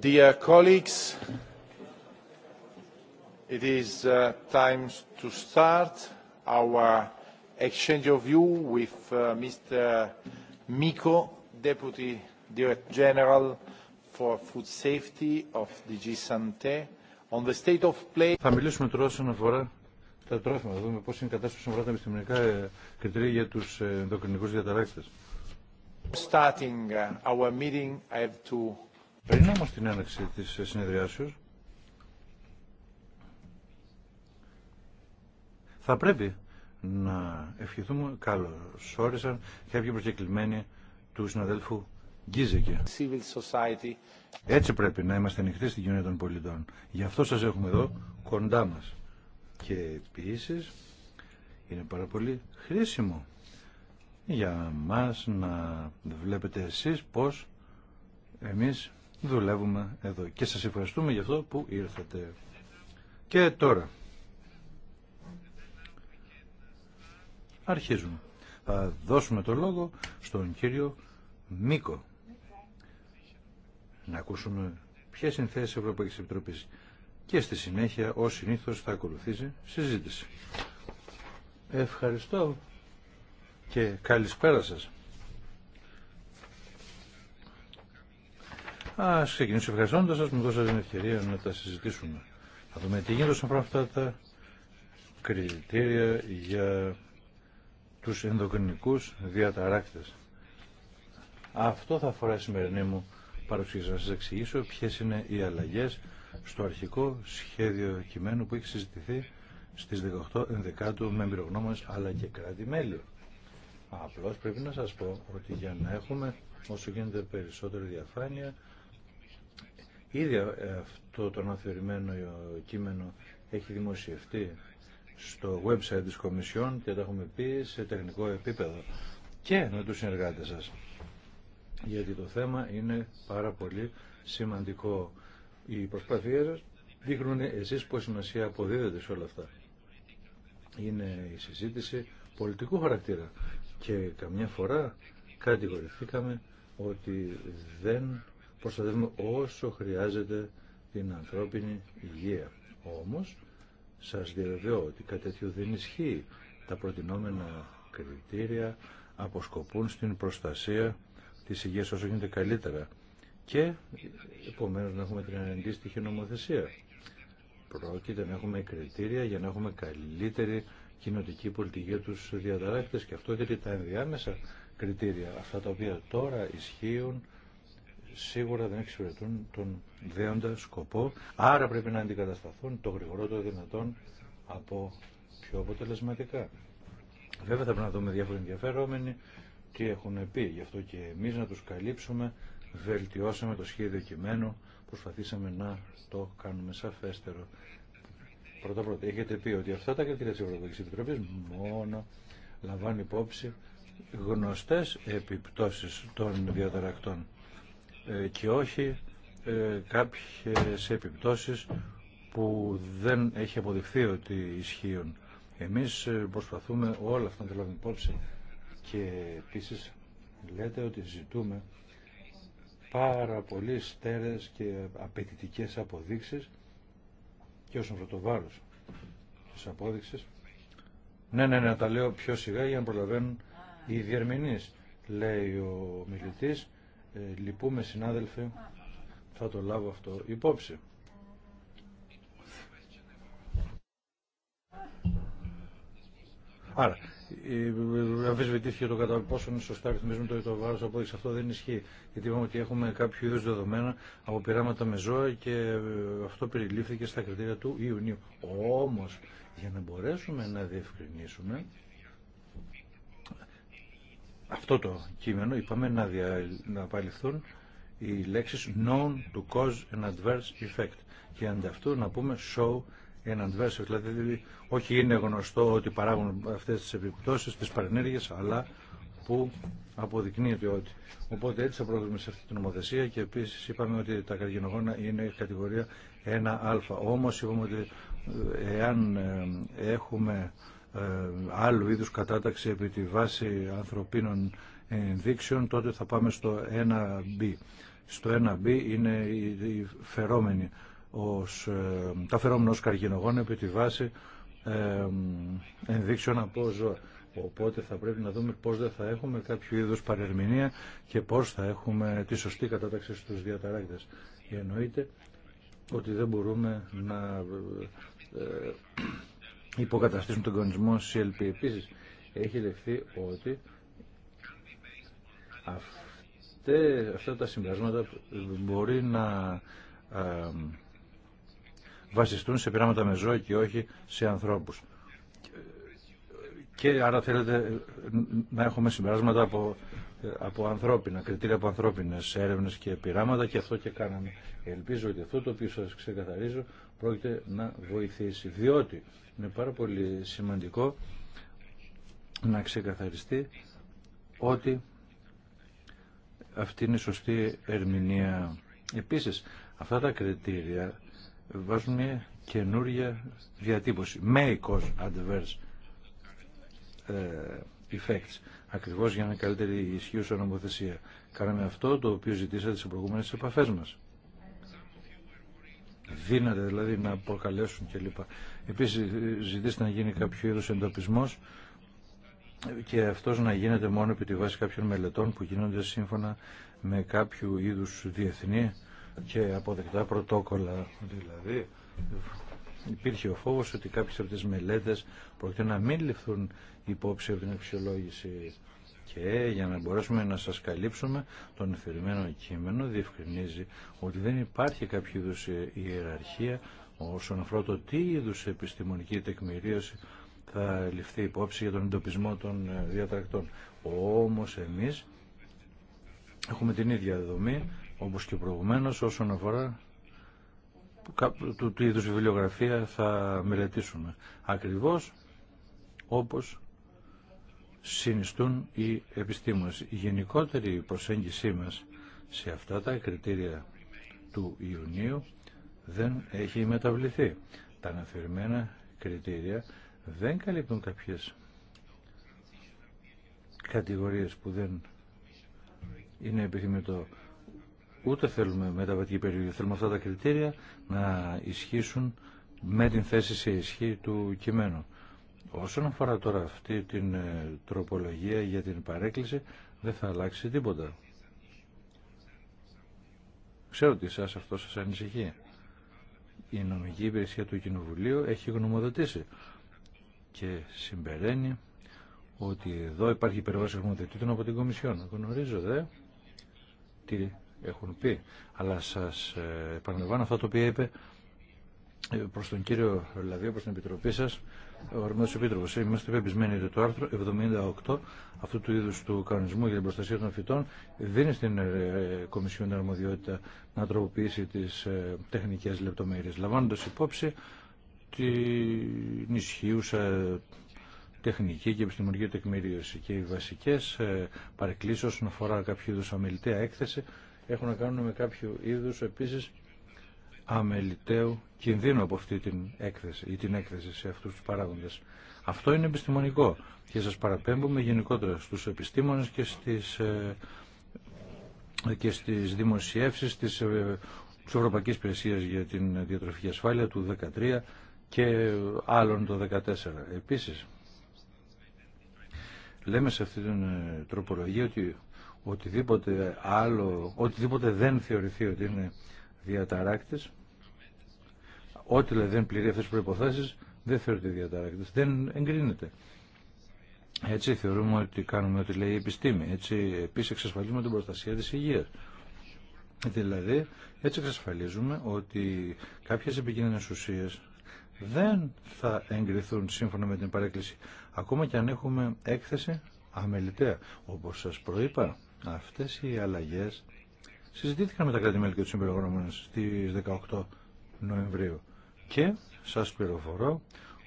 Dear colleagues, it is time to start our exchange of view with Mr. Miko, Deputy Director General for Food Safety of DG Sante, on the state of play. Θα μιλήσουμε τώρα όσον αφορά τα τρόφιμα, να δούμε πώς είναι η κατάσταση όσον αφορά τα επιστημονικά κριτήρια για τους ενδοκρινικούς διαταράκτες. Starting our meeting, I have to πριν όμως την έναρξη της συνεδριάσεως, θα πρέπει να ευχηθούμε καλό. Όρισαν κάποιοι προσκεκλημένοι του συναδέλφου Γκίζεκε. Έτσι πρέπει να είμαστε ανοιχτοί στην κοινωνία των πολιτών. Γι' αυτό σας έχουμε εδώ κοντά μας. Και επίση είναι πάρα πολύ χρήσιμο για μας να βλέπετε εσείς πως εμείς δουλεύουμε εδώ. Και σας ευχαριστούμε για αυτό που ήρθατε. Και τώρα. Αρχίζουμε. Θα δώσουμε το λόγο στον κύριο Μίκο. Να ακούσουμε ποιες είναι θέσεις Ευρωπαϊκής Επιτροπής. Και στη συνέχεια, ως συνήθως, θα ακολουθήσει συζήτηση. Ευχαριστώ και καλησπέρα σας. Α ξεκινήσω ευχαριστώντα σα, μου δώσατε την ευκαιρία να τα συζητήσουμε. Να δούμε τι γίνεται όσον αφορά αυτά τα κριτήρια για του ενδοκρινικού διαταράκτε. Αυτό θα αφορά η σημερινή μου παρουσίαση. Να σα εξηγήσω ποιε είναι οι αλλαγέ στο αρχικό σχέδιο κειμένου που έχει συζητηθεί στι 18 Ενδεκάτου με εμπειρογνώμονες αλλά και κράτη-μέλη. Απλώ πρέπει να σα πω ότι για να έχουμε όσο γίνεται περισσότερη διαφάνεια Ήδη αυτό το αναθεωρημένο κείμενο έχει δημοσιευτεί στο website της Κομισιόν και τα έχουμε πει σε τεχνικό επίπεδο και με τους συνεργάτες σας. Γιατί το θέμα είναι πάρα πολύ σημαντικό. Οι προσπάθειές σας δείχνουν εσείς πώς σημασία αποδίδεται σε όλα αυτά. Είναι η συζήτηση πολιτικού χαρακτήρα και καμιά φορά κατηγορηθήκαμε ότι δεν προστατεύουμε όσο χρειάζεται την ανθρώπινη υγεία. Όμως, σας διαβεβαιώ ότι κάτι τέτοιο δεν ισχύει. Τα προτινόμενα κριτήρια αποσκοπούν στην προστασία της υγείας όσο γίνεται καλύτερα και επομένως να έχουμε την αντίστοιχη νομοθεσία. Πρόκειται να έχουμε κριτήρια για να έχουμε καλύτερη κοινοτική πολιτική για τους διαταράκτες και αυτό γιατί τα ενδιάμεσα κριτήρια, αυτά τα οποία τώρα ισχύουν, σίγουρα δεν εξυπηρετούν τον δέοντα σκοπό, άρα πρέπει να αντικατασταθούν το γρηγορότερο δυνατόν από πιο αποτελεσματικά. Βέβαια θα πρέπει να δούμε διάφοροι ενδιαφερόμενοι τι έχουν πει, γι' αυτό και εμεί να του καλύψουμε, βελτιώσαμε το σχέδιο κειμένου, προσπαθήσαμε να το κάνουμε σαφέστερο. Πρώτα πρώτα, έχετε πει ότι αυτά τα κριτήρια τη Ευρωπαϊκή Επιτροπή. μόνο λαμβάνουν υπόψη γνωστές επιπτώσεις των διαταρακτών. Ε, και όχι ε, κάποιες επιπτώσεις που δεν έχει αποδειχθεί ότι ισχύουν. Εμείς ε, προσπαθούμε όλα αυτά να τα λάβουμε υπόψη και επίσης λέτε ότι ζητούμε πάρα πολύ στέρες και απαιτητικές αποδείξεις και όσον αφορά το βάρος της απόδειξης. Ναι, ναι, ναι, τα λέω πιο σιγά για να προλαβαίνουν οι διερμηνείς, λέει ο μιλητής ε, λυπούμε συνάδελφοι, θα το λάβω αυτό υπόψη. Άρα, ε, αμφισβητήθηκε το κατά πόσο είναι σωστά ρυθμίζουμε το, το βάρο απόδειξη. Αυτό δεν ισχύει. Γιατί είπαμε ότι έχουμε κάποιο είδους δεδομένα από πειράματα με ζώα και ε, αυτό περιλήφθηκε στα κριτήρια του Ιουνίου. Όμως, για να μπορέσουμε να διευκρινίσουμε αυτό το κείμενο είπαμε να, δια, να οι λέξεις known to cause an adverse effect και αυτού να πούμε show an adverse effect. Δηλαδή όχι είναι γνωστό ότι παράγουν αυτές τις επιπτώσεις, τις παρενέργειες, αλλά που αποδεικνύεται ότι. Οπότε έτσι θα προχωρήσουμε σε αυτή την νομοθεσία και επίσης είπαμε ότι τα καρκινογόνα είναι κατηγορία 1α. Όμως είπαμε ότι ε, εάν ε, έχουμε ε, άλλου είδους κατάταξη επί τη βάση ανθρωπίνων ενδείξεων, τότε θα πάμε στο 1B. Στο 1B είναι οι φερόμενη ως, ε, τα φερόμενα ως καρκινογόνα επί τη βάση ε, ενδείξεων από ζώα. Οπότε θα πρέπει να δούμε πώς δεν θα έχουμε κάποιο είδους παρερμηνία και πώς θα έχουμε τη σωστή κατάταξη στους διαταράκτες. Εννοείται ότι δεν μπορούμε να υποκαταστήσουν τον κανονισμό CLP. Επίση, έχει λεχθεί ότι αυτέ, αυτά τα συμπεράσματα μπορεί να βασιστούν σε πειράματα με ζώα και όχι σε ανθρώπους. Και άρα θέλετε να έχουμε συμπεράσματα από, από ανθρώπινα, κριτήρια από ανθρώπινες έρευνες και πειράματα και αυτό και κάναμε. Ελπίζω ότι αυτό το οποίο σα ξεκαθαρίζω πρόκειται να βοηθήσει, διότι είναι πάρα πολύ σημαντικό να ξεκαθαριστεί ότι αυτή είναι η σωστή ερμηνεία. Επίσης, αυτά τα κριτήρια βάζουν μια καινούρια διατύπωση. Make adverse ε, effects. Ακριβώς για να καλύτερη ισχύουσα νομοθεσία. Κάναμε αυτό το οποίο ζητήσατε σε προηγούμενες επαφές μας δύναται δηλαδή να προκαλέσουν κλπ. Επίσης ζητήστε να γίνει κάποιο είδους εντοπισμός και αυτός να γίνεται μόνο επί τη βάση κάποιων μελετών που γίνονται σύμφωνα με κάποιο είδους διεθνή και αποδεκτά πρωτόκολλα. Δηλαδή υπήρχε ο φόβος ότι κάποιες από τις μελέτες πρόκειται να μην ληφθούν υπόψη από την αξιολόγηση και για να μπορέσουμε να σας καλύψουμε, το εφηρημένο κείμενο διευκρινίζει ότι δεν υπάρχει κάποιο είδους ε, ιεραρχία όσον αφορά το τι είδους επιστημονική τεκμηρίωση θα ληφθεί υπόψη για τον εντοπισμό των ε, διατρακτών. Όμως εμείς έχουμε την ίδια δομή όπως και προηγουμένως όσον αφορά του είδους βιβλιογραφία θα μελετήσουμε. Ακριβώς όπως συνιστούν οι επιστήμονες. Η γενικότερη προσέγγισή μας σε αυτά τα κριτήρια του Ιουνίου δεν έχει μεταβληθεί. Τα αναφερμένα κριτήρια δεν καλύπτουν κάποιες κατηγορίες που δεν είναι επιθυμητό. Ούτε θέλουμε μεταβατική περίοδο. Θέλουμε αυτά τα κριτήρια να ισχύσουν με την θέση σε ισχύ του κειμένου. Όσον αφορά τώρα αυτή την ε, τροπολογία για την παρέκκληση, δεν θα αλλάξει τίποτα. Ξέρω ότι εσάς αυτό σας ανησυχεί. Η νομική υπηρεσία του Κοινοβουλίου έχει γνωμοδοτήσει και συμπεραίνει ότι εδώ υπάρχει υπερβάση γνωμοδοτήτων από την Κομισιόν. Γνωρίζω δε τι έχουν πει. Αλλά σας ε, επαναλαμβάνω αυτό το οποίο είπε ε, προς τον κύριο Λαβία, προς την Επιτροπή σας, ο Αρμόδιος Είμαστε πεπισμένοι ότι το άρθρο 78 αυτού του είδου του κανονισμού για την προστασία των φυτών δίνει στην ε, Κομισιόν την αρμοδιότητα να τροποποιήσει τις ε, τεχνικές λεπτομέρειε λαμβάνοντα υπόψη την ισχύουσα τεχνική και επιστημονική τεκμηρίωση και οι βασικές ε, παρεκκλήσει όσον αφορά κάποιο είδου αμεληταία έκθεση έχουν να κάνουν με κάποιο είδου επίση αμεληταίου κινδύνου από αυτή την έκθεση ή την έκθεση σε αυτούς τους παράγοντες. Αυτό είναι επιστημονικό και σας παραπέμπουμε γενικότερα στους επιστήμονες και στις, ε, και στις δημοσιεύσεις ε, της, Ευρωπαϊκής Υπηρεσίας για την Διατροφική Ασφάλεια του 2013 και άλλων το 2014. Επίσης, λέμε σε αυτή την ε, τροπολογία ότι οτιδήποτε άλλο, οτιδήποτε δεν θεωρηθεί ότι είναι διαταράκτες, ό,τι δηλαδή δεν πληρεί αυτές τις προϋποθέσεις, δεν θεωρείται διαταράκτες. δεν εγκρίνεται. Έτσι θεωρούμε ότι κάνουμε ό,τι λέει η επιστήμη. Έτσι επίσης εξασφαλίζουμε την προστασία της υγείας. Δηλαδή, έτσι εξασφαλίζουμε ότι κάποιες επικίνδυνες ουσίες δεν θα εγκριθούν σύμφωνα με την παρέκκληση, ακόμα και αν έχουμε έκθεση αμεληταία. Όπως σας προείπα, αυτές οι αλλαγές συζητήθηκαν με τα κράτη-μέλη και τους συμπεριγνώμενε στις 18 Νοεμβρίου και σας πληροφορώ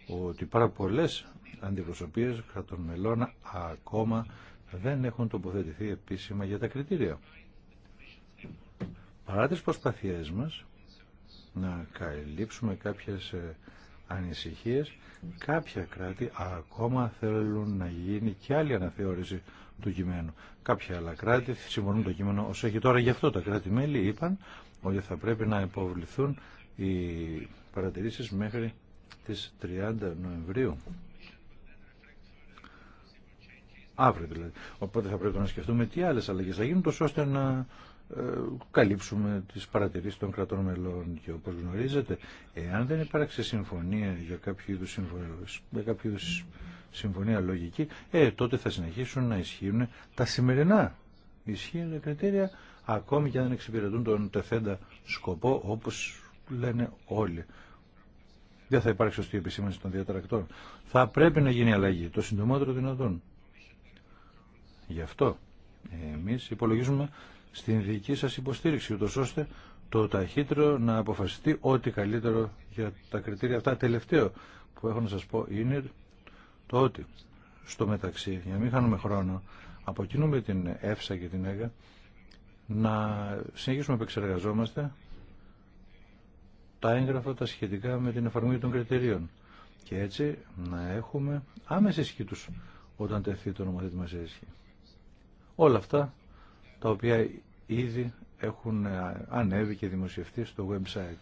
ότι πάρα πολλές αντιπροσωπείε κρατών μελών ακόμα δεν έχουν τοποθετηθεί επίσημα για τα κριτήρια. Παρά τι προσπαθίε μα να καλύψουμε κάποιες ε, ανησυχίε, κάποια κράτη ακόμα θέλουν να γίνει και άλλη αναθεώρηση του κειμένου. Κάποια άλλα κράτη συμφωνούν το κείμενο όσο έχει τώρα. Γι' αυτό τα κράτη-μέλη είπαν ότι θα πρέπει να υποβληθούν οι παρατηρήσεις μέχρι τις 30 Νοεμβρίου. Αύριο δηλαδή. Οπότε θα πρέπει να σκεφτούμε τι άλλες αλλαγές θα γίνουν τόσο ώστε να ε, καλύψουμε τις παρατηρήσεις των κρατών μελών και όπως γνωρίζετε εάν δεν υπάρξει συμφωνία για κάποιο είδους, για κάποιο συμφωνία λογική, ε, τότε θα συνεχίσουν να ισχύουν τα σημερινά ισχύουν κριτήρια ακόμη και αν εξυπηρετούν τον τεθέντα σκοπό όπως λένε όλοι. Δεν θα υπάρξει σωστή επισήμανση των διατρακτών. Θα πρέπει να γίνει αλλαγή το συντομότερο δυνατόν. Γι' αυτό εμείς υπολογίζουμε στην δική σας υποστήριξη, ούτως ώστε το ταχύτερο να αποφασιστεί ό,τι καλύτερο για τα κριτήρια αυτά. Τελευταίο που έχω να σας πω είναι το ότι στο μεταξύ, για να μην χάνουμε χρόνο, από την ΕΦΣΑ και την ΕΓΑ, να συνεχίσουμε να επεξεργαζόμαστε τα έγγραφα τα σχετικά με την εφαρμογή των κριτηρίων. Και έτσι να έχουμε άμεση ισχύ τους όταν τεθεί το νομοθέτημα σε ισχύ. Όλα αυτά τα οποία ήδη έχουν ανέβει και δημοσιευτεί στο website.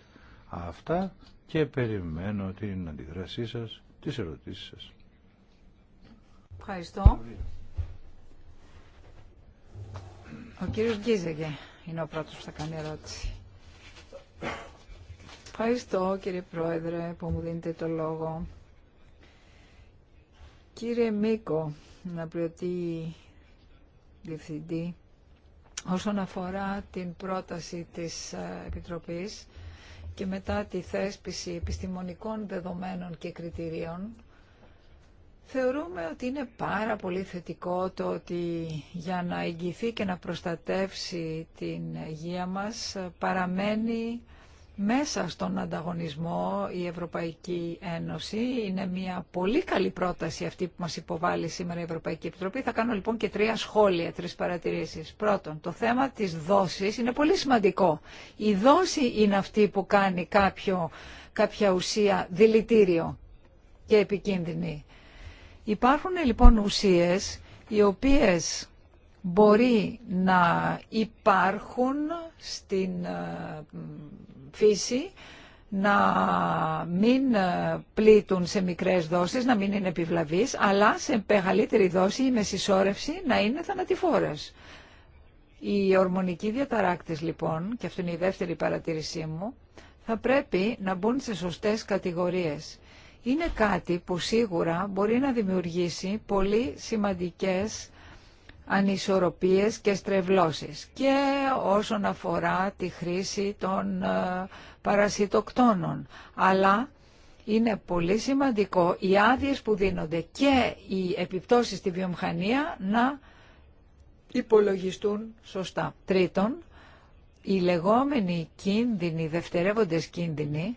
Αυτά και περιμένω την αντιδράσή σας, τις ερωτήσεις σας. Ευχαριστώ. Ο κύριος Γκίζεγε είναι ο πρώτος που θα κάνει ερώτηση. Ευχαριστώ κύριε Πρόεδρε που μου δίνετε το λόγο. Κύριε Μίκο, να πληρωτή διευθυντή, όσον αφορά την πρόταση της ε, Επιτροπής και μετά τη θέσπιση επιστημονικών δεδομένων και κριτηρίων Θεωρούμε ότι είναι πάρα πολύ θετικό το ότι για να εγγυηθεί και να προστατεύσει την υγεία μας παραμένει μέσα στον ανταγωνισμό η Ευρωπαϊκή Ένωση. Είναι μια πολύ καλή πρόταση αυτή που μας υποβάλλει σήμερα η Ευρωπαϊκή Επιτροπή. Θα κάνω λοιπόν και τρία σχόλια, τρεις παρατηρήσεις. Πρώτον, το θέμα της δόσης είναι πολύ σημαντικό. Η δόση είναι αυτή που κάνει κάποια ουσία δηλητήριο και επικίνδυνη. Υπάρχουν λοιπόν ουσίες οι οποίες μπορεί να υπάρχουν στην ε, φύση, να μην ε, πλήττουν σε μικρές δόσεις, να μην είναι επιβλαβείς, αλλά σε μεγαλύτερη δόση ή μεσισόρευση να είναι θανατηφόρες. Οι ορμονικοί διαταράκτες λοιπόν, και αυτή είναι η συσσόρευση, να ειναι θανατηφορες οι ορμονικοι διαταρακτες παρατήρησή μου, θα πρέπει να μπουν σε σωστές κατηγορίες είναι κάτι που σίγουρα μπορεί να δημιουργήσει πολύ σημαντικές ανισορροπίες και στρεβλώσεις και όσον αφορά τη χρήση των ε, παρασιτοκτόνων. Αλλά είναι πολύ σημαντικό οι άδειε που δίνονται και οι επιπτώσεις στη βιομηχανία να υπολογιστούν σωστά. Τρίτον, οι λεγόμενοι κίνδυνοι, δευτερεύοντες κίνδυνοι,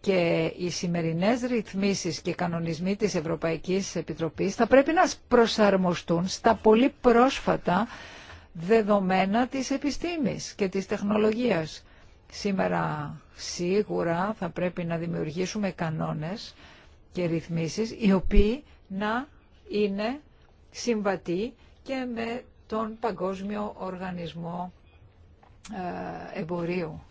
και οι σημερινές ρυθμίσεις και κανονισμοί της Ευρωπαϊκής Επιτροπής θα πρέπει να προσαρμοστούν στα πολύ πρόσφατα δεδομένα της επιστήμης και της τεχνολογίας. Σήμερα σίγουρα θα πρέπει να δημιουργήσουμε κανόνες και ρυθμίσεις οι οποίοι να είναι συμβατοί και με τον Παγκόσμιο Οργανισμό ε, Εμπορίου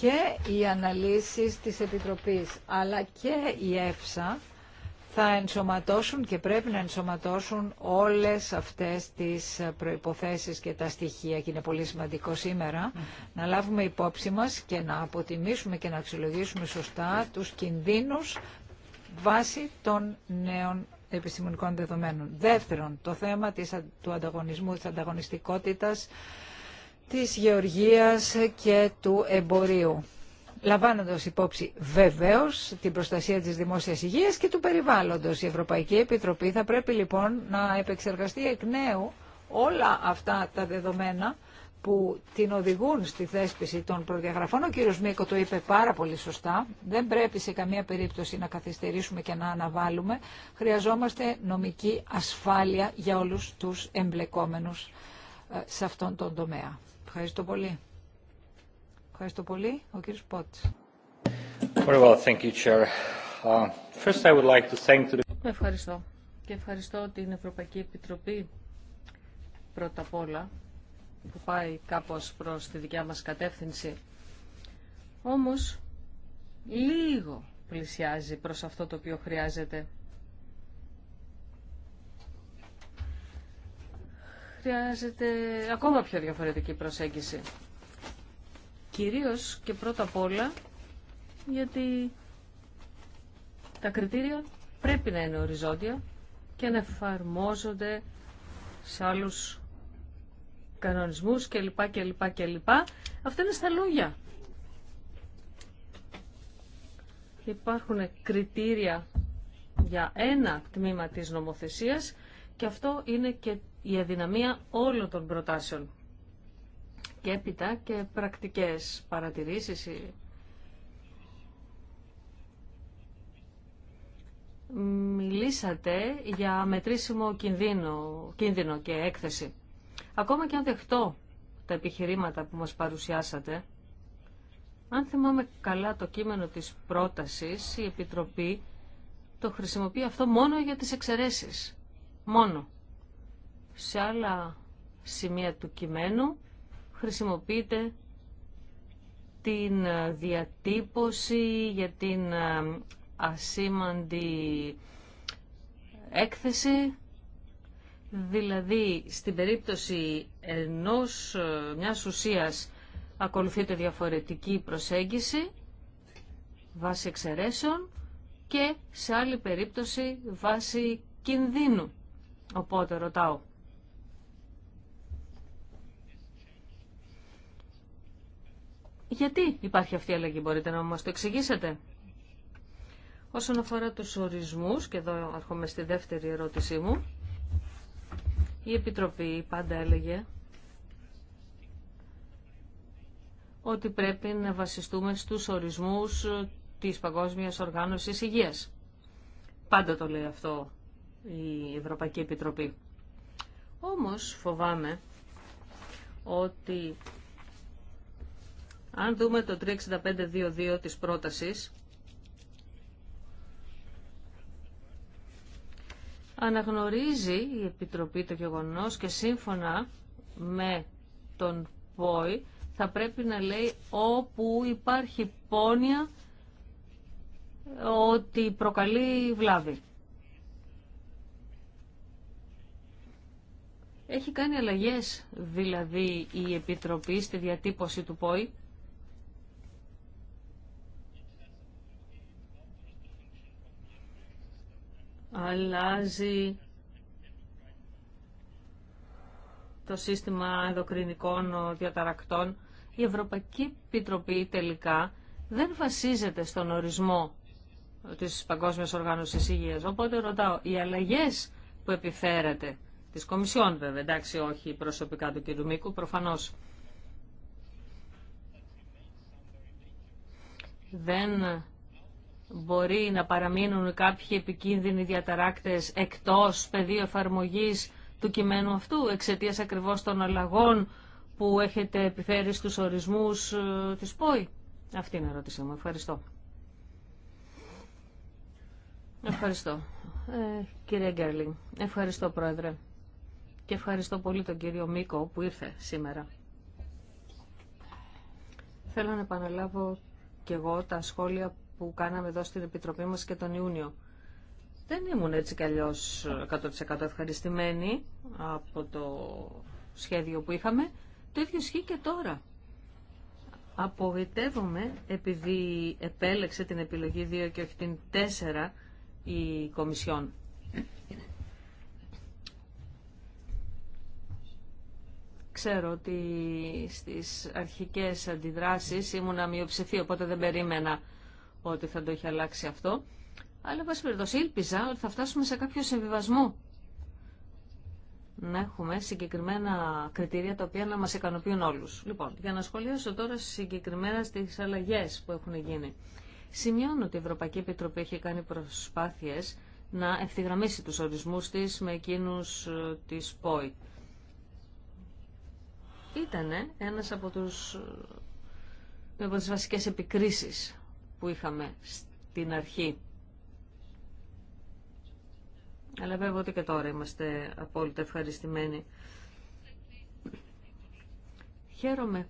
και οι αναλύσεις της Επιτροπής αλλά και η ΕΦΣΑ θα ενσωματώσουν και πρέπει να ενσωματώσουν όλες αυτές τις προϋποθέσεις και τα στοιχεία και είναι πολύ σημαντικό σήμερα να λάβουμε υπόψη μας και να αποτιμήσουμε και να αξιολογήσουμε σωστά τους κινδύνους βάσει των νέων επιστημονικών δεδομένων. Δεύτερον, το θέμα της, του ανταγωνισμού, της ανταγωνιστικότητας της γεωργίας και του εμπορίου. Λαμβάνοντας υπόψη βεβαίως την προστασία της δημόσιας υγείας και του περιβάλλοντος, η Ευρωπαϊκή Επιτροπή θα πρέπει λοιπόν να επεξεργαστεί εκ νέου όλα αυτά τα δεδομένα που την οδηγούν στη θέσπιση των προδιαγραφών. Ο κύριος Μίκο το είπε πάρα πολύ σωστά. Δεν πρέπει σε καμία περίπτωση να καθυστερήσουμε και να αναβάλουμε. Χρειαζόμαστε νομική ασφάλεια για όλους τους εμπλεκόμενους ε, σε αυτόν τον τομέα. Ευχαριστώ πολύ. Ευχαριστώ πολύ. Ο κύριος Πότς. Ευχαριστώ. Και ευχαριστώ την Ευρωπαϊκή Επιτροπή πρώτα απ' όλα που πάει κάπως προς τη δικιά μας κατεύθυνση. Όμως λίγο πλησιάζει προς αυτό το οποίο χρειάζεται. χρειάζεται ακόμα πιο διαφορετική προσέγγιση. Κυρίως και πρώτα απ' όλα γιατί τα κριτήρια πρέπει να είναι οριζόντια και να εφαρμόζονται σε άλλους κανονισμούς κλπ. και Αυτά είναι στα λόγια. Υπάρχουν κριτήρια για ένα τμήμα της νομοθεσίας και αυτό είναι και η αδυναμία όλων των προτάσεων. Και έπειτα και πρακτικές παρατηρήσεις. Μιλήσατε για μετρήσιμο κινδύνο, κίνδυνο και έκθεση. Ακόμα και αν δεχτώ τα επιχειρήματα που μας παρουσιάσατε, αν θυμάμαι καλά το κείμενο της πρότασης, η Επιτροπή το χρησιμοποιεί αυτό μόνο για τις εξαιρέσεις. Μόνο σε άλλα σημεία του κειμένου χρησιμοποιείται την ε, διατύπωση για την ε, ασήμαντη έκθεση δηλαδή στην περίπτωση ενός ε, μιας ουσίας ακολουθείται διαφορετική προσέγγιση βάσει εξαιρέσεων και σε άλλη περίπτωση βάσει κινδύνου. Οπότε ρωτάω, Γιατί υπάρχει αυτή η αλλαγή, μπορείτε να μας το εξηγήσετε. Όσον αφορά τους ορισμούς, και εδώ έρχομαι στη δεύτερη ερώτησή μου, η Επιτροπή πάντα έλεγε ότι πρέπει να βασιστούμε στους ορισμούς της Παγκόσμιας Οργάνωσης Υγείας. Πάντα το λέει αυτό η Ευρωπαϊκή Επιτροπή. Όμως φοβάμαι ότι αν δούμε το 36522 της πρότασης, αναγνωρίζει η Επιτροπή το γεγονός και σύμφωνα με τον ΠΟΗ θα πρέπει να λέει όπου υπάρχει πόνοια ότι προκαλεί βλάβη. Έχει κάνει αλλαγές δηλαδή η Επιτροπή στη διατύπωση του ΠΟΗ αλλάζει το σύστημα ενδοκρινικών διαταρακτών. Η Ευρωπαϊκή Επιτροπή τελικά δεν βασίζεται στον ορισμό της Παγκόσμιας Οργάνωσης Υγείας. Οπότε ρωτάω, οι αλλαγές που επιφέρετε, της Κομισιόν βέβαια, εντάξει όχι προσωπικά του κ. Μίκου, προφανώς, δεν μπορεί να παραμείνουν κάποιοι επικίνδυνοι διαταράκτες εκτός πεδίου εφαρμογής του κειμένου αυτού, εξαιτίας ακριβώς των αλλαγών που έχετε επιφέρει στους ορισμούς ε, της ΠΟΗ. Αυτή είναι η ερώτησή μου. Ευχαριστώ. Ευχαριστώ. Ε, κύριε Γκέρλινγκ, ευχαριστώ Πρόεδρε. Και ευχαριστώ πολύ τον κύριο Μίκο που ήρθε σήμερα. Θέλω να επαναλάβω και εγώ τα σχόλια που κάναμε εδώ στην Επιτροπή μας και τον Ιούνιο. Δεν ήμουν έτσι κι αλλιώς 100% ευχαριστημένη από το σχέδιο που είχαμε. Το ίδιο ισχύει και τώρα. Απογοητεύομαι επειδή επέλεξε την επιλογή 2 και όχι την 4 η Κομισιόν. Ξέρω ότι στις αρχικές αντιδράσεις ήμουν μειοψηφία, οπότε δεν περίμενα ότι θα το έχει αλλάξει αυτό. Αλλά, βάση περιπτώσει, ήλπιζα ότι θα φτάσουμε σε κάποιο συμβιβασμό. Να έχουμε συγκεκριμένα κριτήρια τα οποία να μας ικανοποιούν όλους. Λοιπόν, για να σχολιάσω τώρα συγκεκριμένα στις αλλαγές που έχουν γίνει. Σημειώνω ότι η Ευρωπαϊκή Επιτροπή έχει κάνει προσπάθειες να ευθυγραμμίσει τους ορισμούς της με εκείνους ε, της ΠΟΗ. Ήτανε ένας από τους ε, με τις βασικές επικρίσεις που είχαμε στην αρχή. Αλλά βέβαια ότι και τώρα είμαστε απόλυτα ευχαριστημένοι. Χαίρομαι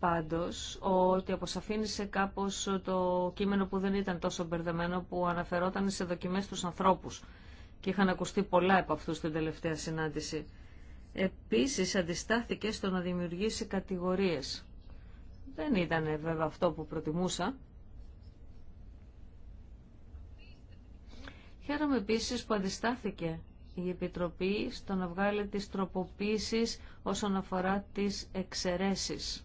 πάντως ότι αποσαφήνισε κάπως το κείμενο που δεν ήταν τόσο μπερδεμένο που αναφερόταν σε δοκιμές τους ανθρώπους και είχαν ακουστεί πολλά από αυτούς στην τελευταία συνάντηση. Επίσης αντιστάθηκε στο να δημιουργήσει κατηγορίες. Δεν ήταν βέβαια αυτό που προτιμούσα, Χαίρομαι επίσης που αντιστάθηκε η Επιτροπή στο να βγάλει τις τροποποίησεις όσον αφορά τις εξαιρέσεις.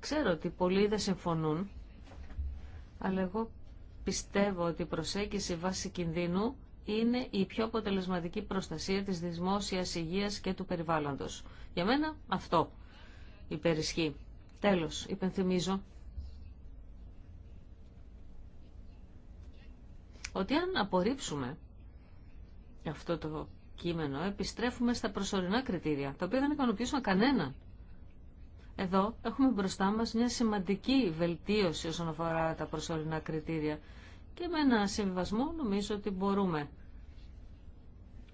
Ξέρω ότι πολλοί δεν συμφωνούν, αλλά εγώ πιστεύω ότι η προσέγγιση βάση κινδύνου είναι η πιο αποτελεσματική προστασία της δημόσιας υγείας και του περιβάλλοντος. Για μένα αυτό υπερισχύει. Τέλος, υπενθυμίζω ότι αν απορρίψουμε αυτό το κείμενο, επιστρέφουμε στα προσωρινά κριτήρια, τα οποία δεν ικανοποιούσαν κανένα. Εδώ έχουμε μπροστά μας μια σημαντική βελτίωση όσον αφορά τα προσωρινά κριτήρια και με ένα συμβιβασμό νομίζω ότι μπορούμε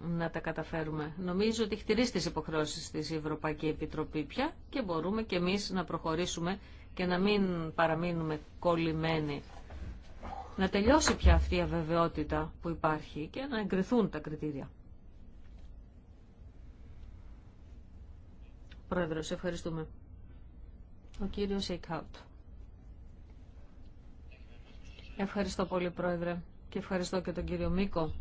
να τα καταφέρουμε. Νομίζω ότι έχει τηρήσει τις υποχρεώσεις της Ευρωπαϊκή Επιτροπή πια και μπορούμε και εμείς να προχωρήσουμε και να μην παραμείνουμε κολλημένοι να τελειώσει πια αυτή η αβεβαιότητα που υπάρχει και να εγκριθούν τα κριτήρια. Πρόεδρος, ευχαριστούμε. Ο κύριο Εικάουτ. Ευχαριστώ πολύ, Πρόεδρε, και ευχαριστώ και τον κύριο Μίκο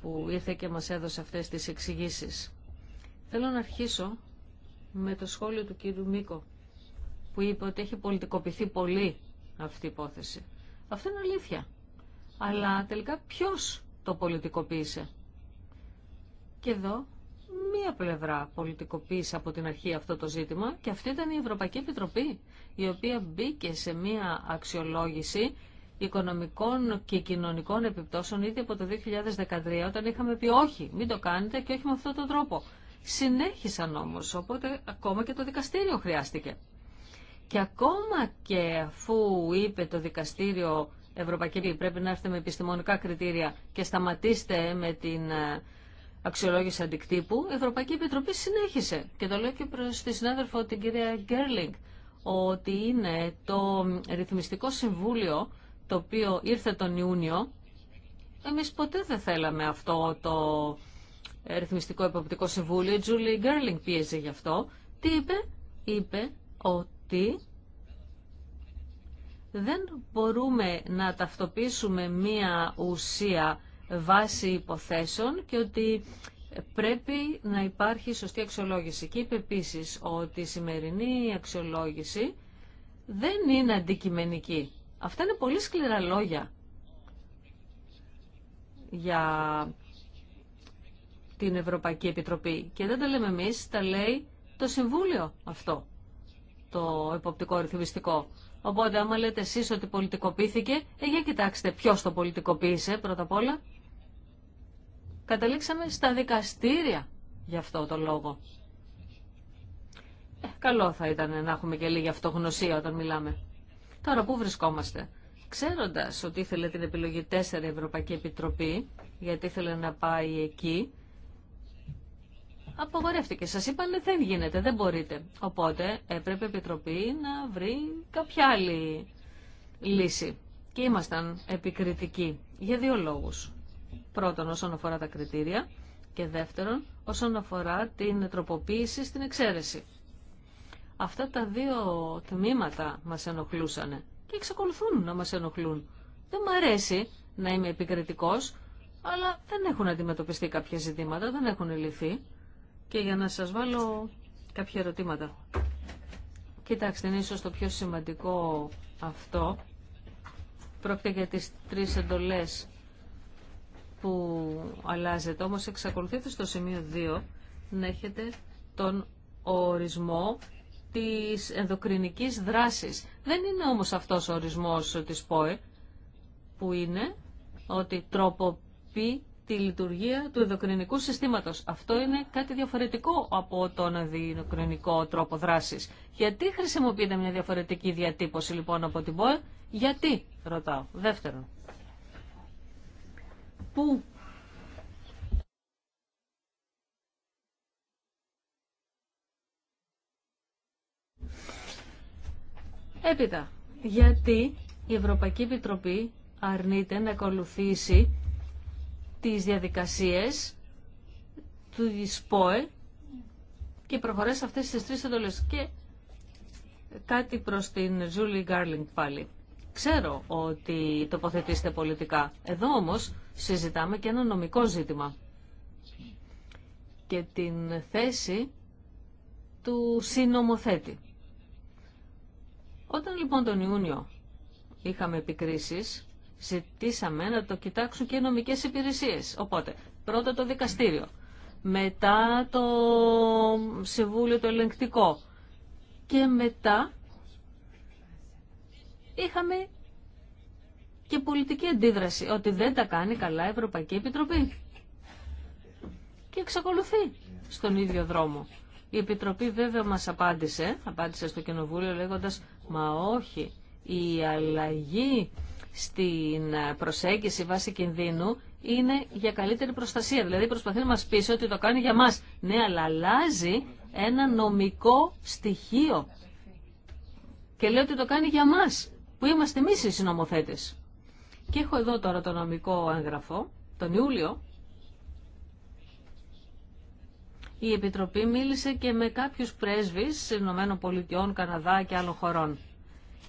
που ήρθε και μας έδωσε αυτές τις εξηγήσει. Θέλω να αρχίσω με το σχόλιο του κύριου Μίκο που είπε ότι έχει πολιτικοποιηθεί πολύ αυτή η υπόθεση. Αυτό είναι αλήθεια. Αλλά τελικά ποιος το πολιτικοποίησε. Και εδώ μία πλευρά πολιτικοποίησε από την αρχή αυτό το ζήτημα και αυτή ήταν η Ευρωπαϊκή Επιτροπή, η οποία μπήκε σε μία αξιολόγηση οικονομικών και κοινωνικών επιπτώσεων ήδη από το 2013, όταν είχαμε πει όχι, μην το κάνετε και όχι με αυτόν τον τρόπο. Συνέχισαν όμως, οπότε ακόμα και το δικαστήριο χρειάστηκε. Και ακόμα και αφού είπε το δικαστήριο Ευρωπαϊκή πρέπει να έρθετε με επιστημονικά κριτήρια και σταματήστε με την ε, αξιολόγηση αντικτύπου, η Ευρωπαϊκή Επιτροπή συνέχισε. Και το λέω και προ τη συνάδελφο την κυρία Γκέρλινγκ, ότι είναι το ρυθμιστικό συμβούλιο το οποίο ήρθε τον Ιούνιο. εμεί ποτέ δεν θέλαμε αυτό το ε, ρυθμιστικό εποπτικό συμβούλιο. Η Τζούλη Γκέρλινγκ πίεζε γι' αυτό. Τι είπε? Είπε ότι ότι δεν μπορούμε να ταυτοποιήσουμε μία ουσία βάσει υποθέσεων και ότι πρέπει να υπάρχει σωστή αξιολόγηση. Και είπε επίση ότι η σημερινή αξιολόγηση δεν είναι αντικειμενική. Αυτά είναι πολύ σκληρά λόγια για την Ευρωπαϊκή Επιτροπή. Και δεν τα λέμε εμείς, τα λέει το Συμβούλιο αυτό το εποπτικό ρυθμιστικό. Οπότε άμα λέτε εσεί ότι πολιτικοποιήθηκε, ε, για κοιτάξτε ποιο το πολιτικοποίησε πρώτα απ' όλα. Καταλήξαμε στα δικαστήρια γι' αυτό το λόγο. Ε, καλό θα ήταν να έχουμε και λίγη αυτογνωσία όταν μιλάμε. Τώρα πού βρισκόμαστε. Ξέροντας ότι ήθελε την επιλογή 4 Ευρωπαϊκή Επιτροπή, γιατί ήθελε να πάει εκεί, απογορεύτηκε. Σας είπαν δεν γίνεται, δεν μπορείτε. Οπότε έπρεπε η Επιτροπή να βρει κάποια άλλη λύση. Και ήμασταν επικριτικοί για δύο λόγους. Πρώτον όσον αφορά τα κριτήρια και δεύτερον όσον αφορά την τροποποίηση στην εξαίρεση. Αυτά τα δύο τμήματα μας ενοχλούσαν και εξακολουθούν να μας ενοχλούν. Δεν μου αρέσει να είμαι επικριτικό, αλλά δεν έχουν αντιμετωπιστεί κάποια ζητήματα, δεν έχουν λυθεί και για να σας βάλω κάποια ερωτήματα. Κοιτάξτε, είναι ίσως το πιο σημαντικό αυτό. Πρόκειται για τις τρεις εντολές που αλλάζετε, όμως εξακολουθείτε στο σημείο 2 να έχετε τον ορισμό της ενδοκρινικής δράσης. Δεν είναι όμως αυτός ο ορισμός της ΠΟΕ, που είναι ότι τροποποιεί τη λειτουργία του ενδοκρινικού συστήματος. Αυτό είναι κάτι διαφορετικό από τον ενδοκρινικό τρόπο δράσης. Γιατί χρησιμοποιείται μια διαφορετική διατύπωση λοιπόν από την ΠΟΕ, γιατί ρωτάω. Δεύτερον, πού Έπειτα, γιατί η Ευρωπαϊκή Επιτροπή αρνείται να ακολουθήσει τις διαδικασίες του ΣΠΟΕ και οι αυτέ αυτές τις τρεις εντολές. Και κάτι προς την Ζούλη Γκάρλινγκ πάλι. Ξέρω ότι τοποθετήσετε πολιτικά. Εδώ όμως συζητάμε και ένα νομικό ζήτημα και την θέση του συνομοθέτη. Όταν λοιπόν τον Ιούνιο είχαμε επικρίσεις ζητήσαμε να το κοιτάξουν και οι νομικές υπηρεσίες. Οπότε, πρώτα το δικαστήριο, μετά το συμβούλιο το ελεγκτικό και μετά είχαμε και πολιτική αντίδραση ότι δεν τα κάνει καλά η Ευρωπαϊκή Επιτροπή. Και εξακολουθεί στον ίδιο δρόμο. Η Επιτροπή βέβαια μας απάντησε, απάντησε στο Κοινοβούλιο λέγοντας «Μα όχι, η αλλαγή στην προσέγγιση βάση κινδύνου είναι για καλύτερη προστασία. Δηλαδή προσπαθεί να μας πείσει ότι το κάνει για μας. Ναι, αλλά αλλάζει ένα νομικό στοιχείο. Και λέει ότι το κάνει για μας, που είμαστε εμείς οι συνομοθέτες. Και έχω εδώ τώρα το νομικό έγγραφο, τον Ιούλιο. Η Επιτροπή μίλησε και με κάποιους πρέσβεις Ηνωμένων Πολιτειών, Καναδά και άλλων χωρών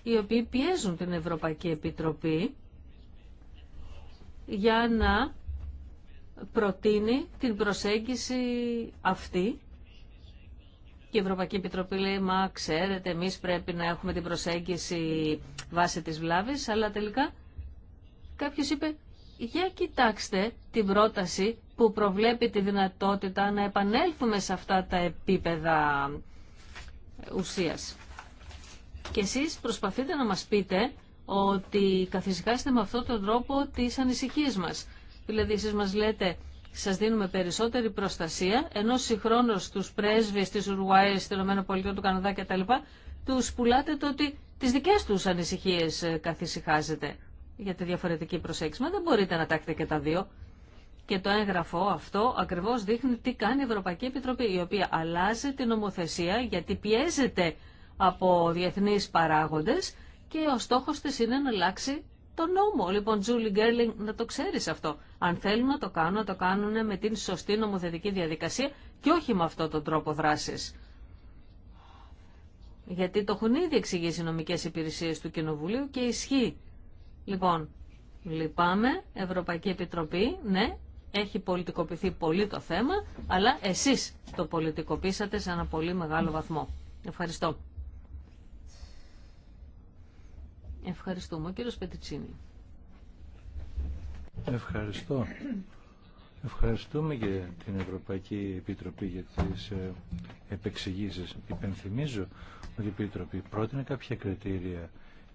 οι οποίοι πιέζουν την Ευρωπαϊκή Επιτροπή για να προτείνει την προσέγγιση αυτή και η Ευρωπαϊκή Επιτροπή λέει, μα ξέρετε, εμείς πρέπει να έχουμε την προσέγγιση βάσει της βλάβης, αλλά τελικά κάποιος είπε, για κοιτάξτε την πρόταση που προβλέπει τη δυνατότητα να επανέλθουμε σε αυτά τα επίπεδα ουσίας. Και εσείς προσπαθείτε να μας πείτε ότι καθησυχάσετε με αυτόν τον τρόπο τις ανησυχίες μας. Δηλαδή εσείς μας λέτε σας δίνουμε περισσότερη προστασία, ενώ συγχρόνως τους πρέσβει τη Ουρουάη, των ΗΠΑ, του Καναδά κτλ. τους πουλάτε το ότι τι δικέ του ανησυχίε ε, καθησυχάζετε για τη διαφορετική προσέγγιση. Μα δεν μπορείτε να τάξετε και τα δύο. Και το έγγραφο αυτό ακριβώς δείχνει τι κάνει η Ευρωπαϊκή Επιτροπή, η οποία αλλάζει την νομοθεσία γιατί πιέζεται από διεθνείς παράγοντες και ο στόχος της είναι να αλλάξει το νόμο. Λοιπόν, Τζούλι Γκέρλινγκ, να το ξέρεις αυτό. Αν θέλουν να το κάνουν, να το κάνουν με την σωστή νομοθετική διαδικασία και όχι με αυτόν τον τρόπο δράσης. Γιατί το έχουν ήδη εξηγήσει οι νομικές υπηρεσίες του Κοινοβουλίου και ισχύει. Λοιπόν, λυπάμαι, Ευρωπαϊκή Επιτροπή, ναι, έχει πολιτικοποιηθεί πολύ το θέμα, αλλά εσείς το πολιτικοποίησατε σε ένα πολύ μεγάλο βαθμό. Ευχαριστώ. Ευχαριστούμε. Ο κύριος Ευχαριστώ. Ευχαριστούμε και την Ευρωπαϊκή Επιτροπή για τις ε, επεξηγήσεις. Υπενθυμίζω ότι η Επιτροπή πρότεινε κάποια κριτήρια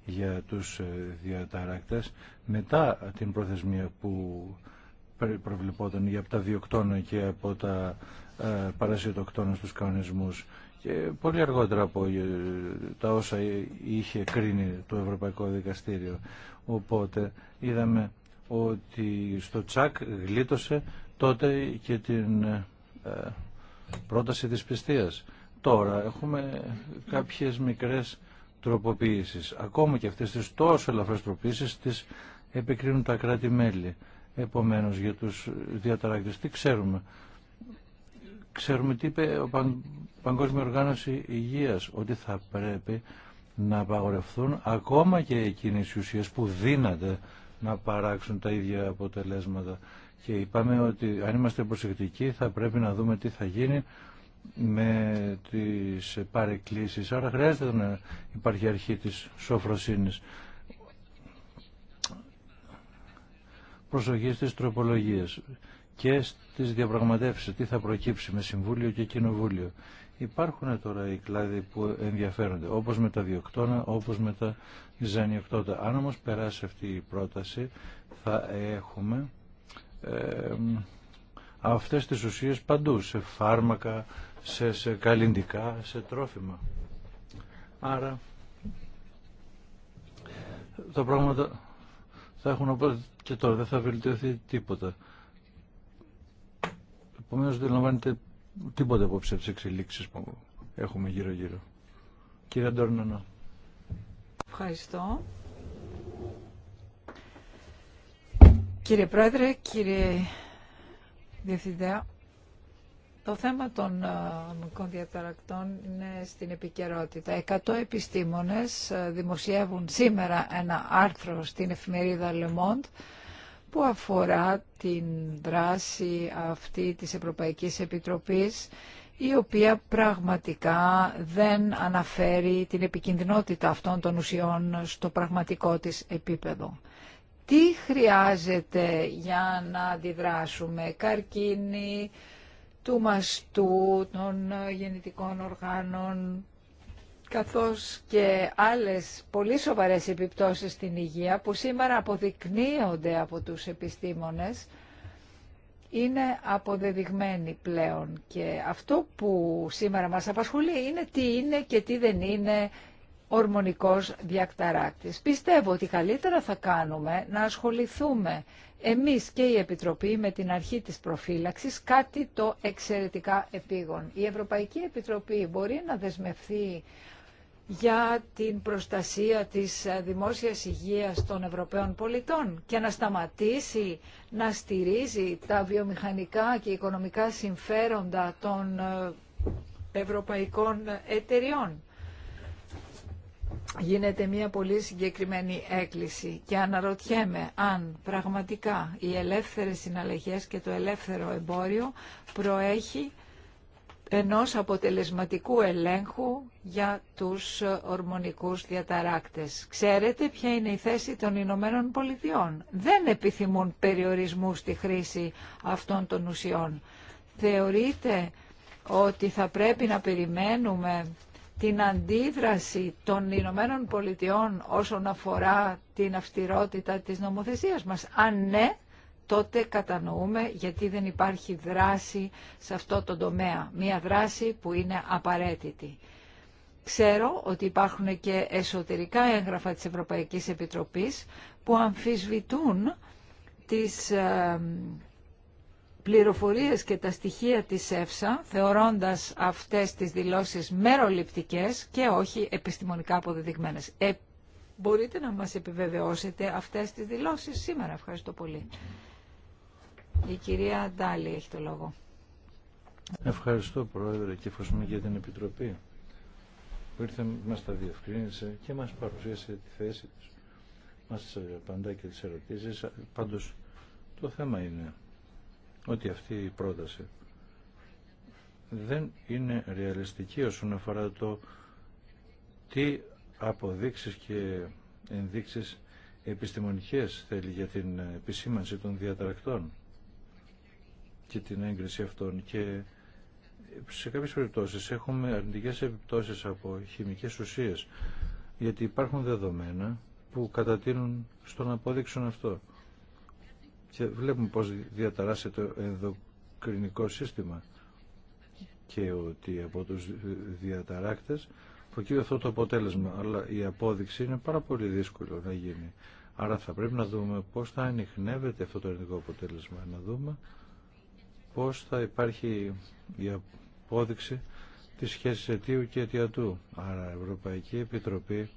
για τους ε, διαταράκτες μετά την προθεσμία που προβλεπόταν για από τα διοκτώνα και από τα ε, παρασιτοκτώνα στους κανονισμούς και πολύ αργότερα από ε, τα όσα είχε κρίνει το Ευρωπαϊκό Δικαστήριο. Οπότε είδαμε ότι στο τσακ γλίτωσε τότε και την ε, πρόταση της πιστείας. Τώρα έχουμε κάποιες μικρές τροποποιήσεις. Ακόμα και αυτές τις τόσο ελαφρές τροποποιήσεις τις επικρίνουν τα κράτη-μέλη. Επομένως για τους διαταράκτες τι ξέρουμε Ξέρουμε τι είπε ο Παγκόσμια Οργάνωση Υγείας, ότι θα πρέπει να απαγορευτούν ακόμα και εκείνες οι ουσίες που δύναται να παράξουν τα ίδια αποτελέσματα. Και είπαμε ότι αν είμαστε προσεκτικοί θα πρέπει να δούμε τι θα γίνει με τις παρεκκλήσεις. Άρα χρειάζεται να υπάρχει αρχή της σοφροσύνης. Προσοχή στις τροπολογίες και στις διαπραγματεύσεις, τι θα προκύψει με Συμβούλιο και Κοινοβούλιο. Υπάρχουν τώρα οι κλάδοι που ενδιαφέρονται, όπως με τα διοκτώνα, όπως με τα ζανιοκτώτα. Αν όμως περάσει αυτή η πρόταση, θα έχουμε ε, αυτές τις ουσίες παντού, σε φάρμακα, σε, σε καλλιντικά, σε τρόφιμα. Άρα τα πράγματα θα έχουν και τώρα, δεν θα βελτιωθεί τίποτα. Επομένω, δεν λαμβάνετε τίποτα απόψε από τις εξελίξεις που έχουμε γύρω-γύρω. Κύριε Αντόρνονα. Ευχαριστώ. Κύριε Πρόεδρε, κύριε Διευθυντά, το θέμα των ε, νομικών διαταρακτών είναι στην επικαιρότητα. Εκατό επιστήμονες ε, δημοσιεύουν σήμερα ένα άρθρο στην εφημερίδα Le Monde που αφορά την δράση αυτή της Ευρωπαϊκής Επιτροπής η οποία πραγματικά δεν αναφέρει την επικινδυνότητα αυτών των ουσιών στο πραγματικό της επίπεδο. Τι χρειάζεται για να αντιδράσουμε καρκίνη του μαστού των γεννητικών οργάνων, καθώς και άλλες πολύ σοβαρές επιπτώσεις στην υγεία που σήμερα αποδεικνύονται από τους επιστήμονες είναι αποδεδειγμένοι πλέον και αυτό που σήμερα μας απασχολεί είναι τι είναι και τι δεν είναι ορμονικός διακταράκτης. Πιστεύω ότι καλύτερα θα κάνουμε να ασχοληθούμε εμείς και η Επιτροπή με την αρχή της προφύλαξης κάτι το εξαιρετικά επίγον. Η Ευρωπαϊκή Επιτροπή μπορεί να δεσμευθεί για την προστασία της ε, δημόσιας υγείας των Ευρωπαίων πολιτών και να σταματήσει να στηρίζει τα βιομηχανικά και οικονομικά συμφέροντα των ε, ευρωπαϊκών εταιριών. Γίνεται μια πολύ συγκεκριμένη έκκληση και αναρωτιέμαι αν πραγματικά οι ελεύθερες συναλλαγές και το ελεύθερο εμπόριο προέχει ενός αποτελεσματικού ελέγχου για τους ορμονικούς διαταράκτες. Ξέρετε ποια είναι η θέση των Ηνωμένων Πολιτειών. Δεν επιθυμούν περιορισμού στη χρήση αυτών των ουσιών. Θεωρείτε ότι θα πρέπει να περιμένουμε την αντίδραση των Ηνωμένων Πολιτειών όσον αφορά την αυστηρότητα της νομοθεσίας μας. Αν ναι, τότε κατανοούμε γιατί δεν υπάρχει δράση σε αυτό το τομέα. Μία δράση που είναι απαραίτητη. Ξέρω ότι υπάρχουν και εσωτερικά έγγραφα της Ευρωπαϊκής Επιτροπής που αμφισβητούν τις ε, πληροφορίες και τα στοιχεία της ΕΦΣΑ, θεωρώντας αυτές τις δηλώσεις μεροληπτικές και όχι επιστημονικά αποδεδειγμένες. Ε, μπορείτε να μας επιβεβαιώσετε αυτές τις δηλώσεις σήμερα. Ευχαριστώ πολύ. Η κυρία Ντάλη έχει το λόγο. Ευχαριστώ Πρόεδρε και ευχαριστούμε για την Επιτροπή που ήρθε, μας τα διευκρίνησε και μας παρουσίασε τη θέση τους, Μας απαντά και τις ερωτήσεις. Πάντως το θέμα είναι ότι αυτή η πρόταση δεν είναι ρεαλιστική όσον αφορά το τι αποδείξεις και ενδείξεις επιστημονικές θέλει για την επισήμανση των διατρακτών και την έγκριση αυτών και σε κάποιες περιπτώσεις έχουμε αρνητικές επιπτώσεις από χημικές ουσίες γιατί υπάρχουν δεδομένα που κατατείνουν στο να αποδείξουν αυτό και βλέπουμε πως διαταράσσεται το ενδοκρινικό σύστημα και ότι από τους διαταράκτες προκύπτει αυτό το αποτέλεσμα αλλά η απόδειξη είναι πάρα πολύ δύσκολο να γίνει άρα θα πρέπει να δούμε πως θα ανοιχνεύεται αυτό το αρνητικό αποτέλεσμα να δούμε πώς θα υπάρχει η απόδειξη της σχέσης αιτίου και αιτιατού. Άρα Ευρωπαϊκή Επιτροπή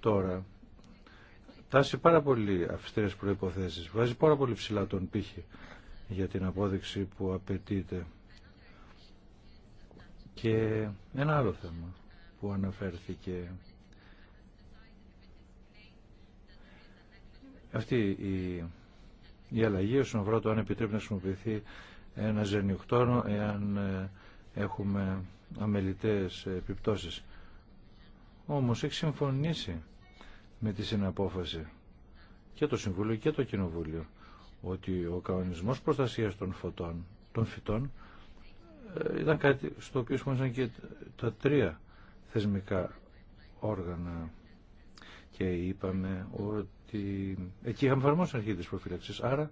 τώρα τάσει πάρα πολύ αυστηρές προϋποθέσεις, βάζει πάρα πολύ ψηλά τον πύχη για την απόδειξη που απαιτείται. Και ένα άλλο θέμα που αναφέρθηκε αυτή η η αλλαγή όσον αφορά το αν επιτρέπει να χρησιμοποιηθεί ένα ζενιοκτόνο εάν ε, έχουμε αμελητές επιπτώσεις. Όμως έχει συμφωνήσει με τη συναπόφαση και το Συμβούλιο και το Κοινοβούλιο ότι ο κανονισμός προστασίας των φωτών, των φυτών ε, ήταν κάτι στο οποίο συμφωνήσαν και τα τρία θεσμικά όργανα και είπαμε ότι εκεί είχαμε εφαρμόσει αρχή της προφύλαξης. Άρα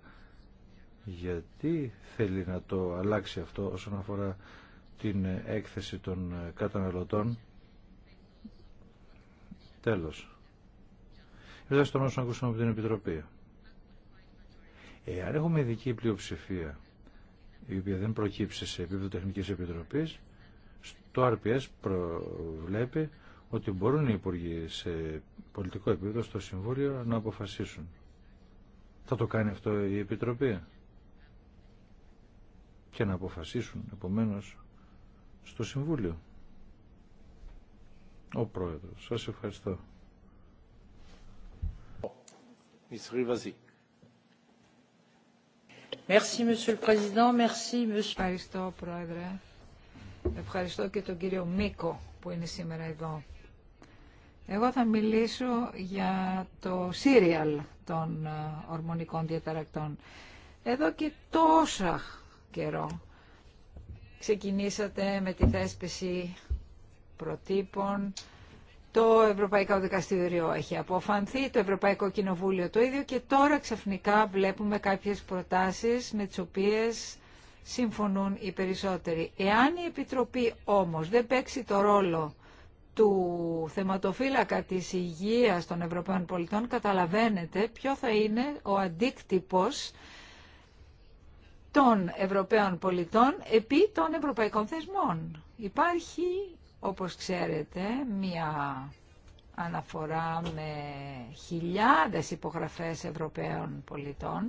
γιατί θέλει να το αλλάξει αυτό όσον αφορά την έκθεση των καταναλωτών. Τέλος. Βέβαια στον όσο ακούσαμε από την Επιτροπή. Εάν έχουμε ειδική πλειοψηφία η οποία δεν προκύψει σε επίπεδο τεχνικής επιτροπής, το RPS προβλέπει ότι μπορούν οι υπουργοί σε πολιτικό επίπεδο στο Συμβούλιο να αποφασίσουν. Θα το κάνει αυτό η Επιτροπή και να αποφασίσουν επομένως στο Συμβούλιο. Ο Πρόεδρος. Σας ευχαριστώ. Ευχαριστώ, Πρόεδρε. Ευχαριστώ και τον κύριο Μίκο που είναι σήμερα εδώ. Εγώ θα μιλήσω για το σύριαλ των ε, ορμονικών διαταρακτών. Εδώ και τόσα καιρό ξεκινήσατε με τη θέσπιση προτύπων. Το Ευρωπαϊκό Δικαστήριο έχει αποφανθεί, το Ευρωπαϊκό Κοινοβούλιο το ίδιο και τώρα ξαφνικά βλέπουμε κάποιες προτάσεις με τις οποίες συμφωνούν οι περισσότεροι. Εάν η Επιτροπή όμως δεν παίξει το ρόλο του θεματοφύλακα της υγείας των Ευρωπαίων πολιτών καταλαβαίνετε ποιο θα είναι ο αντίκτυπος των Ευρωπαίων πολιτών επί των Ευρωπαϊκών θεσμών. Υπάρχει, όπως ξέρετε, μια αναφορά με χιλιάδες υπογραφές Ευρωπαίων πολιτών.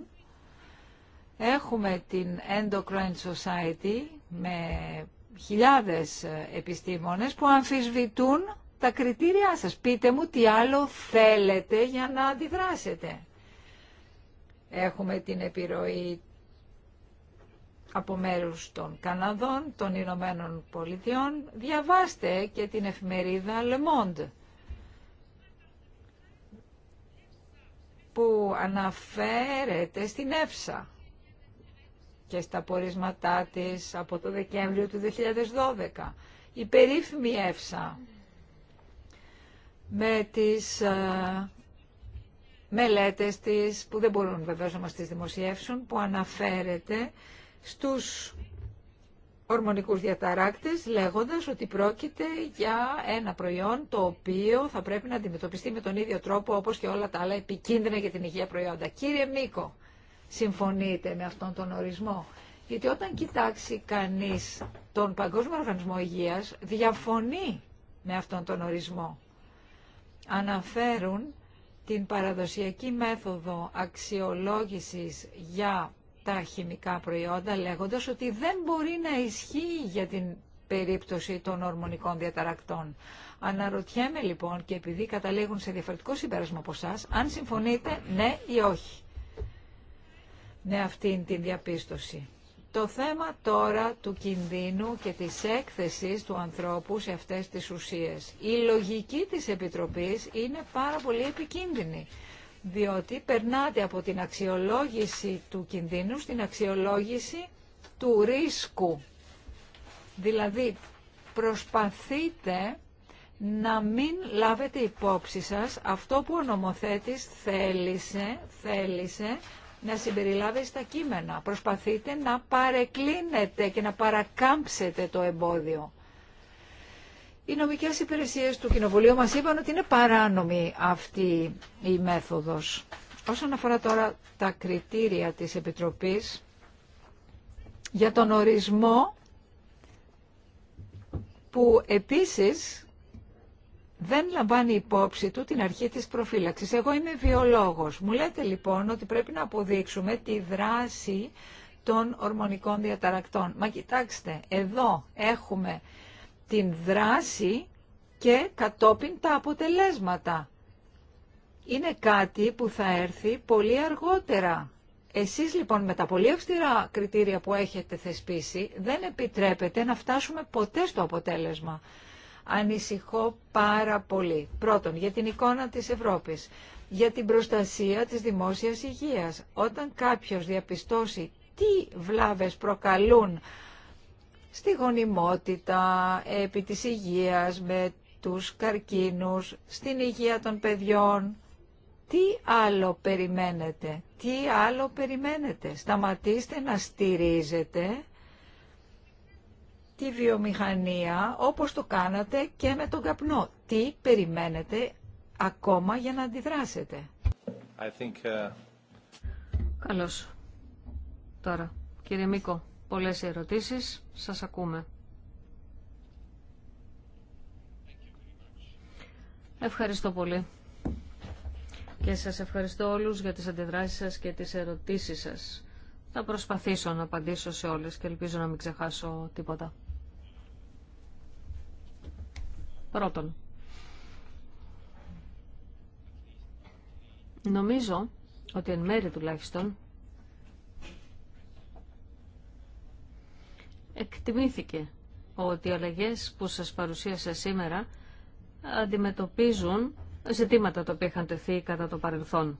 Έχουμε την Endocrine Society με χιλιάδες ε, επιστήμονες που αμφισβητούν τα κριτήριά σας. Πείτε μου τι άλλο θέλετε για να αντιδράσετε. Έχουμε την επιρροή από μέρους των Καναδών, των Ηνωμένων Πολιτειών. Διαβάστε και την εφημερίδα Le Monde που αναφέρεται στην ΕΦΣΑ και στα πορίσματά της από το Δεκέμβριο του 2012. Η περίφημη ΕΦΣΑ με τις ε, μελέτες της, που δεν μπορούν βεβαίως να μας τις δημοσιεύσουν, που αναφέρεται στους ορμονικούς διαταράκτες λέγοντας ότι πρόκειται για ένα προϊόν το οποίο θα πρέπει να αντιμετωπιστεί με τον ίδιο τρόπο όπως και όλα τα άλλα επικίνδυνα για την υγεία προϊόντα. Κύριε Μίκο, συμφωνείτε με αυτόν τον ορισμό. Γιατί όταν κοιτάξει κανείς τον Παγκόσμιο Οργανισμό Υγείας, διαφωνεί με αυτόν τον ορισμό. Αναφέρουν την παραδοσιακή μέθοδο αξιολόγησης για τα χημικά προϊόντα, λέγοντας ότι δεν μπορεί να ισχύει για την περίπτωση των ορμονικών διαταρακτών. Αναρωτιέμαι λοιπόν και επειδή καταλήγουν σε διαφορετικό συμπέρασμα από εσά, αν συμφωνείτε ναι ή όχι με αυτήν την διαπίστωση. Το θέμα τώρα του κινδύνου και της έκθεσης του ανθρώπου σε αυτές τις ουσίες. Η λογική της Επιτροπής είναι πάρα πολύ επικίνδυνη, διότι περνάτε από την αξιολόγηση του κινδύνου στην αξιολόγηση του ρίσκου. Δηλαδή, προσπαθείτε να μην λάβετε υπόψη σας αυτό που ο νομοθέτης θέλησε, θέλησε να συμπεριλάβει στα κείμενα. Προσπαθείτε να παρεκκλίνετε και να παρακάμψετε το εμπόδιο. Οι νομικές υπηρεσίες του Κοινοβουλίου μας είπαν ότι είναι παράνομη αυτή η μέθοδος. Όσον αφορά τώρα τα κριτήρια της Επιτροπής για τον ορισμό που επίσης δεν λαμβάνει υπόψη του την αρχή της προφύλαξης. Εγώ είμαι βιολόγος. Μου λέτε λοιπόν ότι πρέπει να αποδείξουμε τη δράση των ορμονικών διαταρακτών. Μα κοιτάξτε, εδώ έχουμε την δράση και κατόπιν τα αποτελέσματα. Είναι κάτι που θα έρθει πολύ αργότερα. Εσείς λοιπόν με τα πολύ αυστηρά κριτήρια που έχετε θεσπίσει δεν επιτρέπετε να φτάσουμε ποτέ στο αποτέλεσμα ανησυχώ πάρα πολύ. Πρώτον, για την εικόνα της Ευρώπης, για την προστασία της δημόσιας υγείας. Όταν κάποιος διαπιστώσει τι βλάβες προκαλούν στη γονιμότητα, επί της υγείας, με τους καρκίνους, στην υγεία των παιδιών. Τι άλλο περιμένετε, τι άλλο περιμένετε. Σταματήστε να στηρίζετε τη βιομηχανία όπως το κάνατε και με τον καπνό. Τι περιμένετε ακόμα για να αντιδράσετε. I uh, Καλώς. Τώρα, κύριε Μίκο, πολλές ερωτήσεις. Σας ακούμε. Ευχαριστώ πολύ. Και σας ευχαριστώ όλους για τις αντιδράσεις σας και τις ερωτήσεις σας. Θα προσπαθήσω να απαντήσω σε όλες και ελπίζω να μην ξεχάσω τίποτα. Πρώτον, νομίζω ότι εν μέρει τουλάχιστον εκτιμήθηκε ότι οι αλλαγές που σας παρουσίασα σήμερα αντιμετωπίζουν ζητήματα τα οποία είχαν τεθεί κατά το παρελθόν.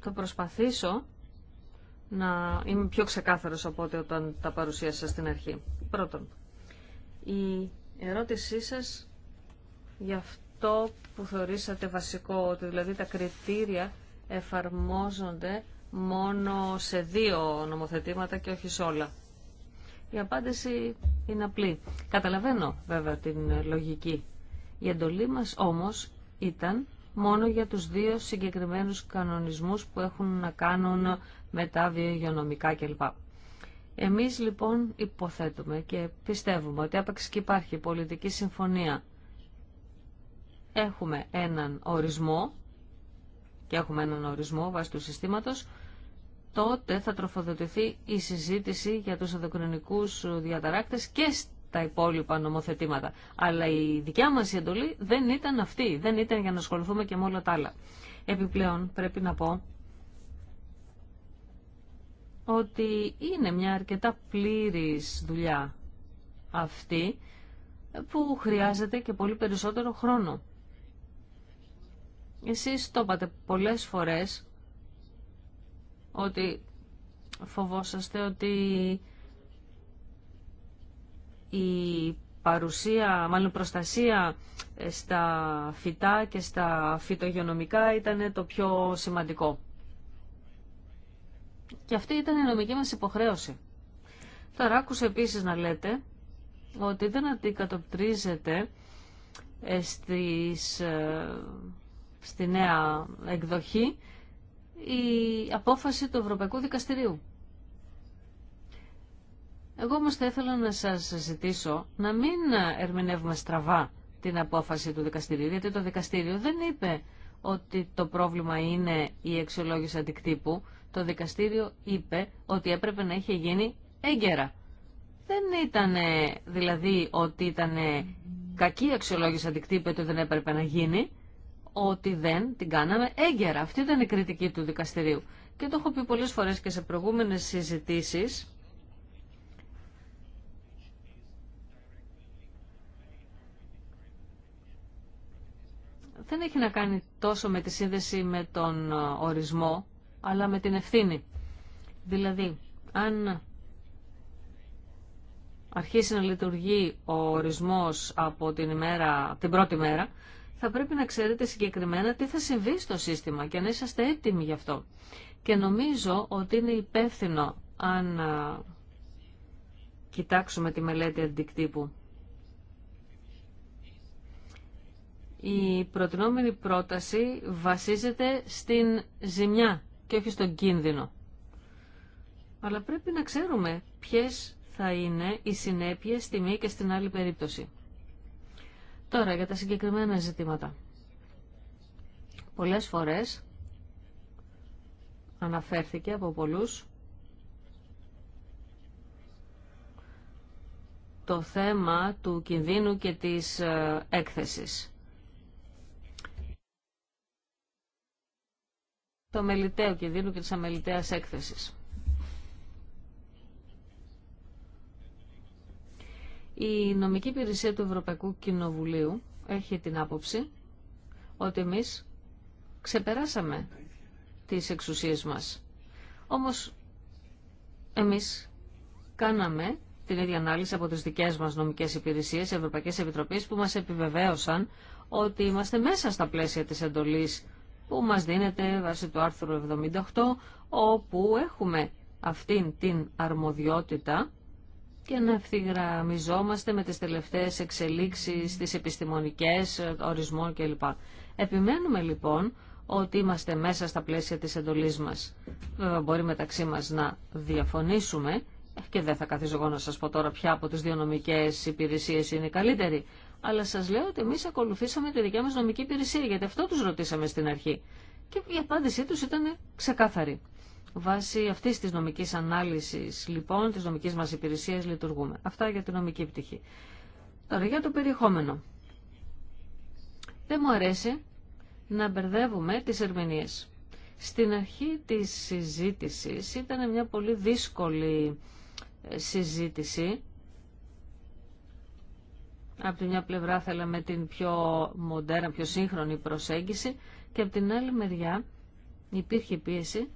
Θα προσπαθήσω να είμαι πιο ξεκάθαρος από ό,τι όταν τα παρουσίασα στην αρχή. Πρώτον, η ερώτησή σας για αυτό που θεωρήσατε βασικό, ότι δηλαδή τα κριτήρια εφαρμόζονται μόνο σε δύο νομοθετήματα και όχι σε όλα. Η απάντηση είναι απλή. Καταλαβαίνω βέβαια την λογική. Η εντολή μας όμως ήταν μόνο για τους δύο συγκεκριμένους κανονισμούς που έχουν να κάνουν με τα βιογειονομικά κλπ. Εμείς λοιπόν υποθέτουμε και πιστεύουμε ότι άπαξ και υπάρχει πολιτική συμφωνία. Έχουμε έναν ορισμό και έχουμε έναν ορισμό βάσει του συστήματος, τότε θα τροφοδοτηθεί η συζήτηση για τους ενδοκρινικούς διαταράκτες και στα υπόλοιπα νομοθετήματα. Αλλά η δικιά μας εντολή δεν ήταν αυτή, δεν ήταν για να ασχοληθούμε και με όλα τα άλλα. Επιπλέον πρέπει να πω ότι είναι μια αρκετά πλήρης δουλειά αυτή που χρειάζεται και πολύ περισσότερο χρόνο. Εσείς το είπατε πολλές φορές ότι φοβόσαστε ότι η παρουσία, μάλλον προστασία ε, στα φυτά και στα φυτογειονομικά ήταν το πιο σημαντικό. Και αυτή ήταν η νομική μας υποχρέωση. Τώρα άκουσα επίσης να λέτε ότι δεν αντικατοπτρίζεται ε, στις, ε, στη νέα εκδοχή η απόφαση του Ευρωπαϊκού Δικαστηρίου. Εγώ όμως θα ήθελα να σας ζητήσω να μην ερμηνεύουμε στραβά την απόφαση του δικαστηρίου, γιατί το δικαστήριο δεν είπε ότι το πρόβλημα είναι η αξιολόγηση αντικτύπου το δικαστήριο είπε ότι έπρεπε να είχε γίνει έγκαιρα. Δεν ήταν δηλαδή ότι ήταν κακή αξιολόγηση αντικτύπη ότι δεν έπρεπε να γίνει, ότι δεν την κάναμε έγκαιρα. Αυτή ήταν η κριτική του δικαστηρίου. Και το έχω πει πολλές φορές και σε προηγούμενες συζητήσεις, δεν έχει να κάνει τόσο με τη σύνδεση με τον ε, ορισμό αλλά με την ευθύνη. Δηλαδή, αν αρχίσει να λειτουργεί ο ορισμός από την, ημέρα, την πρώτη μέρα, θα πρέπει να ξέρετε συγκεκριμένα τι θα συμβεί στο σύστημα και να είσαστε έτοιμοι γι' αυτό. Και νομίζω ότι είναι υπεύθυνο αν κοιτάξουμε τη μελέτη αντικτύπου. Η προτινόμενη πρόταση βασίζεται στην ζημιά και όχι στον κίνδυνο. Αλλά πρέπει να ξέρουμε ποιες θα είναι οι συνέπειες στη μία και στην άλλη περίπτωση. Τώρα για τα συγκεκριμένα ζητήματα. Πολλές φορές αναφέρθηκε από πολλούς το θέμα του κινδύνου και της ε, έκθεσης. το μελιτέο κινδύνου και της αμελιτέας έκθεσης. Η νομική υπηρεσία του Ευρωπαϊκού Κοινοβουλίου έχει την άποψη ότι εμείς ξεπεράσαμε τις εξουσίες μας. Όμως εμείς κάναμε την ίδια ανάλυση από τις δικές μας νομικές υπηρεσίες, ευρωπαϊκές επιτροπές που μας επιβεβαίωσαν ότι είμαστε μέσα στα πλαίσια της εντολής που μας δίνεται βάσει του άρθρου 78, όπου έχουμε αυτήν την αρμοδιότητα και να ευθυγραμμιζόμαστε με τις τελευταίες εξελίξεις, τις επιστημονικές, ορισμών κλπ. Επιμένουμε λοιπόν ότι είμαστε μέσα στα πλαίσια της εντολής μας. Βέβαια ε, μπορεί μεταξύ μας να διαφωνήσουμε ε, και δεν θα καθίσω εγώ να σας πω τώρα ποια από τις δύο νομικές υπηρεσίες είναι καλύτερη αλλά σας λέω ότι εμείς ακολουθήσαμε τη δικιά μας νομική υπηρεσία, γιατί αυτό τους ρωτήσαμε στην αρχή. Και η απάντησή τους ήταν ξεκάθαρη. Βάσει αυτή τη νομική ανάλυση, λοιπόν, τη νομική μα υπηρεσία λειτουργούμε. Αυτά για τη νομική πτυχή. Τώρα για το περιεχόμενο. Δεν μου αρέσει να μπερδεύουμε τις ερμηνείε. Στην αρχή τη συζήτηση ήταν μια πολύ δύσκολη ε, συζήτηση από τη μια πλευρά θέλαμε την πιο μοντέρνα, πιο σύγχρονη προσέγγιση και από την άλλη μεριά υπήρχε πίεση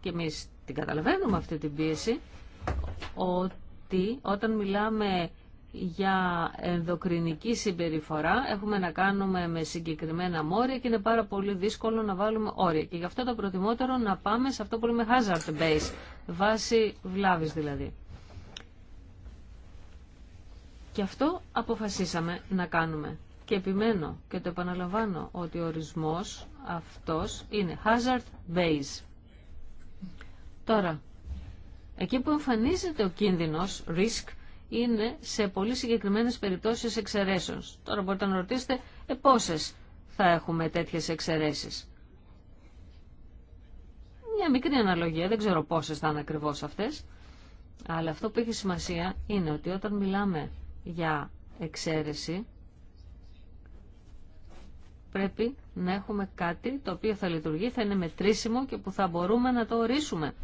και εμείς την καταλαβαίνουμε αυτή την πίεση ότι όταν μιλάμε για ενδοκρινική συμπεριφορά έχουμε να κάνουμε με συγκεκριμένα μόρια και είναι πάρα πολύ δύσκολο να βάλουμε όρια. Και γι' αυτό το προτιμότερο να πάμε σε αυτό που λέμε hazard base, βάση βλάβης δηλαδή. Και αυτό αποφασίσαμε να κάνουμε. Και επιμένω και το επαναλαμβάνω ότι ο ορισμός αυτός είναι hazard base. Τώρα, εκεί που εμφανίζεται ο κίνδυνος, risk, είναι σε πολύ συγκεκριμένες περιπτώσεις εξαιρέσεων. Τώρα μπορείτε να ρωτήσετε ε, θα έχουμε τέτοιες εξαιρέσεις. Μια μικρή αναλογία, δεν ξέρω πόσες θα είναι ακριβώς αυτές. Αλλά αυτό που έχει σημασία είναι ότι όταν μιλάμε για εξαίρεση πρέπει να έχουμε κάτι το οποίο θα λειτουργεί, θα είναι μετρήσιμο και που θα μπορούμε να το ορίσουμε.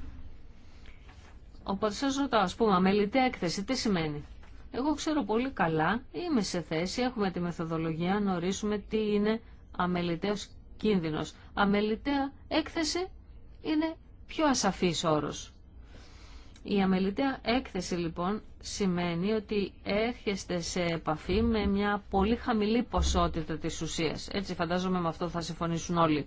Οπότε σας ρωτάω, ας πούμε, αμελητή έκθεση, τι σημαίνει. Εγώ ξέρω πολύ καλά, είμαι σε θέση, έχουμε τη μεθοδολογία να ορίσουμε τι είναι αμελητέος κίνδυνος. Αμελητέα έκθεση είναι πιο ασαφής όρος. Η αμελητέα έκθεση λοιπόν σημαίνει ότι έρχεστε σε επαφή με μια πολύ χαμηλή ποσότητα της ουσίας. Έτσι φαντάζομαι με αυτό θα συμφωνήσουν όλοι.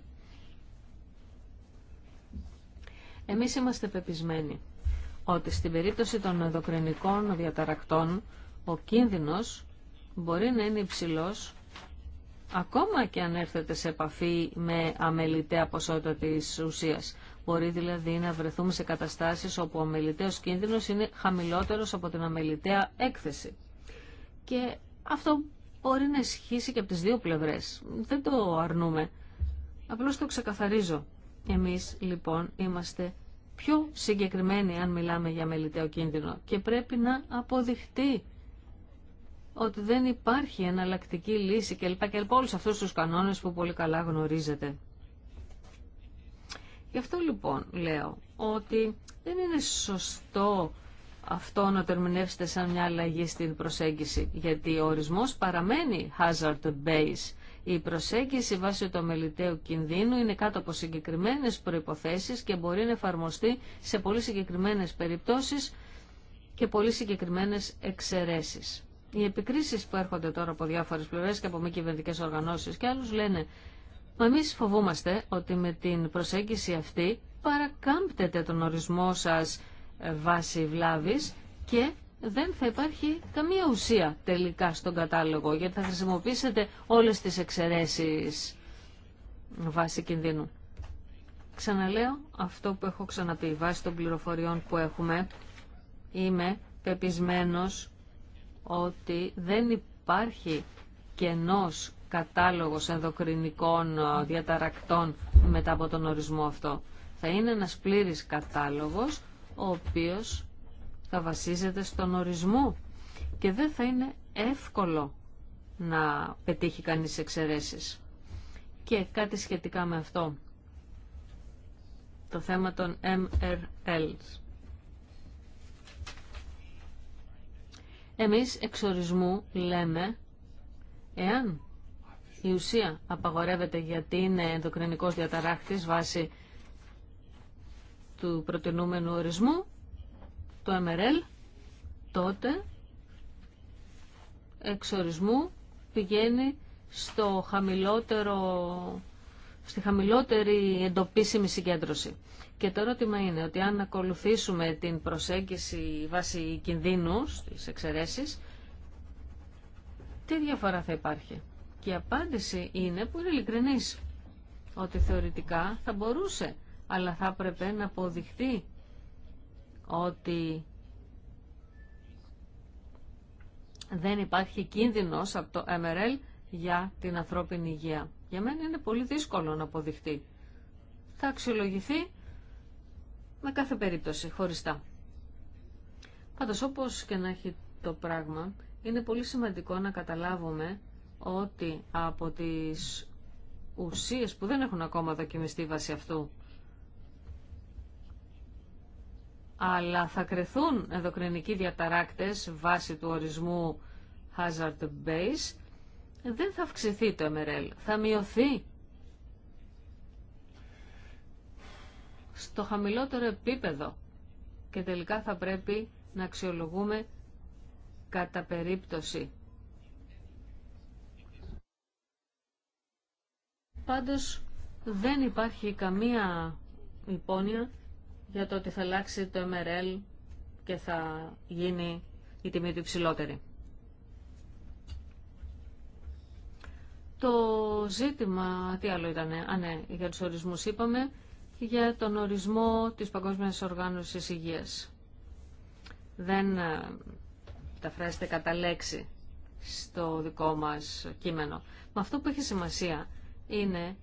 Εμείς είμαστε πεπισμένοι ότι στην περίπτωση των ενδοκρινικών διαταρακτών ο κίνδυνος μπορεί να είναι υψηλός ακόμα και αν έρθετε σε επαφή με αμελητέα ποσότητα της ουσίας. Μπορεί δηλαδή να βρεθούμε σε καταστάσεις όπου ο αμεληταίο κίνδυνος είναι χαμηλότερος από την αμεληταία έκθεση. Και αυτό μπορεί να ισχύσει και από τις δύο πλευρές. Δεν το αρνούμε. Απλώς το ξεκαθαρίζω. Εμείς λοιπόν είμαστε πιο συγκεκριμένοι αν μιλάμε για αμεληταίο κίνδυνο και πρέπει να αποδειχτεί ότι δεν υπάρχει εναλλακτική λύση κλπ. Και, και όλους αυτούς τους κανόνες που πολύ καλά γνωρίζετε. Γι' αυτό λοιπόν λέω ότι δεν είναι σωστό αυτό να το σαν μια αλλαγή στην προσέγγιση, γιατί ο ορισμός παραμένει hazard base. Η προσέγγιση βάσει του αμεληταίου κινδύνου είναι κάτω από συγκεκριμένες προϋποθέσεις και μπορεί να εφαρμοστεί σε πολύ συγκεκριμένες περιπτώσεις και πολύ συγκεκριμένες εξαιρέσεις. Οι επικρίσεις που έρχονται τώρα από διάφορες πλευρές και από μη κυβερνητικέ οργανώσεις και άλλους λένε Μα εμεί φοβούμαστε ότι με την προσέγγιση αυτή παρακάμπτεται τον ορισμό σας ε, βάση βλάβης και δεν θα υπάρχει καμία ουσία τελικά στον κατάλογο γιατί θα χρησιμοποιήσετε όλες τις εξαιρέσεις βάση κινδύνου. Ξαναλέω αυτό που έχω ξαναπεί βάσει των πληροφοριών που έχουμε είμαι πεπισμένος ότι δεν υπάρχει κενός κατάλογος ενδοκρινικών ε, διαταρακτών μετά από τον ορισμό αυτό. Θα είναι ένας πλήρης κατάλογος ο οποίος θα βασίζεται στον ορισμό και δεν θα είναι εύκολο να πετύχει κανείς εξαιρέσεις. Και κάτι σχετικά με αυτό. Το θέμα των MRL. Εμείς εξορισμού λέμε εάν η ουσία απαγορεύεται γιατί είναι ενδοκρινικός διαταράχτης βάσει του προτινούμενου ορισμού, το MRL, τότε εξορισμού πηγαίνει στο χαμηλότερο, στη χαμηλότερη εντοπίσιμη συγκέντρωση. Και το ερώτημα είναι ότι αν ακολουθήσουμε την προσέγγιση βάσει κινδύνου στις εξαιρέσεις, τι διαφορά θα υπάρχει. Και η απάντηση είναι που είναι ότι θεωρητικά θα μπορούσε, αλλά θα έπρεπε να αποδειχτεί ότι δεν υπάρχει κίνδυνος από το MRL για την ανθρώπινη υγεία. Για μένα είναι πολύ δύσκολο να αποδειχτεί. Θα αξιολογηθεί με κάθε περίπτωση, χωριστά. Πάντως, όπως και να έχει το πράγμα, είναι πολύ σημαντικό να καταλάβουμε ότι από τις ουσίες που δεν έχουν ακόμα δοκιμιστεί βάσει αυτού αλλά θα κρεθούν ενδοκρινικοί διαταράκτες βάσει του ορισμού hazard base, δεν θα αυξηθεί το MRL, θα μειωθεί στο χαμηλότερο επίπεδο και τελικά θα πρέπει να αξιολογούμε κατά περίπτωση Πάντως δεν υπάρχει καμία υπόνοια για το ότι θα αλλάξει το MRL και θα γίνει η τιμή του υψηλότερη. Το ζήτημα, τι άλλο ήταν, α, ναι, για τους ορισμούς είπαμε, για τον ορισμό της Παγκόσμιας Οργάνωσης Υγείας. Δεν ε, μεταφράζεται κατά λέξη στο δικό μας κείμενο. Με αυτό που έχει σημασία είναι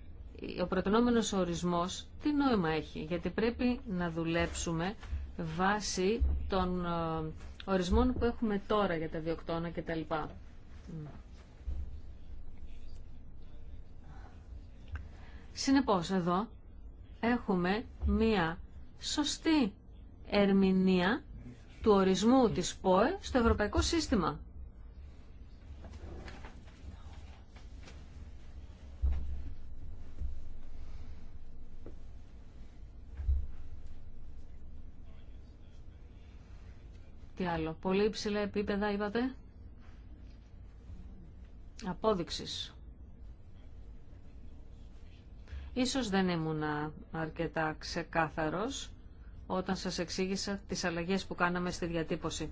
ο προτινόμενος ορισμός τι νόημα έχει, γιατί πρέπει να δουλέψουμε βάσει των ε, ορισμών που έχουμε τώρα για τα διοκτώνα κτλ. Συνεπώς εδώ έχουμε μία σωστή ερμηνεία του ορισμού της ΠΟΕ στο ευρωπαϊκό σύστημα. Τι άλλο. Πολύ υψηλά επίπεδα είπατε. Απόδειξης. Ίσως δεν ήμουν αρκετά ξεκάθαρος όταν σας εξήγησα τις αλλαγές που κάναμε στη διατύπωση.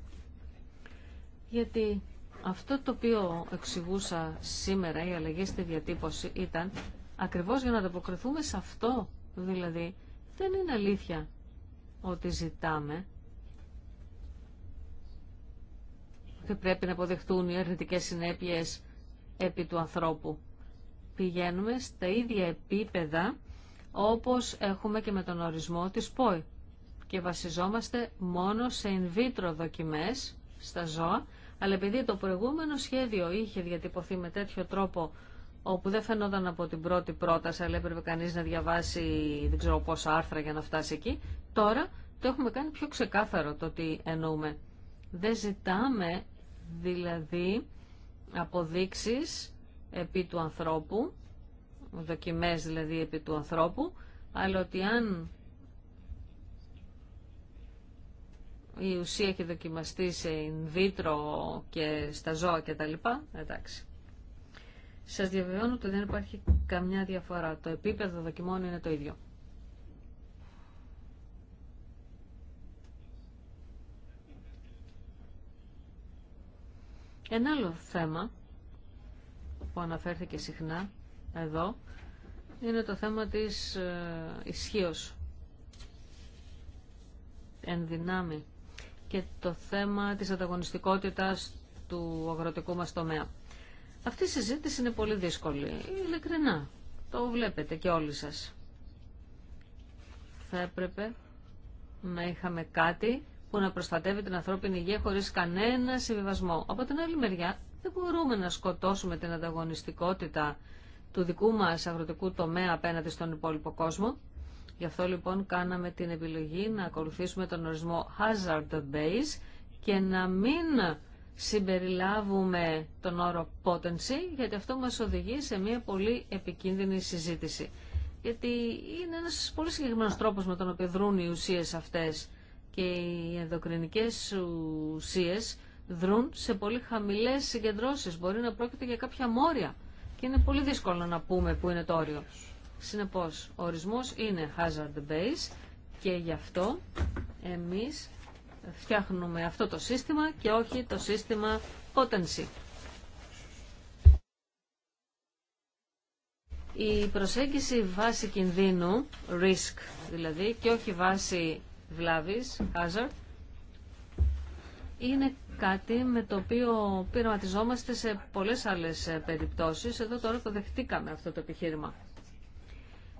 Γιατί αυτό το οποίο εξηγούσα σήμερα, οι αλλαγές στη διατύπωση, ήταν ακριβώς για να ανταποκριθούμε σε αυτό. Δηλαδή, δεν είναι αλήθεια ότι ζητάμε δεν πρέπει να αποδεχτούν οι αρνητικέ συνέπειες επί του ανθρώπου. Πηγαίνουμε στα ίδια επίπεδα όπως έχουμε και με τον ορισμό της ΠΟΗ και βασιζόμαστε μόνο σε in vitro δοκιμές στα ζώα, αλλά επειδή το προηγούμενο σχέδιο είχε διατυπωθεί με τέτοιο τρόπο όπου δεν φαινόταν από την πρώτη πρόταση, αλλά έπρεπε κανεί να διαβάσει δεν ξέρω πόσα άρθρα για να φτάσει εκεί. Τώρα το έχουμε κάνει πιο ξεκάθαρο το τι εννοούμε. Δεν ζητάμε δηλαδή αποδείξεις επί του ανθρώπου, δοκιμές δηλαδή επί του ανθρώπου, αλλά ότι αν η ουσία έχει δοκιμαστεί σε in vitro και στα ζώα και τα λοιπά, εντάξει. Σας διαβεβαιώνω ότι δεν υπάρχει καμιά διαφορά. Το επίπεδο δοκιμών είναι το ίδιο. Ένα άλλο θέμα που αναφέρθηκε συχνά εδώ είναι το θέμα της ε, ισχύω εν και το θέμα της ανταγωνιστικότητας του αγροτικού μας τομέα. Αυτή η συζήτηση είναι πολύ δύσκολη, ειλικρινά. Το βλέπετε και όλοι σας. Θα έπρεπε να είχαμε κάτι που να προστατεύει την ανθρώπινη υγεία χωρίς κανένα συμβιβασμό. Από την άλλη μεριά δεν μπορούμε να σκοτώσουμε την ανταγωνιστικότητα του δικού μας αγροτικού τομέα απέναντι στον υπόλοιπο κόσμο. Γι' αυτό λοιπόν κάναμε την επιλογή να ακολουθήσουμε τον ορισμό hazard base και να μην συμπεριλάβουμε τον όρο potency, γιατί αυτό μας οδηγεί σε μια πολύ επικίνδυνη συζήτηση. Γιατί είναι ένας πολύ συγκεκριμένος τρόπος με τον οποίο δρούν οι ουσίες αυτές και οι ενδοκρινικές ουσίες δρούν σε πολύ χαμηλές συγκεντρώσεις. Μπορεί να πρόκειται για κάποια μόρια και είναι πολύ δύσκολο να πούμε που είναι το όριο. Συνεπώς, ο ορισμός είναι hazard base και γι' αυτό εμείς φτιάχνουμε αυτό το σύστημα και όχι το σύστημα potency. Η προσέγγιση βάση κινδύνου, risk δηλαδή, και όχι βάση βλάβης, hazard, είναι κάτι με το οποίο πειραματιζόμαστε σε πολλές άλλες ε, περιπτώσεις. Εδώ τώρα το δεχτήκαμε αυτό το επιχείρημα.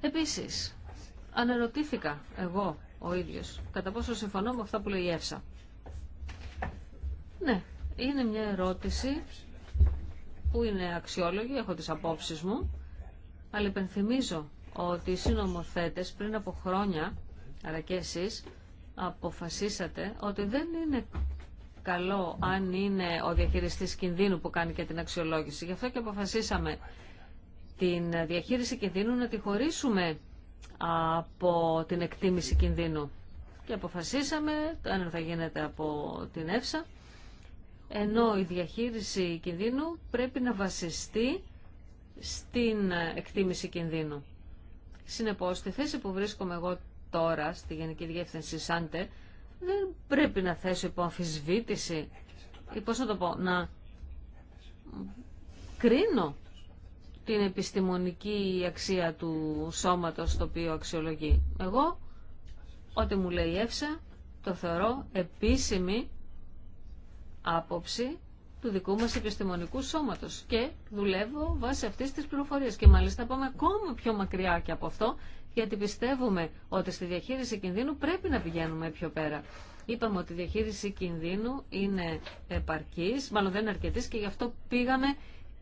Επίσης, αναρωτήθηκα εγώ ο ίδιος κατά πόσο συμφωνώ με αυτά που λέει η Εύσα. Ναι, είναι μια ερώτηση που είναι αξιόλογη, έχω τις απόψεις μου, αλλά υπενθυμίζω ότι οι συνομοθέτες πριν από χρόνια, αλλά και εσείς, αποφασίσατε ότι δεν είναι καλό αν είναι ο διαχειριστής κινδύνου που κάνει και την αξιολόγηση. Γι' αυτό και αποφασίσαμε την διαχείριση κινδύνου να τη χωρίσουμε από την εκτίμηση κινδύνου. Και αποφασίσαμε, το ένα θα γίνεται από την ΕΦΣΑ, ενώ η διαχείριση κινδύνου πρέπει να βασιστεί στην εκτίμηση κινδύνου. Συνεπώς, στη θέση που βρίσκομαι εγώ τώρα στη Γενική Διεύθυνση ΣΑΝΤΕ δεν πρέπει να θέσω υπό αμφισβήτηση ή πώς να το πω, να κρίνω την επιστημονική αξία του σώματος το οποίο αξιολογεί. Εγώ, ό,τι μου λέει η ΕΦΣΑ, το θεωρώ επίσημη άποψη του δικού μας επιστημονικού σώματος και δουλεύω βάσει αυτής της πληροφορίας και μάλιστα πάμε ακόμα πιο μακριά και από αυτό γιατί πιστεύουμε ότι στη διαχείριση κινδύνου πρέπει να πηγαίνουμε πιο πέρα. Είπαμε ότι η διαχείριση κινδύνου είναι επαρκής, μάλλον δεν είναι αρκετή, και γι' αυτό πήγαμε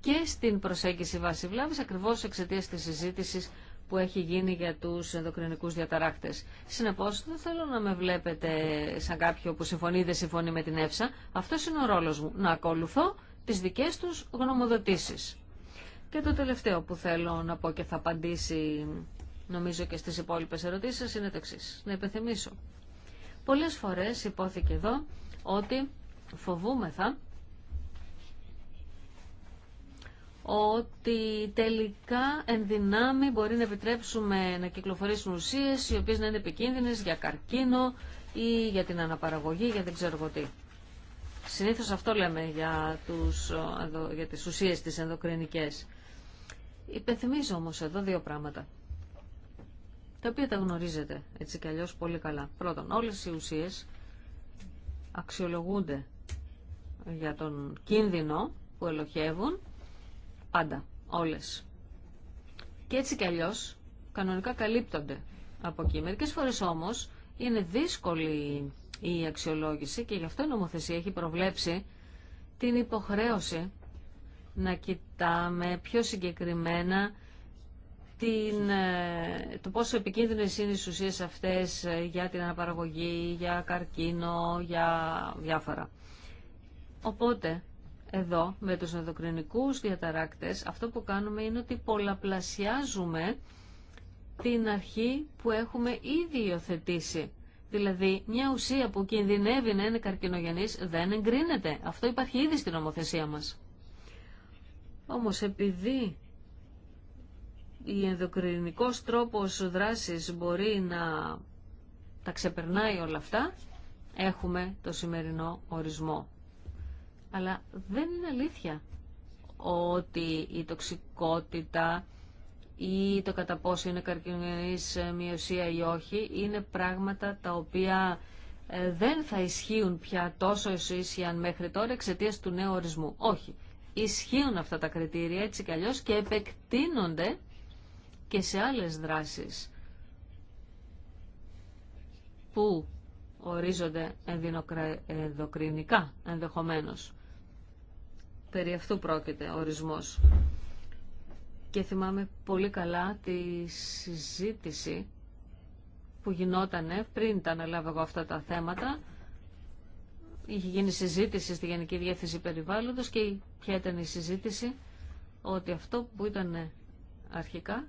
και στην προσέγγιση βάση βλάβη ακριβώ εξαιτία τη συζήτηση που έχει γίνει για του ενδοκρινικού διαταράκτε. Συνεπώ, δεν θέλω να με βλέπετε σαν κάποιο που συμφωνεί ή δεν συμφωνεί με την ΕΦΣΑ. Αυτό είναι ο ρόλο μου, να ακολουθώ τι δικέ του γνωμοδοτήσει. Και το τελευταίο που θέλω να πω και θα απαντήσει νομίζω και στις υπόλοιπες ερωτήσεις σας, είναι το εξή. Να υπενθυμίσω. Πολλές φορές υπόθηκε εδώ ότι φοβούμεθα ότι τελικά εν δυνάμει μπορεί να επιτρέψουμε να κυκλοφορήσουν ουσίες οι οποίες να είναι επικίνδυνες για καρκίνο ή για την αναπαραγωγή, για δεν ξέρω τι. Συνήθως αυτό λέμε για, τους, ε, για τις ουσίες τις ενδοκρινικές. Υπενθυμίζω όμως εδώ δύο πράγματα τα οποία τα γνωρίζετε έτσι κι αλλιώς πολύ καλά. Πρώτον, όλες οι ουσίες αξιολογούνται για τον κίνδυνο που ελοχεύουν πάντα, όλες. Και έτσι κι αλλιώς κανονικά καλύπτονται από εκεί. Μερικές φορές όμως είναι δύσκολη η αξιολόγηση και γι' αυτό η νομοθεσία έχει προβλέψει την υποχρέωση να κοιτάμε πιο συγκεκριμένα την, ε, το πόσο επικίνδυνε είναι οι ουσίες αυτές ε, για την αναπαραγωγή, για καρκίνο, για διάφορα. Οπότε, εδώ με τους ενδοκρινικούς διαταράκτες, αυτό που κάνουμε είναι ότι πολλαπλασιάζουμε την αρχή που έχουμε ήδη υιοθετήσει. Δηλαδή, μια ουσία που κινδυνεύει να είναι καρκινογενής δεν εγκρίνεται. Αυτό υπάρχει ήδη στην νομοθεσία μας. Όμως επειδή η ενδοκρινικός τρόπος δράσης μπορεί να τα ξεπερνάει όλα αυτά, έχουμε το σημερινό ορισμό. Αλλά δεν είναι αλήθεια ότι η τοξικότητα ή το κατά πόσο είναι καρκινογενής μειωσία ή όχι, είναι πράγματα τα οποία ε, δεν θα ισχύουν πια τόσο ισχύαν μέχρι τώρα εξαιτία του νέου ορισμού. Όχι. Ισχύουν αυτά τα κριτήρια έτσι κι και επεκτείνονται και σε άλλες δράσεις που ορίζονται ενδοκρινικά ενδεχομένως. Περί αυτού πρόκειται ο ορισμός. Και θυμάμαι πολύ καλά τη συζήτηση που γινόταν πριν τα αναλάβω εγώ αυτά τα θέματα. Είχε γίνει συζήτηση στη Γενική Διεύθυνση Περιβάλλοντος και ποια ήταν η συζήτηση ότι αυτό που ήταν αρχικά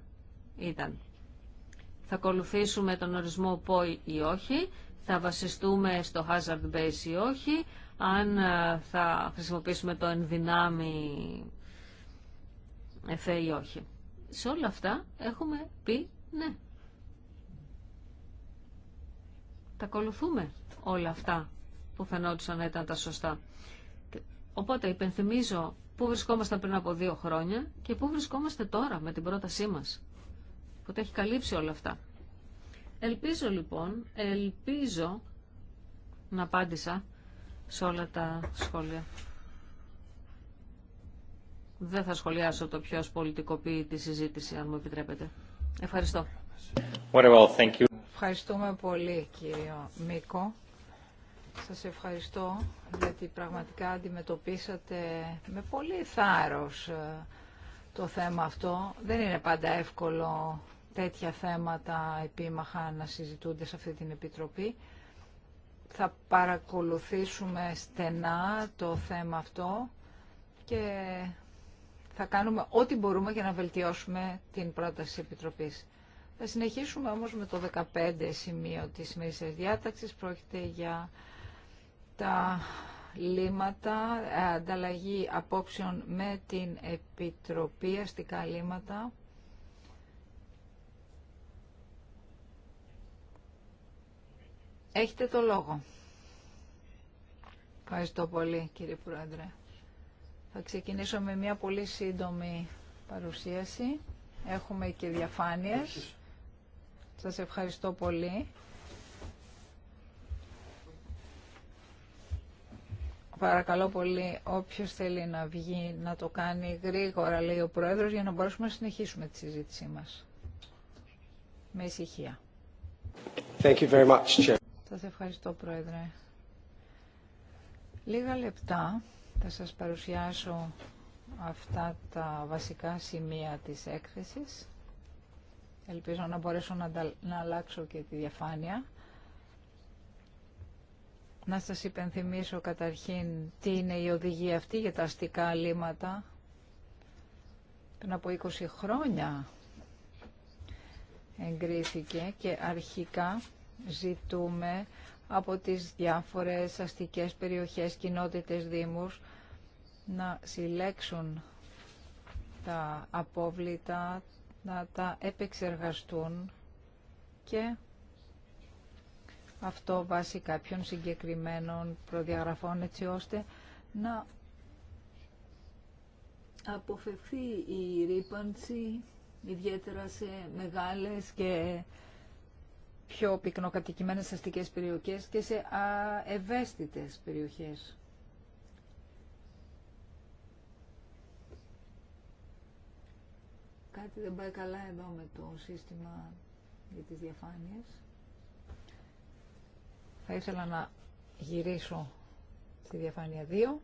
ήταν. Θα ακολουθήσουμε τον ορισμό POI ή όχι, θα βασιστούμε στο hazard base ή όχι, αν ε, θα χρησιμοποιήσουμε το ενδυνάμει εφέ ή όχι. Σε όλα αυτά έχουμε πει ναι. Τα ακολουθούμε όλα αυτά που φαινόντουσαν να ήταν τα σωστά. Οπότε υπενθυμίζω πού βρισκόμασταν πριν από δύο χρόνια και πού βρισκόμαστε τώρα με την πρότασή μας ότι έχει καλύψει όλα αυτά. Ελπίζω λοιπόν, ελπίζω να απάντησα σε όλα τα σχόλια. Δεν θα σχολιάσω το ποιος πολιτικοποιεί τη συζήτηση, αν μου επιτρέπετε. Ευχαριστώ. Well, thank you. Ευχαριστούμε πολύ, κύριο Μίκο. Σας ευχαριστώ γιατί πραγματικά αντιμετωπίσατε με πολύ θάρρος ε, το θέμα αυτό. Δεν είναι πάντα εύκολο τέτοια θέματα επίμαχα να συζητούνται σε αυτή την Επιτροπή. Θα παρακολουθήσουμε στενά το θέμα αυτό και θα κάνουμε ό,τι μπορούμε για να βελτιώσουμε την πρόταση της Επιτροπής. Θα συνεχίσουμε όμως με το 15 σημείο της σημερινής διάταξης. Πρόκειται για τα λήματα ε, ανταλλαγή απόψεων με την Επιτροπή Αστικά Λύματα. Έχετε το λόγο. Ευχαριστώ πολύ κύριε Πρόεδρε. Θα ξεκινήσω με μια πολύ σύντομη παρουσίαση. Έχουμε και διαφάνειες. Σας ευχαριστώ πολύ. Παρακαλώ πολύ όποιος θέλει να βγει να το κάνει γρήγορα, λέει ο Πρόεδρος, για να μπορέσουμε να συνεχίσουμε τη συζήτησή μας. Με ησυχία. Thank you very much, σας ευχαριστώ Πρόεδρε. Λίγα λεπτά θα σας παρουσιάσω αυτά τα βασικά σημεία της έκθεσης. Ελπίζω να μπορέσω να, να αλλάξω και τη διαφάνεια. Να σας υπενθυμίσω καταρχήν τι είναι η οδηγία αυτή για τα αστικά αλήματα. Πριν από 20 χρόνια εγκρίθηκε και αρχικά ζητούμε από τις διάφορες αστικές περιοχές, κοινότητες, δήμους να συλλέξουν τα απόβλητα, να τα επεξεργαστούν και αυτό βάσει κάποιων συγκεκριμένων προδιαγραφών έτσι ώστε να αποφευθεί η ρήπανση ιδιαίτερα σε μεγάλες και πιο πυκνοκατοικημένες αστικές περιοχές και σε ευαίσθητες περιοχές. Κάτι δεν πάει καλά εδώ με το σύστημα για τις διαφάνειες. Θα ήθελα να γυρίσω στη διαφάνεια 2.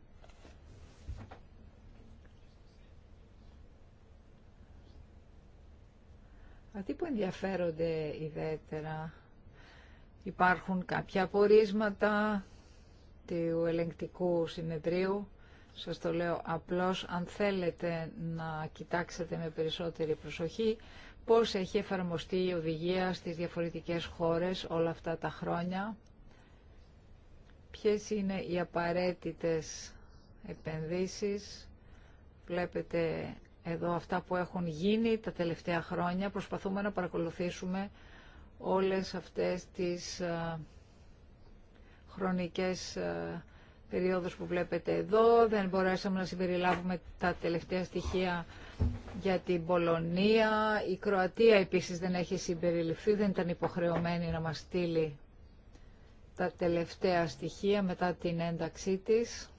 Αυτοί που ενδιαφέρονται ιδιαίτερα, υπάρχουν κάποια απορίσματα του ελεγκτικού συνεδρίου. Σας το λέω απλώς, αν θέλετε να κοιτάξετε με περισσότερη προσοχή πώς έχει εφαρμοστεί η οδηγία στις διαφορετικές χώρες όλα αυτά τα χρόνια, ποιες είναι οι απαραίτητες επενδύσεις. Βλέπετε εδώ αυτά που έχουν γίνει τα τελευταία χρόνια. Προσπαθούμε να παρακολουθήσουμε όλες αυτές τις ε, χρονικές ε, περίοδους που βλέπετε εδώ. Δεν μπορέσαμε να συμπεριλάβουμε τα τελευταία στοιχεία για την Πολωνία. Η Κροατία επίσης δεν έχει συμπεριληφθεί, δεν ήταν υποχρεωμένη να μας στείλει τα τελευταία στοιχεία μετά την ένταξή της.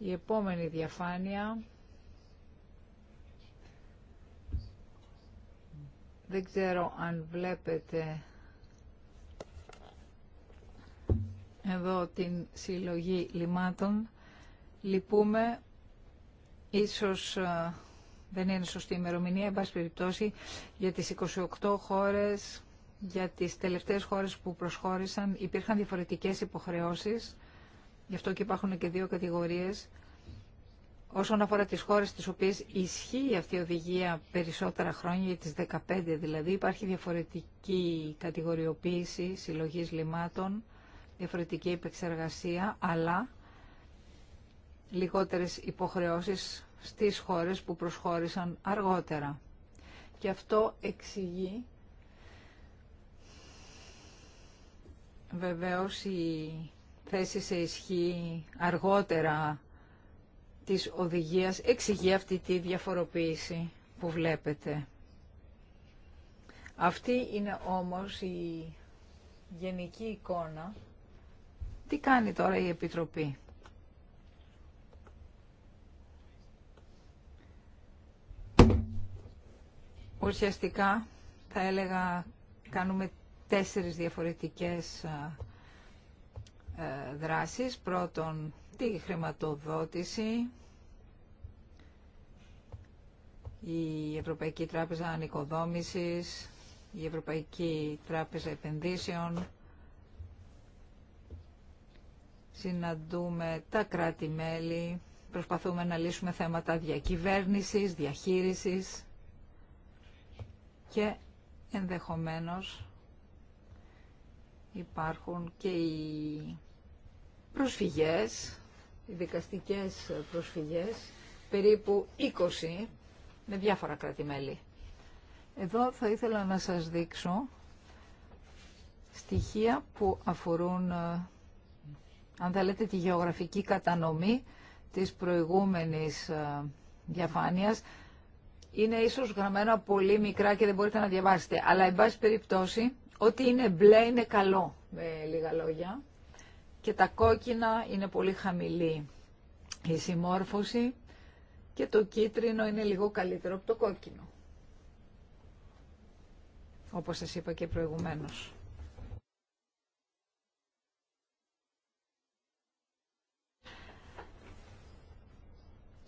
Η επόμενη διαφάνεια. Δεν ξέρω αν βλέπετε εδώ την συλλογή λιμάτων. Λυπούμε, ίσως ε, δεν είναι σωστή ημερομηνία, εν πάση περιπτώσει, για τις 28 χώρες, για τις τελευταίες χώρες που προσχώρησαν υπήρχαν διαφορετικές υποχρεώσεις Γι' αυτό και υπάρχουν και δύο κατηγορίες όσον αφορά τις χώρες τις οποίες ισχύει αυτή η οδηγία περισσότερα χρόνια, για τις 15 δηλαδή, υπάρχει διαφορετική κατηγοριοποίηση συλλογής λιμάτων, διαφορετική επεξεργασία, αλλά λιγότερες υποχρεώσεις στις χώρες που προσχώρησαν αργότερα. Και αυτό εξηγεί βεβαίως η θέσει σε ισχύ αργότερα της οδηγίας εξηγεί αυτή τη διαφοροποίηση που βλέπετε. Αυτή είναι όμως η γενική εικόνα. Τι κάνει τώρα η Επιτροπή. Ουσιαστικά θα έλεγα κάνουμε τέσσερις διαφορετικές ε, δράσεις. Πρώτον, τη χρηματοδότηση. Η Ευρωπαϊκή Τράπεζα Ανοικοδόμησης, η Ευρωπαϊκή Τράπεζα Επενδύσεων. Συναντούμε τα κράτη-μέλη. Προσπαθούμε να λύσουμε θέματα διακυβέρνησης, διαχείρισης και ενδεχομένως υπάρχουν και οι προσφυγές, δικαστικές προσφυγές, περίπου 20 με διαφορα κρατημέλη. Εδώ θα ήθελα να σας δείξω στοιχεία που αφορούν, ε, αν θέλετε, τη γεωγραφική κατανομή της προηγούμενης ε, διαφάνειας. Είναι ίσως γραμμένα πολύ μικρά και δεν μπορείτε να διαβάσετε, αλλά εν πάση περιπτώσει, ό,τι είναι μπλε είναι καλό, με λίγα λόγια και τα κόκκινα είναι πολύ χαμηλή η συμμόρφωση και το κίτρινο είναι λίγο καλύτερο από το κόκκινο. Όπως σας είπα και προηγουμένως.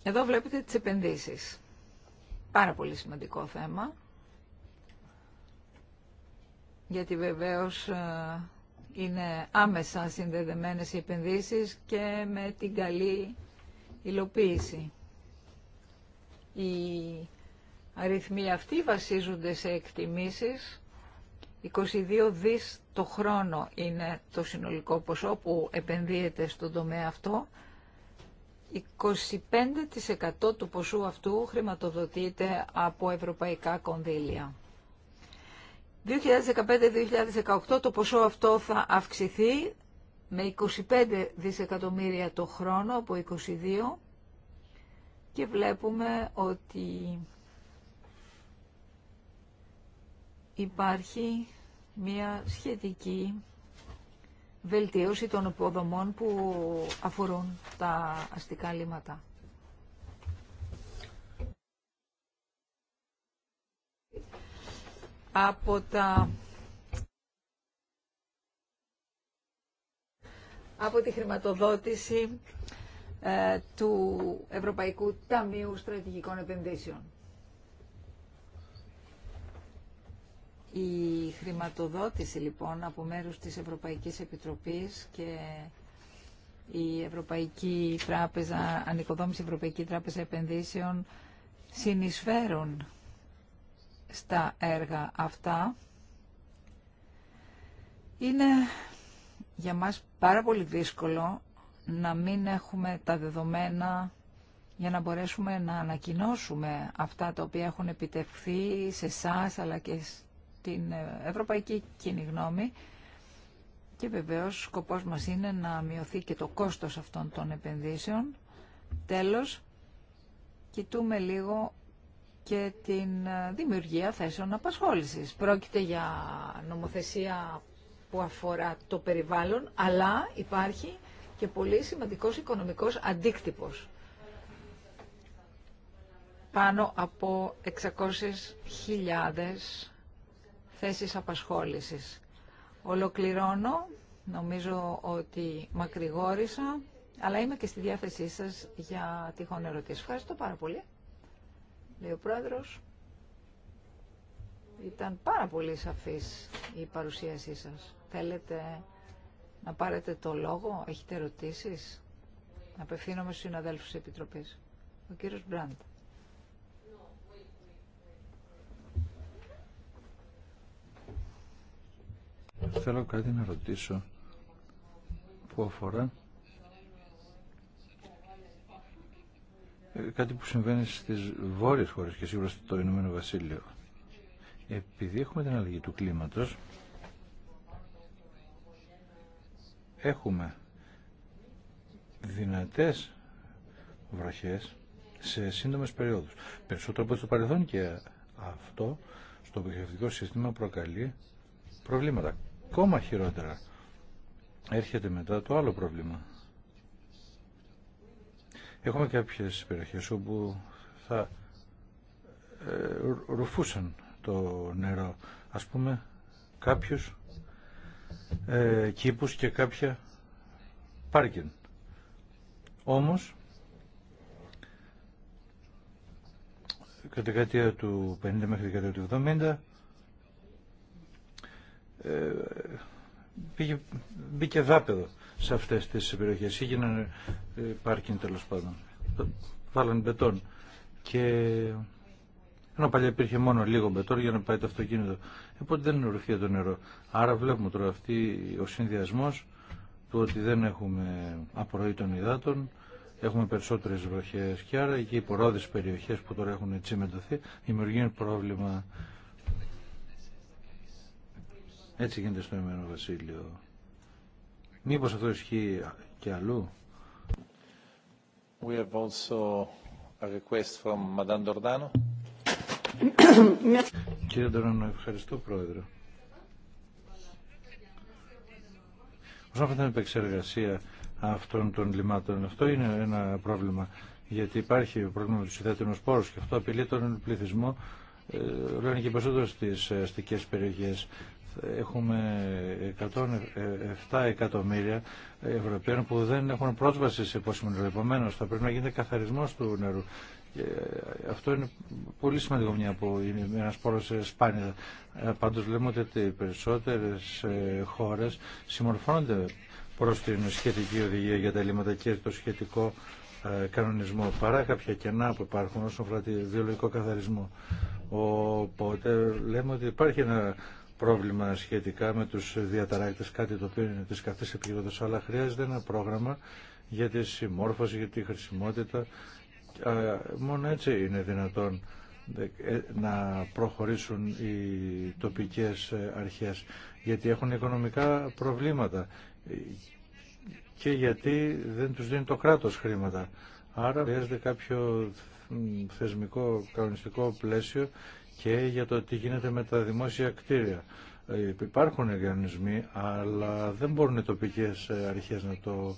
Εδώ βλέπετε τις επενδύσεις. Πάρα πολύ σημαντικό θέμα. Γιατί βεβαίως ε, είναι άμεσα συνδεδεμένες οι επενδύσεις και με την καλή υλοποίηση. Οι αριθμοί αυτοί βασίζονται σε εκτιμήσεις. 22 δις το χρόνο είναι το συνολικό ποσό που επενδύεται στον τομέα αυτό. 25% του ποσού αυτού χρηματοδοτείται από ευρωπαϊκά κονδύλια. 2015-2018 το ποσό αυτό θα αυξηθεί με 25 δισεκατομμύρια το χρόνο από 22 και βλέπουμε ότι υπάρχει μια σχετική βελτίωση των υποδομών που αφορούν τα αστικά λίματα. από τα από τη χρηματοδότηση ε, του Ευρωπαϊκού Ταμείου Στρατηγικών Επενδύσεων. Η χρηματοδότηση λοιπόν από μέρους της Ευρωπαϊκής Επιτροπής και η Ευρωπαϊκή Τράπεζα, Ανοικοδόμηση Ευρωπαϊκή Τράπεζα Επενδύσεων συνεισφέρουν στα έργα αυτά είναι για μας πάρα πολύ δύσκολο να μην έχουμε τα δεδομένα για να μπορέσουμε να ανακοινώσουμε αυτά τα οποία έχουν επιτευχθεί σε εσά αλλά και στην ευρωπαϊκή κοινή γνώμη και βεβαίως σκοπός μας είναι να μειωθεί και το κόστος αυτών των επενδύσεων. Τέλος, κοιτούμε λίγο και την ε, δημιουργία θέσεων απασχόλησης. Πρόκειται για νομοθεσία που αφορά το περιβάλλον, αλλά υπάρχει και πολύ σημαντικός οικονομικός αντίκτυπος. Πάνω από 600.000 θέσεις απασχόλησης. Ολοκληρώνω, νομίζω ότι μακρηγόρησα, αλλά είμαι και στη διάθεσή σας για τυχόν ερωτήσεις. Ευχαριστώ πάρα πολύ λέει ο πρόεδρος. Ήταν πάρα πολύ σαφής η παρουσίασή σας. Θέλετε να πάρετε το λόγο, έχετε ερωτήσεις. Απευθύνομαι στους συναδέλφους της Επιτροπής. Ο κύριος Μπραντ. Θέλω κάτι να ρωτήσω που αφορά κάτι που συμβαίνει στις βόρειες χώρες και σίγουρα στο Ηνωμένο Βασίλειο. Επειδή έχουμε την αλλαγή του κλίματος, έχουμε δυνατές βροχές σε σύντομες περιόδους. Περισσότερο από το παρελθόν και αυτό στο επιχειρηματικό σύστημα προκαλεί προβλήματα. Ακόμα χειρότερα έρχεται μετά το άλλο πρόβλημα. Έχουμε κάποιες περιοχές όπου θα ε, ρουφούσαν το νερό. Ας πούμε κάποιους ε, κήπους και κάποια πάρκιν. Όμως, κατά τη δεκαετία του 50 μέχρι τη δεκαετία του 70, ε, πήγε, μπήκε δάπεδο σε αυτές τις περιοχές. Έγιναν ε, πάρκινγκ τέλο πάντων. Βάλαν μπετόν. Και ενώ παλιά υπήρχε μόνο λίγο μπετόν για να πάει το αυτοκίνητο. Οπότε δεν είναι το νερό. Άρα βλέπουμε τώρα αυτή ο συνδυασμός του ότι δεν έχουμε απορροή των υδάτων, έχουμε περισσότερες βροχές και άρα και οι πορόδες περιοχές που τώρα έχουν έτσι δημιουργούν πρόβλημα. Έτσι γίνεται στο Εμένο Βασίλειο. Μήπως αυτό ισχύει και αλλού. We have also a request from Madame Dordano. Κύριε Ντορνάνο, ευχαριστώ Πρόεδρε. Όσον αφορά την επεξεργασία αυτών των λιμάτων, αυτό είναι ένα πρόβλημα. Γιατί υπάρχει πρόβλημα με του υδάτινου πόρου και αυτό απειλεί τον πληθυσμό, ε, λένε και περισσότερο στι ε, αστικέ περιοχέ έχουμε 107 εκατομμύρια Ευρωπαίων που δεν έχουν πρόσβαση σε πόσιμο νερό. Επομένω, θα πρέπει να γίνεται καθαρισμό του νερού. Και αυτό είναι πολύ σημαντικό μια που είναι ένα πόρο σπάνια. Πάντω λέμε ότι οι περισσότερες ε, χώρες συμμορφώνονται προ την σχετική οδηγία για τα ελλείμματα και το σχετικό ε, κανονισμό παρά κάποια κενά που υπάρχουν όσον αφορά τη βιολογικό καθαρισμό. Οπότε λέμε ότι υπάρχει ένα πρόβλημα σχετικά με τους διαταράκτες, κάτι το οποίο είναι της καθής αλλά χρειάζεται ένα πρόγραμμα για τη συμμόρφωση, για τη χρησιμότητα. Μόνο έτσι είναι δυνατόν ε, ε, να προχωρήσουν οι τοπικές ε, αρχές, γιατί έχουν οικονομικά προβλήματα και γιατί δεν τους δίνει το κράτος χρήματα. Άρα χρειάζεται κάποιο θεσμικό, κανονιστικό πλαίσιο και για το τι γίνεται με τα δημόσια κτίρια. Ε, υπάρχουν εγγενισμοί, αλλά δεν μπορούν οι τοπικές ε, αρχές να, το,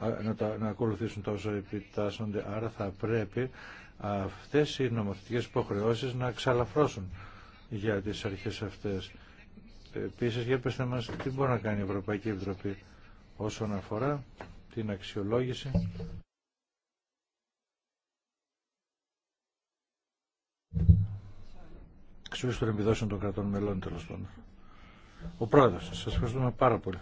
να, να ακολουθήσουν τα όσα επιτάσσονται. Άρα θα πρέπει αυτές οι νομοθετικές υποχρεώσεις να ξαλαφρώσουν για τις αρχές αυτές. Επίσης, για πετε μας τι μπορεί να κάνει η Ευρωπαϊκή Επιτροπή όσον αφορά την αξιολόγηση αξιούς των επιδόσεων των κρατών μελών τέλος πάντων. Ο πρόεδρος, σας ευχαριστούμε πάρα πολύ.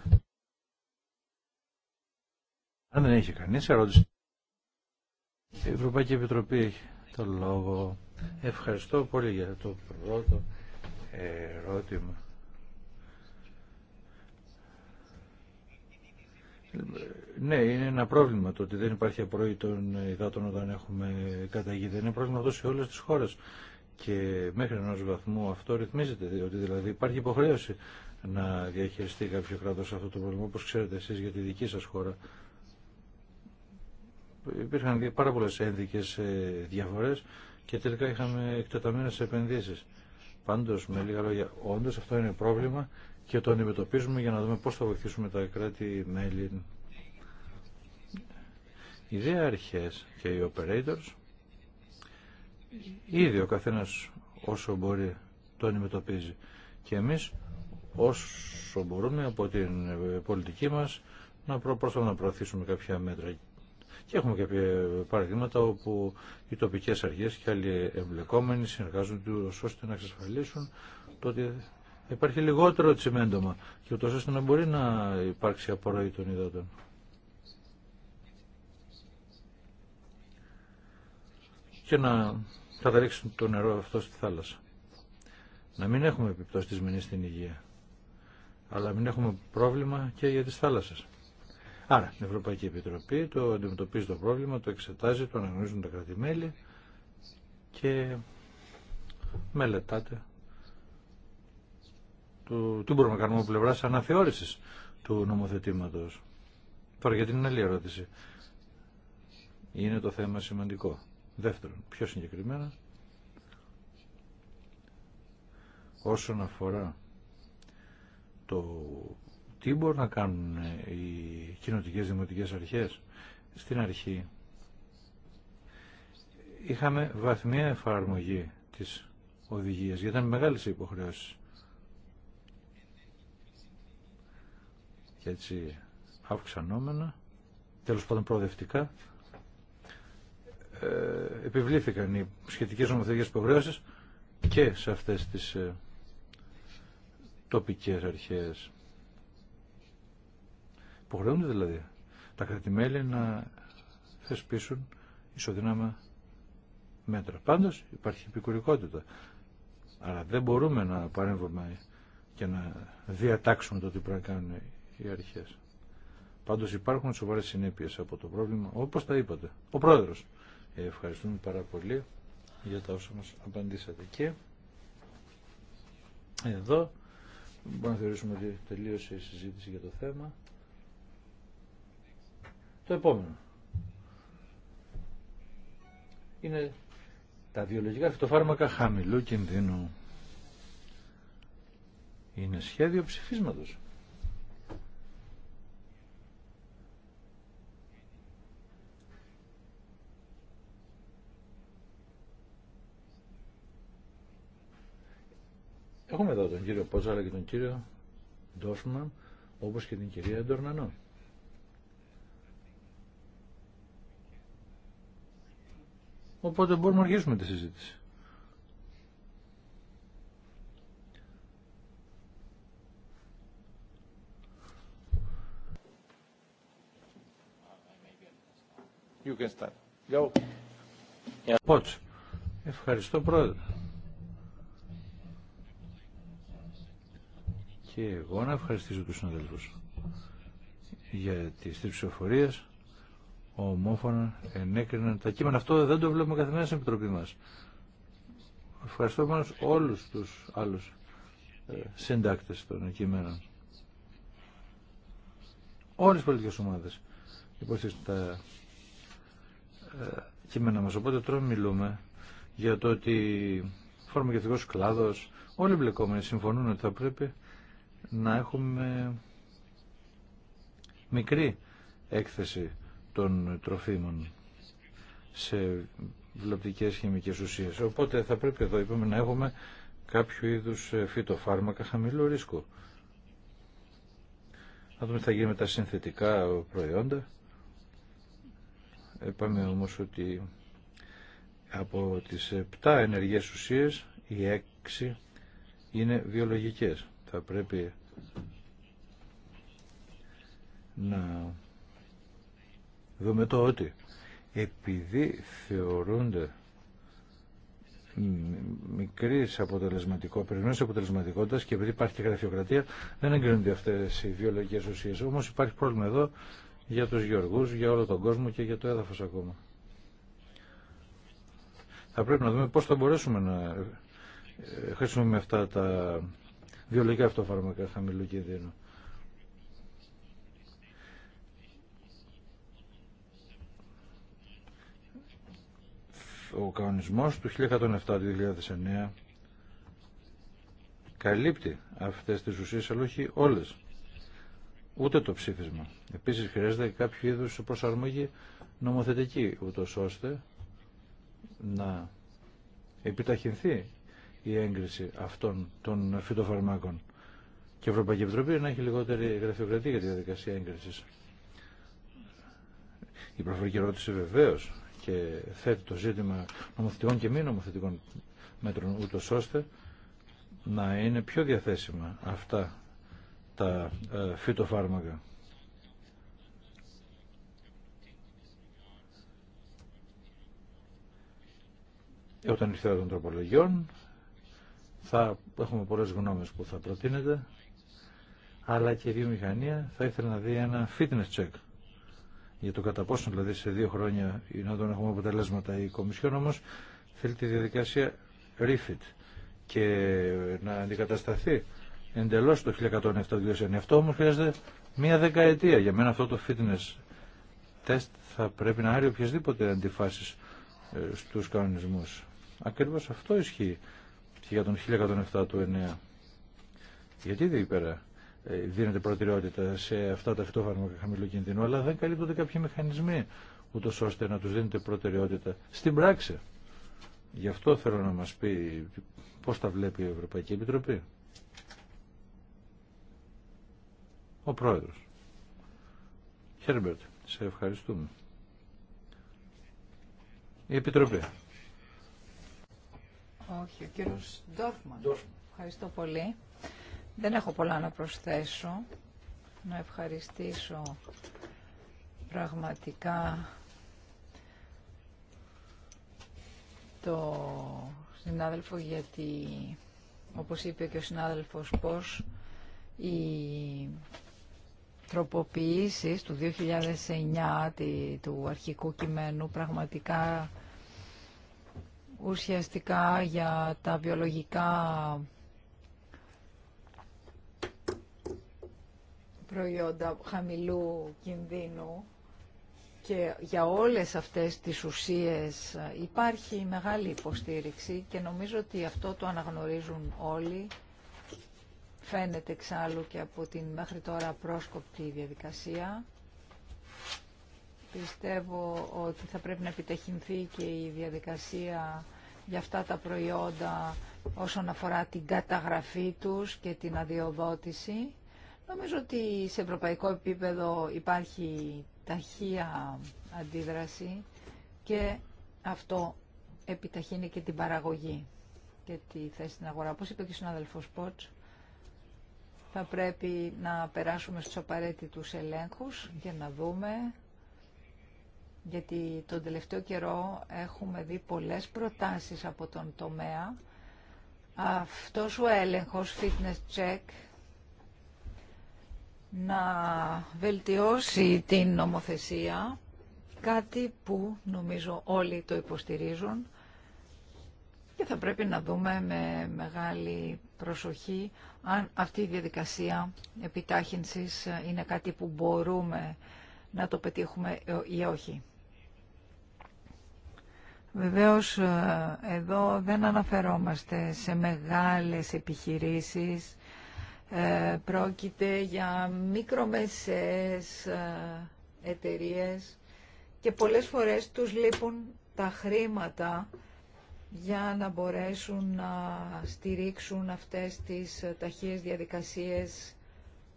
Αν δεν έχει κανείς ερώτηση. Η Ευρωπαϊκή Επιτροπή έχει το λόγο. Ευχαριστώ πολύ για το πρώτο ερώτημα. Ναι, είναι ένα πρόβλημα το ότι δεν υπάρχει απορροή των υδάτων όταν έχουμε καταγίδα. Είναι πρόβλημα αυτό σε όλες τις χώρες και μέχρι ενός βαθμού αυτό ρυθμίζεται, διότι δηλαδή υπάρχει υποχρέωση να διαχειριστεί κάποιο κράτος αυτό το πρόβλημα, όπως ξέρετε εσείς για τη δική σας χώρα. Υπήρχαν πάρα πολλές ένδικες ε, διαφορές και τελικά είχαμε εκτεταμένε επενδύσεις. Πάντως, με λίγα λόγια, όντως αυτό είναι πρόβλημα και το αντιμετωπίζουμε για να δούμε πώς θα βοηθήσουμε τα κράτη-μέλη. Οι δύο και οι operators ήδη ο καθένας όσο μπορεί το αντιμετωπίζει. Και εμείς όσο μπορούμε από την πολιτική μας να προσπαθούμε να προωθήσουμε κάποια μέτρα. Και έχουμε και παραδείγματα όπου οι τοπικές αρχές και άλλοι εμπλεκόμενοι συνεργάζονται ώστε να εξασφαλίσουν το ότι υπάρχει λιγότερο τσιμέντομα και ούτως ώστε να μπορεί να υπάρξει απορροή των υδάτων. και να καταλήξουν το νερό αυτό στη θάλασσα. Να μην έχουμε επιπτώσει της μηνής στην υγεία, αλλά μην έχουμε πρόβλημα και για τις θάλασσες. Άρα, η Ευρωπαϊκή Επιτροπή το αντιμετωπίζει το πρόβλημα, το εξετάζει, το αναγνωρίζουν τα κράτη-μέλη και μελετάτε του, τι μπορούμε να κάνουμε από πλευρά αναθεώρηση του νομοθετήματο. Τώρα για την άλλη ερώτηση. Είναι το θέμα σημαντικό. Δεύτερον, πιο συγκεκριμένα, όσον αφορά το τι μπορούν να κάνουν οι κοινοτικές δημοτικές αρχές, στην αρχή είχαμε βαθμία εφαρμογή της οδηγίας, γιατί ήταν μεγάλες υποχρεώσεις. Και έτσι αυξανόμενα, τέλος πάντων προοδευτικά, ε, επιβλήθηκαν οι σχετικές νομοθετικές υποχρεώσεις και σε αυτές τις ε, τοπικές αρχές. Υποχρεώνται δηλαδή τα κρατημέλη να θεσπίσουν ισοδυνάμα μέτρα. Πάντως υπάρχει επικουρικότητα. Αλλά δεν μπορούμε να παρέμβουμε και να διατάξουμε το τι πρέπει να κάνουν οι αρχές. Πάντως υπάρχουν σοβαρές συνέπειες από το πρόβλημα, όπως τα είπατε. Ο πρόεδρος. Ευχαριστούμε πάρα πολύ για τα όσα μας απαντήσατε και εδώ μπορούμε να θεωρήσουμε ότι τελείωσε η συζήτηση για το θέμα. Το επόμενο είναι τα βιολογικά φυτοφάρμακα χαμηλού κινδύνου. Είναι σχέδιο ψηφίσματος. Έχουμε εδώ τον κύριο Πότσα αλλά και τον κύριο Ντόφμαν όπως και την κυρία Ντορνανό. Οπότε μπορούμε να αρχίσουμε τη συζήτηση. You Ευχαριστώ πρόεδρε. και εγώ να ευχαριστήσω τους συναδελφούς για τις τρεις ψηφοφορίες ομόφωνα ενέκριναν τα κείμενα. Αυτό δεν το βλέπουμε καθημερινά στην Επιτροπή μας. Ευχαριστώ πάνω όλους τους άλλους ε, συντάκτες των κειμένων. Όλες τι πολιτικές ομάδες υποστήριξαν τα ε, κείμενα μας. Οπότε τώρα μιλούμε για το ότι φαρμακευτικός κλάδος, όλοι οι μπλεκόμενοι συμφωνούν ότι θα πρέπει να έχουμε μικρή έκθεση των τροφίμων σε βλαπτικές χημικές ουσίες. Οπότε θα πρέπει εδώ είπαμε να έχουμε κάποιο είδους ε, φυτοφάρμακα χαμηλού ρίσκου. Να δούμε τι θα γίνει με τα συνθετικά προϊόντα. Είπαμε όμως ότι από τις 7 ενεργές ουσίες οι 6 είναι βιολογικές θα πρέπει να δούμε το ότι επειδή θεωρούνται μικρή αποτελεσματικό, αποτελεσματικότητα και επειδή υπάρχει και γραφειοκρατία, δεν εγκρίνονται αυτές οι βιολογικές ουσίες. Όμως υπάρχει πρόβλημα εδώ για τους γεωργού, για όλο τον κόσμο και για το έδαφος ακόμα. Θα πρέπει να δούμε πώς θα μπορέσουμε να ε, χρησιμοποιούμε αυτά τα βιολογικά φάρμακα χαμηλού κινδύνου. Ο κανονισμός του 1107-2009 καλύπτει αυτές τις ουσίες, αλλά όχι όλες. Ούτε το ψήφισμα. Επίσης χρειάζεται κάποιο είδους προσαρμογή νομοθετική, ούτως ώστε να επιταχυνθεί η έγκριση αυτών των φυτοφαρμάκων. Και η Ευρωπαϊκή Επιτροπή να έχει λιγότερη γραφειοκρατία για τη διαδικασία έγκριση. Η προφορική ερώτηση βεβαίω και θέτει το ζήτημα νομοθετικών και μη νομοθετικών μέτρων, ούτω ώστε να είναι πιο διαθέσιμα αυτά τα ε, φυτοφάρμακα. Όταν ήρθε των τροπολογιών, θα έχουμε πολλές γνώμες που θα προτείνετε, αλλά και η βιομηχανία θα ήθελε να δει ένα fitness check για το κατά πόσο δηλαδή σε δύο χρόνια ή να τον έχουμε αποτελέσματα η Κομισιόν όμως θέλει τη διαδικασία refit και να αντικατασταθεί εντελώς το 1107 Αυτό όμως χρειάζεται μία δεκαετία. Για μένα αυτό το fitness test θα πρέπει να άρει οποιασδήποτε αντιφάσεις ε, στους κανονισμούς. Ακριβώς αυτό ισχύει και για τον 1107 του 9. Γιατί δεν πέρα ε, δίνεται προτεραιότητα σε αυτά τα φυτόφαρμακα χαμηλού κινδύνου, αλλά δεν καλύπτονται κάποιοι μηχανισμοί ούτω ώστε να τους δίνεται προτεραιότητα στην πράξη. Γι' αυτό θέλω να μας πει πώς τα βλέπει η Ευρωπαϊκή Επιτροπή. Ο Πρόεδρος. Χέρμπερτ, σε ευχαριστούμε. Η Επιτροπή. Όχι, ο κύριος Ντόρφμαν. Ευχαριστώ πολύ. Δεν έχω πολλά να προσθέσω. Να ευχαριστήσω πραγματικά το συνάδελφο γιατί όπως είπε και ο συνάδελφος πως οι τροποποιήσεις του 2009 του αρχικού κειμένου πραγματικά ουσιαστικά για τα βιολογικά προϊόντα χαμηλού κινδύνου και για όλες αυτές τις ουσίες υπάρχει μεγάλη υποστήριξη και νομίζω ότι αυτό το αναγνωρίζουν όλοι. Φαίνεται εξάλλου και από την μέχρι τώρα πρόσκοπτη διαδικασία. Πιστεύω ότι θα πρέπει να επιτεχυνθεί και η διαδικασία για αυτά τα προϊόντα όσον αφορά την καταγραφή τους και την αδειοδότηση. Νομίζω ότι σε ευρωπαϊκό επίπεδο υπάρχει ταχεία αντίδραση και αυτό επιταχύνει και την παραγωγή και τη θέση στην αγορά. Όπως είπε και ο συνάδελφος θα πρέπει να περάσουμε στους απαραίτητους ελέγχους για να δούμε γιατί τον τελευταίο καιρό έχουμε δει πολλές προτάσεις από τον τομέα. Αυτός ο έλεγχος, fitness check, να βελτιώσει την νομοθεσία, κάτι που νομίζω όλοι το υποστηρίζουν και θα πρέπει να δούμε με μεγάλη προσοχή αν αυτή η διαδικασία επιτάχυνσης είναι κάτι που μπορούμε να το πετύχουμε ή όχι. Βεβαίως ε, εδώ δεν αναφερόμαστε σε μεγάλες επιχειρήσεις, ε, πρόκειται για μικρομεσαίες ε, εταιρείες και πολλές φορές τους λείπουν τα χρήματα για να μπορέσουν να στηρίξουν αυτές τις ταχείες διαδικασίες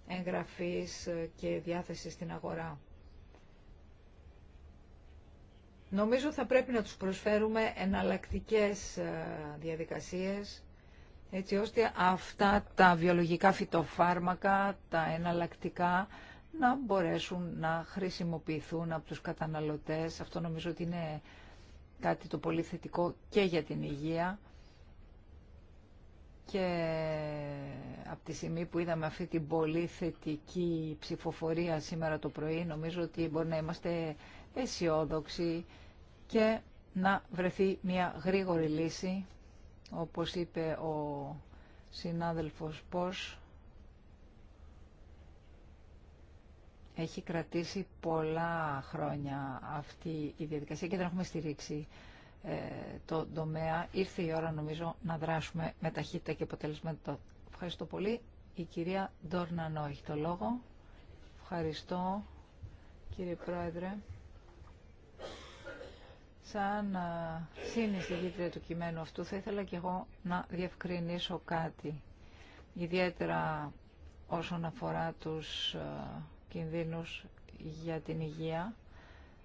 εγγραφής και διάθεσης στην αγορά. Νομίζω θα πρέπει να τους προσφέρουμε εναλλακτικές ε, διαδικασίες έτσι ώστε αυτά τα βιολογικά φυτοφάρμακα, τα εναλλακτικά να μπορέσουν να χρησιμοποιηθούν από τους καταναλωτές. Αυτό νομίζω ότι είναι κάτι το πολύ θετικό και για την υγεία και από τη στιγμή που είδαμε αυτή την πολύ θετική ψηφοφορία σήμερα το πρωί νομίζω ότι μπορεί να είμαστε αισιόδοξη και να βρεθεί μια γρήγορη λύση, όπως είπε ο συνάδελφος Πώς. Έχει κρατήσει πολλά χρόνια αυτή η διαδικασία και δεν έχουμε στηρίξει ε, το τομέα. Ήρθε η ώρα νομίζω να δράσουμε με ταχύτητα και αποτελεσματικά. Ευχαριστώ πολύ. Η κυρία Ντόρνανό έχει το λόγο. Ευχαριστώ κύριε Πρόεδρε. Σαν συνεισηγήτρια του κειμένου αυτού θα ήθελα και εγώ να διευκρινίσω κάτι, ιδιαίτερα όσον αφορά τους κινδύνους για την υγεία,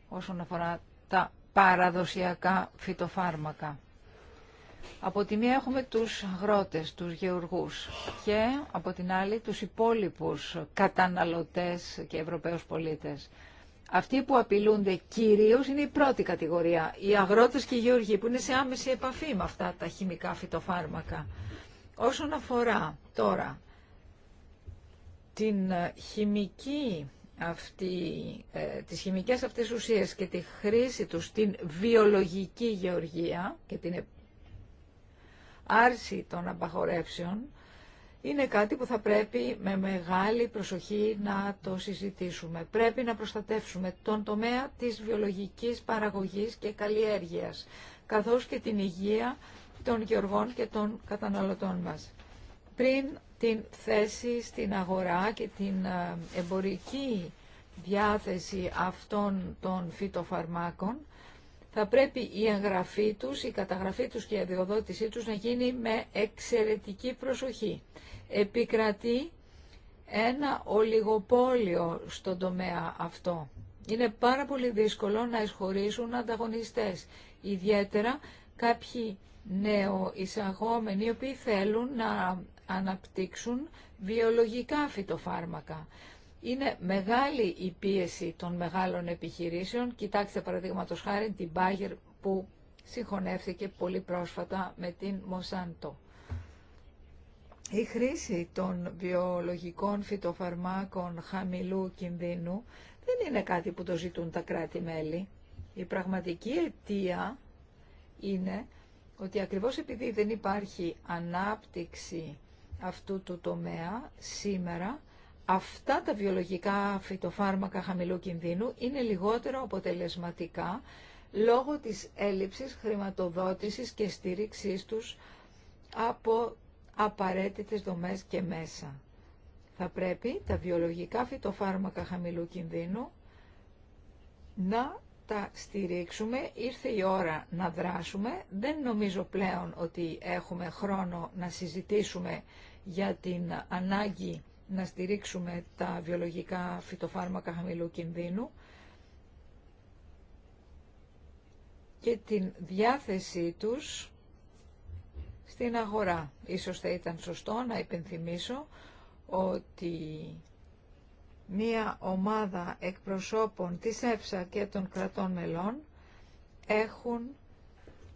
όσον αφορά τα παραδοσιακά φυτοφάρμακα. Από τη μία έχουμε τους αγρότες, τους γεωργούς και από την άλλη τους υπόλοιπους καταναλωτές και Ευρωπαίους πολίτες. Αυτοί που απειλούνται κυρίω είναι η πρώτη κατηγορία, οι αγρότε και οι γεωργοί που είναι σε άμεση επαφή με αυτά τα χημικά φυτοφάρμακα. Όσον αφορά τώρα την ε, χημική αυτή, ε, τις χημικές αυτές ουσίες και τη χρήση τους στην βιολογική γεωργία και την ε, άρση των απαγορεύσεων, είναι κάτι που θα πρέπει με μεγάλη προσοχή να το συζητήσουμε. Πρέπει να προστατεύσουμε τον τομέα της βιολογικής παραγωγής και καλλιέργειας, καθώς και την υγεία των γεωργών και των καταναλωτών μας. Πριν την θέση στην αγορά και την ε, εμπορική διάθεση αυτών των φυτοφαρμάκων, θα πρέπει η εγγραφή τους, η καταγραφή τους και η αδειοδότησή τους να γίνει με εξαιρετική προσοχή επικρατεί ένα ολιγοπόλιο στον τομέα αυτό. Είναι πάρα πολύ δύσκολο να εισχωρήσουν ανταγωνιστές, ιδιαίτερα κάποιοι νέο εισαγόμενοι οι οποίοι θέλουν να αναπτύξουν βιολογικά φυτοφάρμακα. Είναι μεγάλη η πίεση των μεγάλων επιχειρήσεων. Κοιτάξτε παραδείγματος χάρη την Bayer που συγχωνεύθηκε πολύ πρόσφατα με την Monsanto η χρήση των βιολογικών φυτοφαρμάκων χαμηλού κινδύνου δεν είναι κάτι που το ζητούν τα κράτη-μέλη. Η πραγματική αιτία είναι ότι ακριβώς επειδή δεν υπάρχει ανάπτυξη αυτού του τομέα σήμερα, αυτά τα βιολογικά φυτοφάρμακα χαμηλού κινδύνου είναι λιγότερο αποτελεσματικά λόγω της έλλειψης χρηματοδότησης και στήριξής τους από απαραίτητες δομές και μέσα. Θα πρέπει τα βιολογικά φυτοφάρμακα χαμηλού κινδύνου να τα στηρίξουμε. Ήρθε η ώρα να δράσουμε. Δεν νομίζω πλέον ότι έχουμε χρόνο να συζητήσουμε για την ανάγκη να στηρίξουμε τα βιολογικά φυτοφάρμακα χαμηλού κινδύνου και την διάθεσή τους στην αγορά. Ίσως θα ήταν σωστό να υπενθυμίσω ότι μία ομάδα εκπροσώπων της ΕΦΣΑ και των κρατών μελών έχουν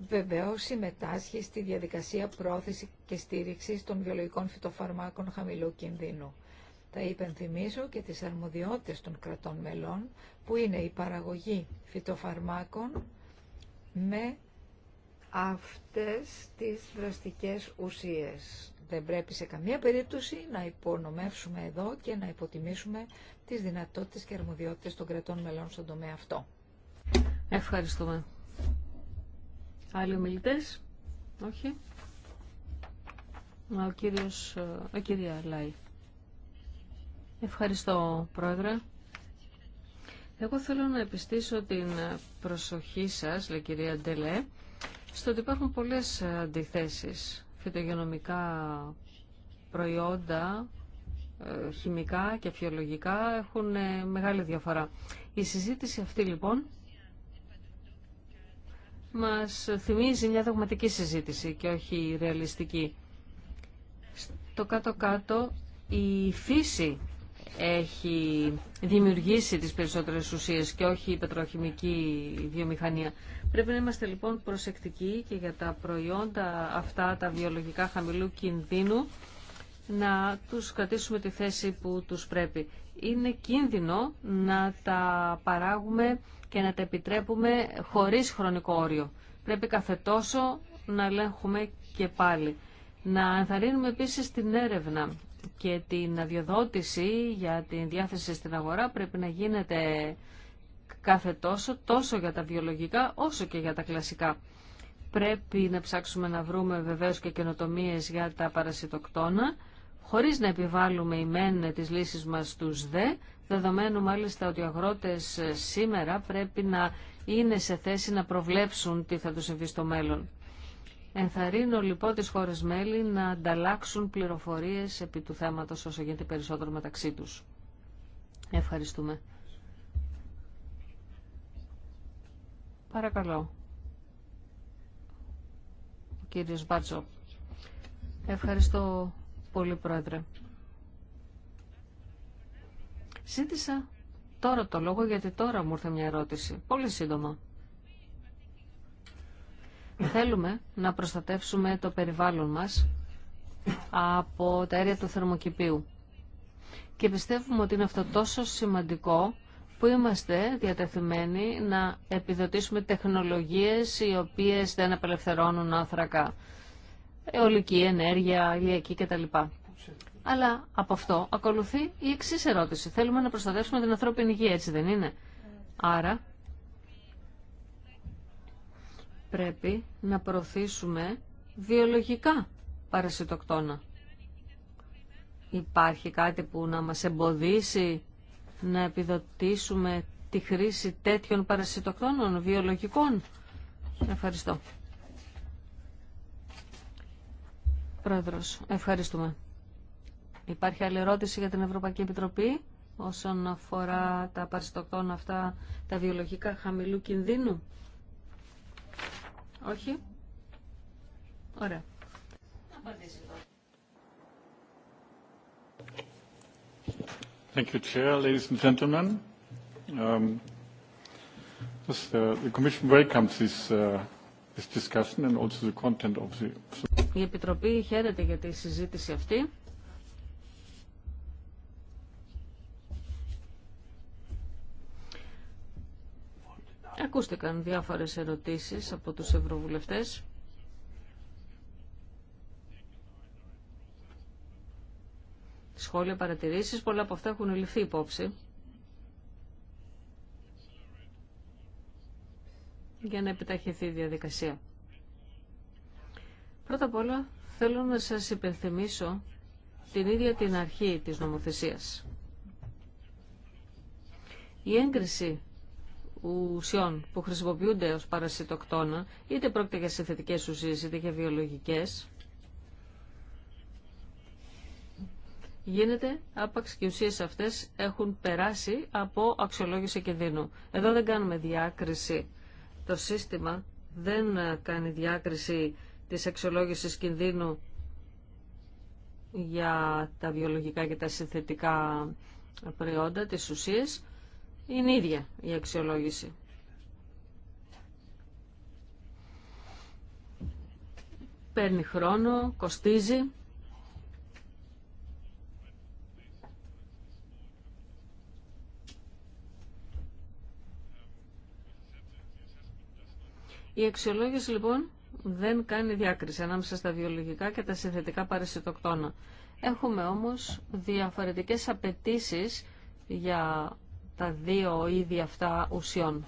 βεβαίω συμμετάσχει στη διαδικασία πρόθεση και στήριξη των βιολογικών φυτοφαρμάκων χαμηλού κινδύνου. Θα υπενθυμίσω και τις αρμοδιότητες των κρατών μελών που είναι η παραγωγή φυτοφαρμάκων με αυτές τις δραστικές ουσίες. Δεν πρέπει σε καμία περίπτωση να υπονομεύσουμε εδώ και να υποτιμήσουμε τις δυνατότητες και αρμοδιότητες των κρατών μελών στον τομέα αυτό. Ευχαριστούμε. Άλλοι ομιλητές? Όχι. Ο κύριος, ο ε, ε, κυρία Λάι. Ευχαριστώ, Πρόεδρε. Εγώ θέλω να επιστήσω την ε, προσοχή σας, λέει κυρία Ντελέ, στο ότι υπάρχουν πολλές αντιθέσεις, φυτογενομικά προϊόντα, ε, χημικά και φιολογικά έχουν ε, μεγάλη διαφορά. Η συζήτηση αυτή λοιπόν μας θυμίζει μια δογματική συζήτηση και όχι ρεαλιστική. Στο κάτω-κάτω η φύση έχει δημιουργήσει τις περισσότερες ουσίες και όχι η πετροχημική βιομηχανία. Πρέπει να είμαστε λοιπόν προσεκτικοί και για τα προϊόντα αυτά, τα βιολογικά χαμηλού κινδύνου, να τους κρατήσουμε τη θέση που τους πρέπει. Είναι κίνδυνο να τα παράγουμε και να τα επιτρέπουμε χωρίς χρονικό όριο. Πρέπει κάθε τόσο να ελέγχουμε και πάλι. Να ενθαρρύνουμε επίσης την έρευνα και την αδειοδότηση για την διάθεση στην αγορά πρέπει να γίνεται κάθε τόσο, τόσο για τα βιολογικά όσο και για τα κλασικά. Πρέπει να ψάξουμε να βρούμε βεβαίως και καινοτομίε για τα παρασιτοκτόνα, χωρίς να επιβάλλουμε ημέν τις λύσεις μας στους δε, δεδομένου μάλιστα ότι οι αγρότες σήμερα πρέπει να είναι σε θέση να προβλέψουν τι θα τους συμβεί στο μέλλον. Ενθαρρύνω λοιπόν τις χώρες μέλη να ανταλλάξουν πληροφορίες επί του θέματος όσο γίνεται περισσότερο μεταξύ του. Ευχαριστούμε. Παρακαλώ. Ο κύριος Μπάτσο. Ευχαριστώ πολύ, Πρόεδρε. Ζήτησα τώρα το λόγο γιατί τώρα μου ήρθε μια ερώτηση. Πολύ σύντομα. Θέλουμε να προστατεύσουμε το περιβάλλον μας από τα αέρια του θερμοκηπίου. Και πιστεύουμε ότι είναι αυτό τόσο σημαντικό που είμαστε διατεθειμένοι να επιδοτήσουμε τεχνολογίες οι οποίες δεν απελευθερώνουν άνθρακα, ολική ενέργεια, ηλιακή κτλ. Αλλά από αυτό ακολουθεί η εξή ερώτηση. Θέλουμε να προστατεύσουμε την ανθρώπινη υγεία, έτσι δεν είναι. Άρα πρέπει να προωθήσουμε βιολογικά παρασιτοκτόνα. Υπάρχει κάτι που να μας εμποδίσει να επιδοτήσουμε τη χρήση τέτοιων παρασιτοκτόνων βιολογικών. Ευχαριστώ. Πρόεδρος, ευχαριστούμε. Υπάρχει άλλη ερώτηση για την Ευρωπαϊκή Επιτροπή όσον αφορά τα παρασιτοκτόνα αυτά, τα βιολογικά χαμηλού κινδύνου. Όχι. Ωραία. Thank you, Chair. Ladies and gentlemen, the Commission welcomes this this discussion and also the content of the. Η Επιτροπή χαίρεται για τη συζήτηση αυτή. Ακούστηκαν διάφορες ερωτήσεις από τους ευρωβουλευτές. σχόλια, παρατηρήσεις. Πολλά από αυτά έχουν ληφθεί υπόψη. για να επιταχυνθεί η διαδικασία. Πρώτα απ' όλα θέλω να σας υπενθυμίσω την ίδια την αρχή της νομοθεσίας. Η έγκριση ουσιών που χρησιμοποιούνται ως παρασιτοκτόνα, είτε πρόκειται για συνθετικές ουσίες είτε για βιολογικές, γίνεται άπαξ και ουσίε αυτές έχουν περάσει από αξιολόγηση κινδύνου. Εδώ δεν κάνουμε διάκριση. Το σύστημα δεν κάνει διάκριση της αξιολόγησης κινδύνου για τα βιολογικά και τα συνθετικά προϊόντα, τις ουσίες. Είναι ίδια η αξιολόγηση. Παίρνει χρόνο, κοστίζει Η αξιολόγηση λοιπόν δεν κάνει διάκριση ανάμεσα στα βιολογικά και τα συνθετικά παρασιτοκτόνα. Έχουμε όμως διαφορετικές απαιτήσει για τα δύο είδη αυτά ουσιών.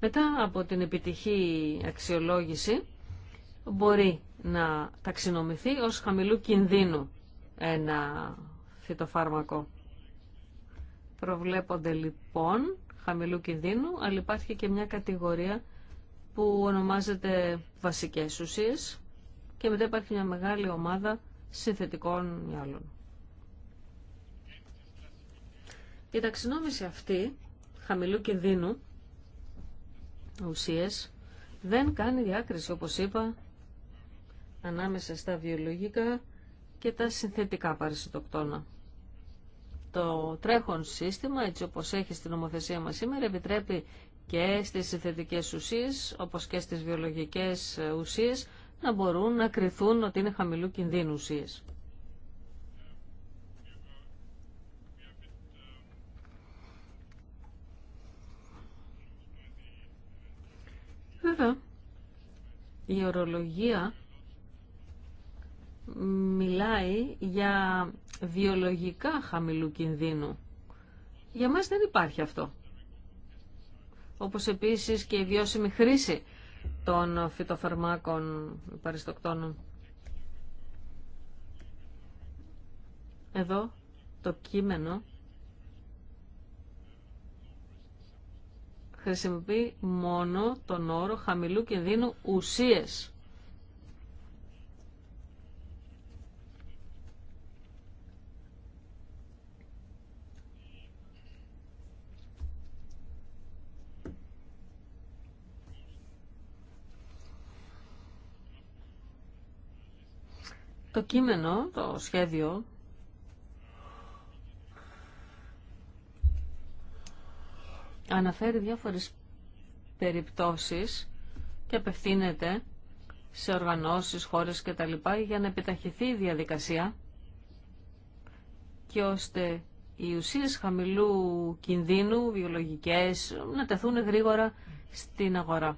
Μετά από την επιτυχή αξιολόγηση μπορεί να ταξινομηθεί ως χαμηλού κινδύνου ένα φυτοφάρμακο. Προβλέπονται λοιπόν χαμηλού κινδύνου, αλλά υπάρχει και μια κατηγορία που ονομάζεται βασικές ουσίες και μετά υπάρχει μια μεγάλη ομάδα συνθετικών μυαλών. Η ταξινόμηση αυτή χαμηλού κινδύνου ουσίες δεν κάνει διάκριση, όπως είπα, ανάμεσα στα βιολογικά και τα συνθετικά παρασιτοκτόνα. Το τρέχον σύστημα, έτσι όπως έχει στην νομοθεσία μας σήμερα, επιτρέπει και στις συνθετικές ουσίες, όπως και στις βιολογικές ουσίες, να μπορούν να κριθούν ότι είναι χαμηλού κινδύνου ουσίες. Βέβαια, η ορολογία μιλάει για βιολογικά χαμηλού κινδύνου. Για μας δεν υπάρχει αυτό. Όπως επίσης και η βιώσιμη χρήση των φυτοφαρμάκων παριστοκτόνων. Εδώ το κείμενο χρησιμοποιεί μόνο τον όρο χαμηλού κινδύνου ουσίες. Το κείμενο, το σχέδιο αναφέρει διάφορες περιπτώσεις και απευθύνεται σε οργανώσεις, χώρες και τα λοιπά για να επιταχυθεί η διαδικασία και ώστε οι ουσίες χαμηλού κινδύνου, βιολογικές, να τεθούν γρήγορα στην αγορά.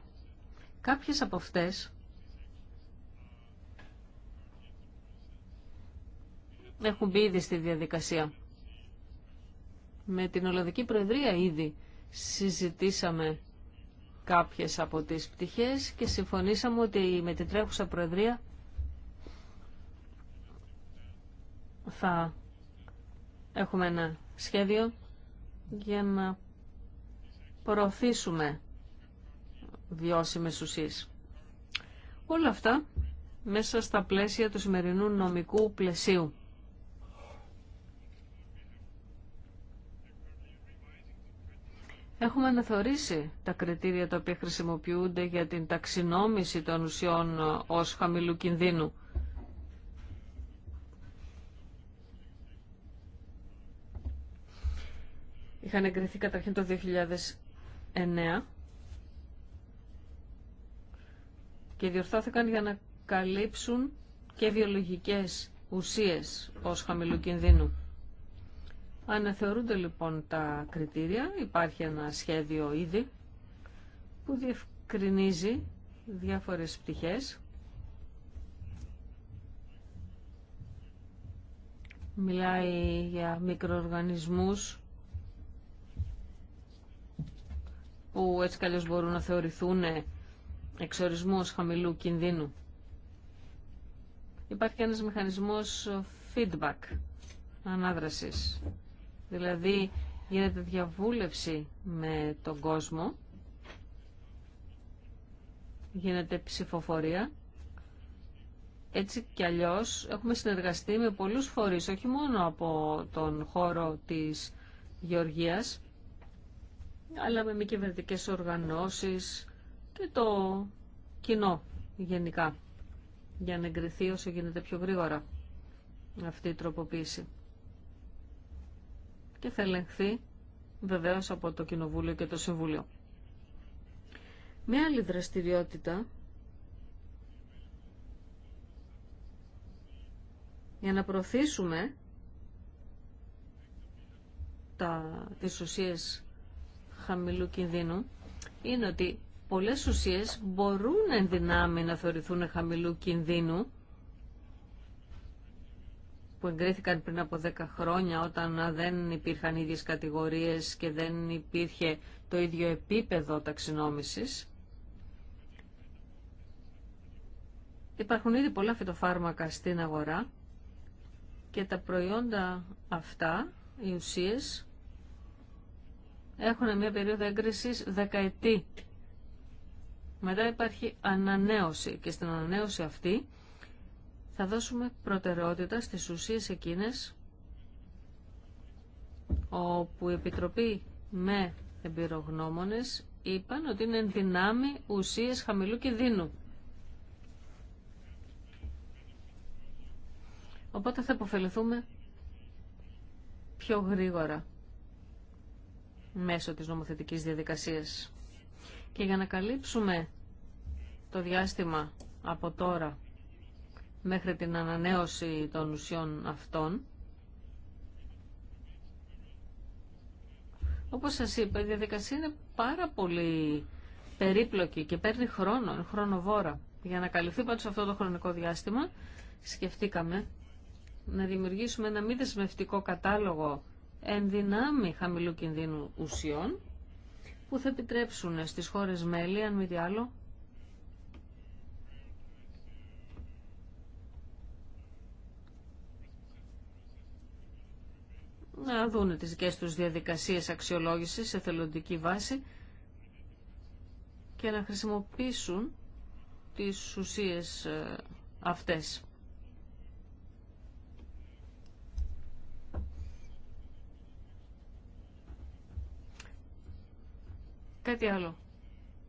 Κάποιες από αυτές έχουν μπει ήδη στη διαδικασία. Με την Ολλανδική Προεδρία ήδη συζητήσαμε κάποιες από τις πτυχές και συμφωνήσαμε ότι με την τρέχουσα Προεδρία θα έχουμε ένα σχέδιο για να προωθήσουμε βιώσιμες ουσίες. Όλα αυτά μέσα στα πλαίσια του σημερινού νομικού πλαισίου Έχουμε αναθεωρήσει τα κριτήρια τα οποία χρησιμοποιούνται για την ταξινόμηση των ουσιών ως χαμηλού κινδύνου. Είχαν εγκριθεί καταρχήν το 2009 και διορθώθηκαν για να καλύψουν και βιολογικές ουσίες ως χαμηλού κινδύνου. Αναθεωρούνται λοιπόν τα κριτήρια, υπάρχει ένα σχέδιο ήδη που διευκρινίζει διάφορες πτυχές. Μιλάει για μικροοργανισμούς που έτσι καλώς μπορούν να θεωρηθούν εξορισμού χαμηλού κινδύνου. Υπάρχει ένας μηχανισμός feedback, ανάδρασης, Δηλαδή γίνεται διαβούλευση με τον κόσμο, γίνεται ψηφοφορία. Έτσι κι αλλιώς έχουμε συνεργαστεί με πολλούς φορείς, όχι μόνο από τον χώρο της Γεωργίας, αλλά με μη κυβερνητικέ οργανώσεις και το κοινό γενικά, για να εγκριθεί όσο γίνεται πιο γρήγορα αυτή η τροποποίηση και θα ελεγχθεί βεβαίω από το Κοινοβούλιο και το Συμβούλιο. Μια άλλη δραστηριότητα για να προωθήσουμε τα, τις ουσίες χαμηλού κινδύνου είναι ότι πολλές ουσίες μπορούν εν δυνάμει να θεωρηθούν χαμηλού κινδύνου που εγκρίθηκαν πριν από 10 χρόνια όταν δεν υπήρχαν ίδιες κατηγορίες και δεν υπήρχε το ίδιο επίπεδο ταξινόμησης. Υπάρχουν ήδη πολλά φυτοφάρμακα στην αγορά και τα προϊόντα αυτά, οι ουσίες, έχουν μια περίοδο έγκρισης δεκαετή. Μετά υπάρχει ανανέωση και στην ανανέωση αυτή θα δώσουμε προτεραιότητα στις ουσίες εκείνες όπου η Επιτροπή με εμπειρογνώμονες είπαν ότι είναι δυνάμει ουσίες χαμηλού κινδύνου. Οπότε θα υποφεληθούμε πιο γρήγορα μέσω της νομοθετικής διαδικασίας. Και για να καλύψουμε το διάστημα από τώρα μέχρι την ανανέωση των ουσιών αυτών. Όπως σας είπα, η διαδικασία είναι πάρα πολύ περίπλοκη και παίρνει χρόνο, είναι χρονοβόρα. Για να καλυφθεί πάντως αυτό το χρονικό διάστημα, σκεφτήκαμε να δημιουργήσουμε ένα μη δεσμευτικό κατάλογο δυνάμει χαμηλού κινδύνου ουσιών, που θα επιτρέψουν στις χώρες μέλη, αν μη τι άλλο, να δουν τις δικές τους διαδικασίες αξιολόγησης σε θελοντική βάση και να χρησιμοποιήσουν τις ουσίες ε, αυτές. Κάτι άλλο.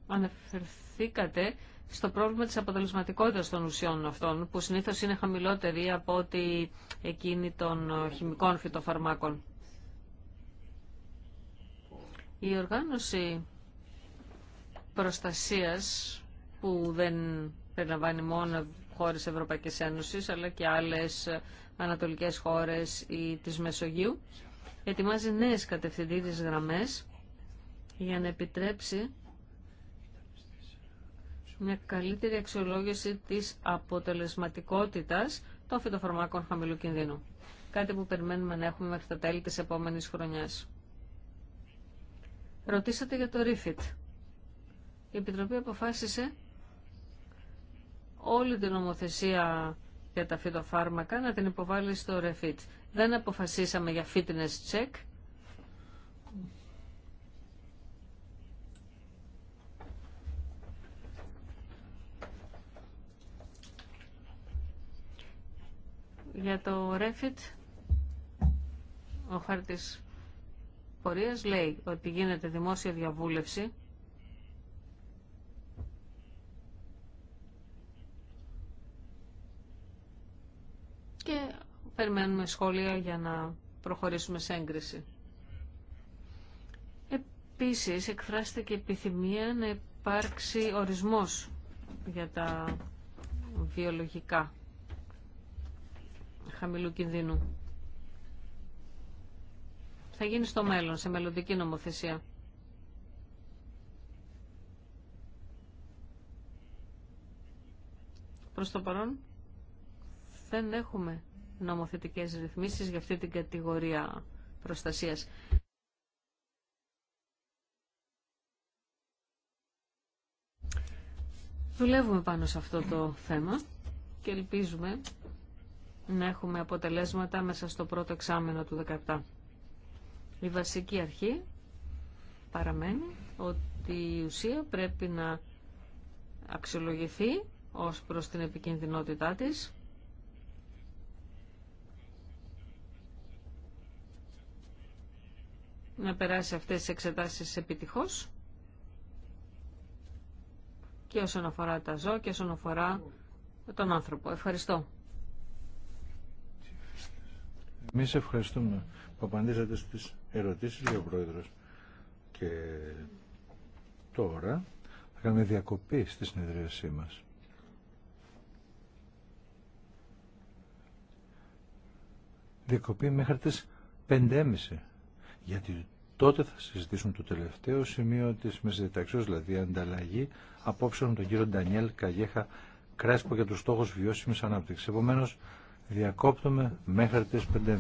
Αναφερθήκατε στο πρόβλημα της αποτελεσματικότητας των ουσιών αυτών, που συνήθως είναι χαμηλότερη από ό,τι εκείνη των χημικών φυτοφαρμάκων. Η οργάνωση προστασίας που δεν περιλαμβάνει μόνο χώρες Ευρωπαϊκής Ένωσης αλλά και άλλες ανατολικές χώρες ή της Μεσογείου ετοιμάζει νέες κατευθυντήριες γραμμές για να επιτρέψει μια καλύτερη αξιολόγηση της αποτελεσματικότητας των φυτοφαρμάκων χαμηλού κινδύνου. Κάτι που περιμένουμε να έχουμε μέχρι τα τέλη της επόμενης χρονιάς. Ρωτήσατε για το REFIT. Η Επιτροπή αποφάσισε όλη την νομοθεσία για τα φυτοφάρμακα να την υποβάλει στο REFIT. Δεν αποφασίσαμε για fitness check, Για το Refit, ο χάρτης πορείας λέει ότι γίνεται δημόσια διαβούλευση και περιμένουμε σχόλια για να προχωρήσουμε σε έγκριση. Επίσης, εκφράστηκε επιθυμία να υπάρξει ορισμός για τα βιολογικά χαμηλού κινδύνου. Θα γίνει στο μέλλον, σε μελλοντική νομοθεσία. Προς το παρόν δεν έχουμε νομοθετικές ρυθμίσεις για αυτή την κατηγορία προστασίας. Δουλεύουμε πάνω σε αυτό το θέμα και ελπίζουμε να έχουμε αποτελέσματα μέσα στο πρώτο εξάμενο του 2017. Η βασική αρχή παραμένει ότι η ουσία πρέπει να αξιολογηθεί ως προς την επικίνδυνοτητά της να περάσει αυτές τις εξετάσεις επιτυχώς και όσον αφορά τα ζώα και όσον αφορά τον άνθρωπο. Ευχαριστώ. Εμεί ευχαριστούμε που απαντήσατε στις ερωτήσεις, λέει ο Πρόεδρος. Και τώρα θα κάνουμε διακοπή στη συνεδρίασή μας. Διακοπή μέχρι τις 5.30. Γιατί τότε θα συζητήσουν το τελευταίο σημείο της μεσδιαταξιός, δηλαδή ανταλλαγή απόψεων τον κύριο Ντανιέλ Καγέχα Κράσπο για τους στόχους βιώσιμης ανάπτυξης. Επομένως, Διακόπτουμε μέχρι τις 5.30.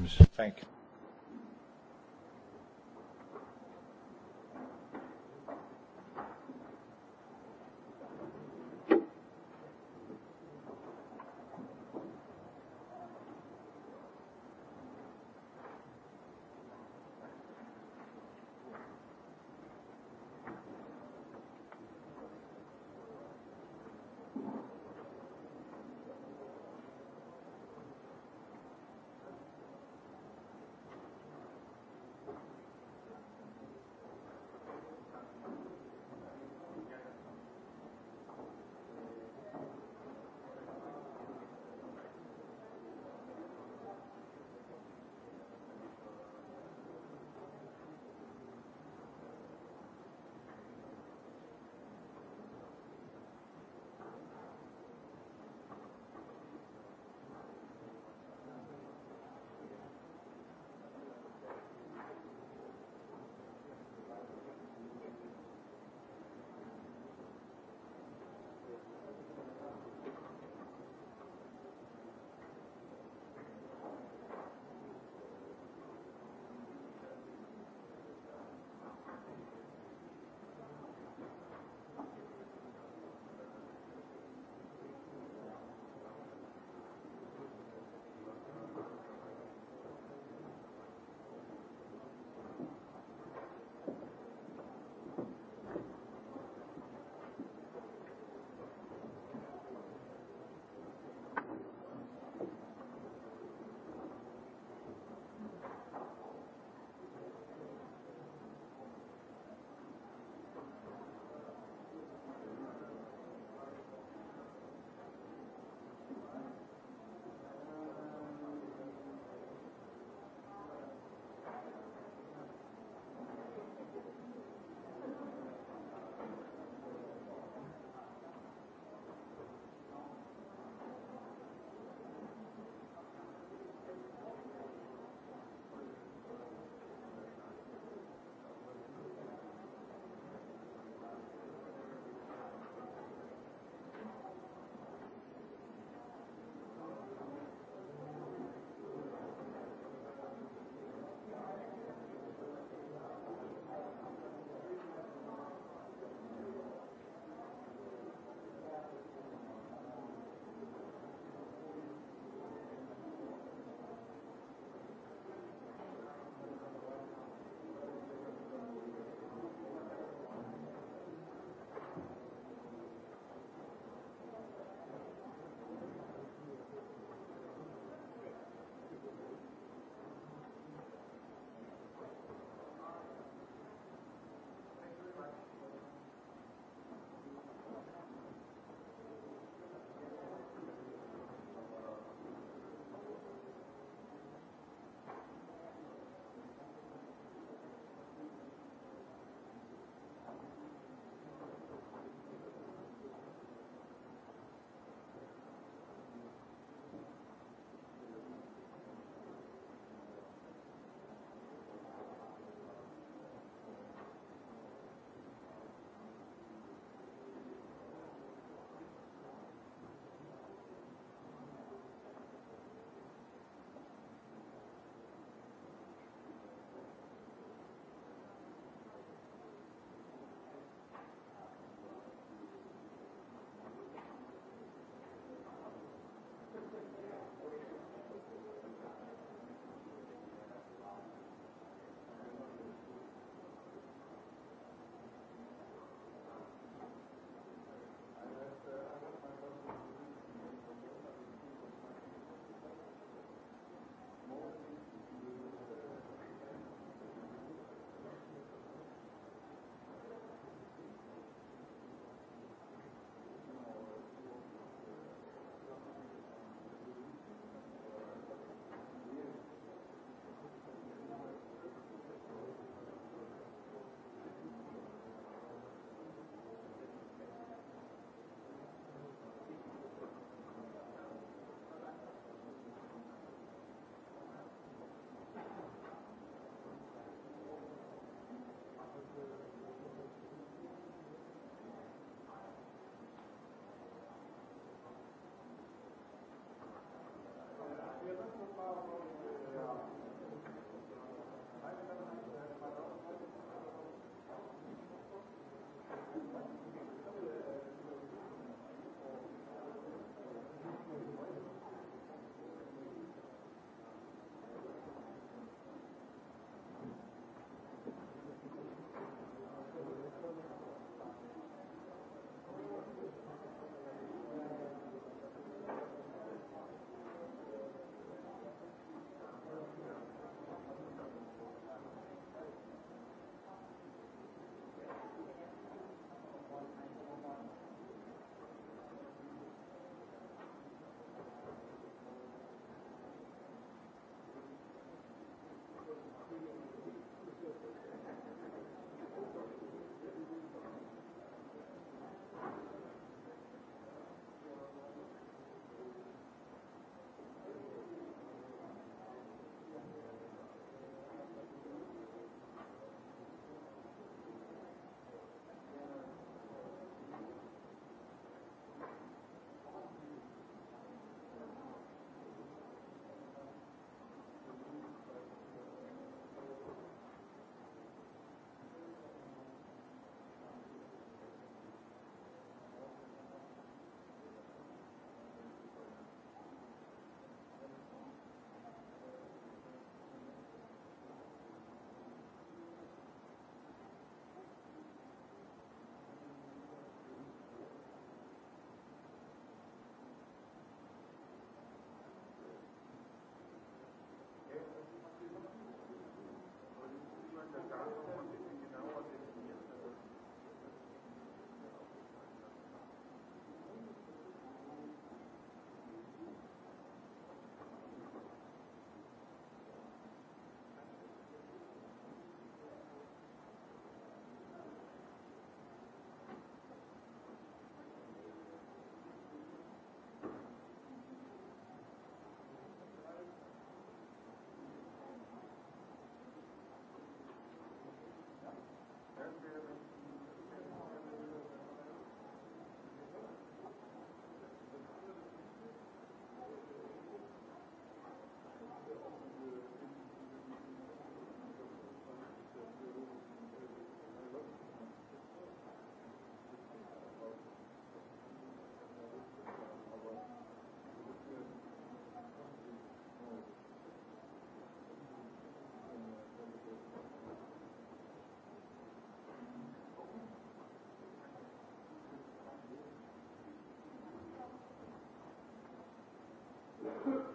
Υπότιτλοι AUTHORWAVE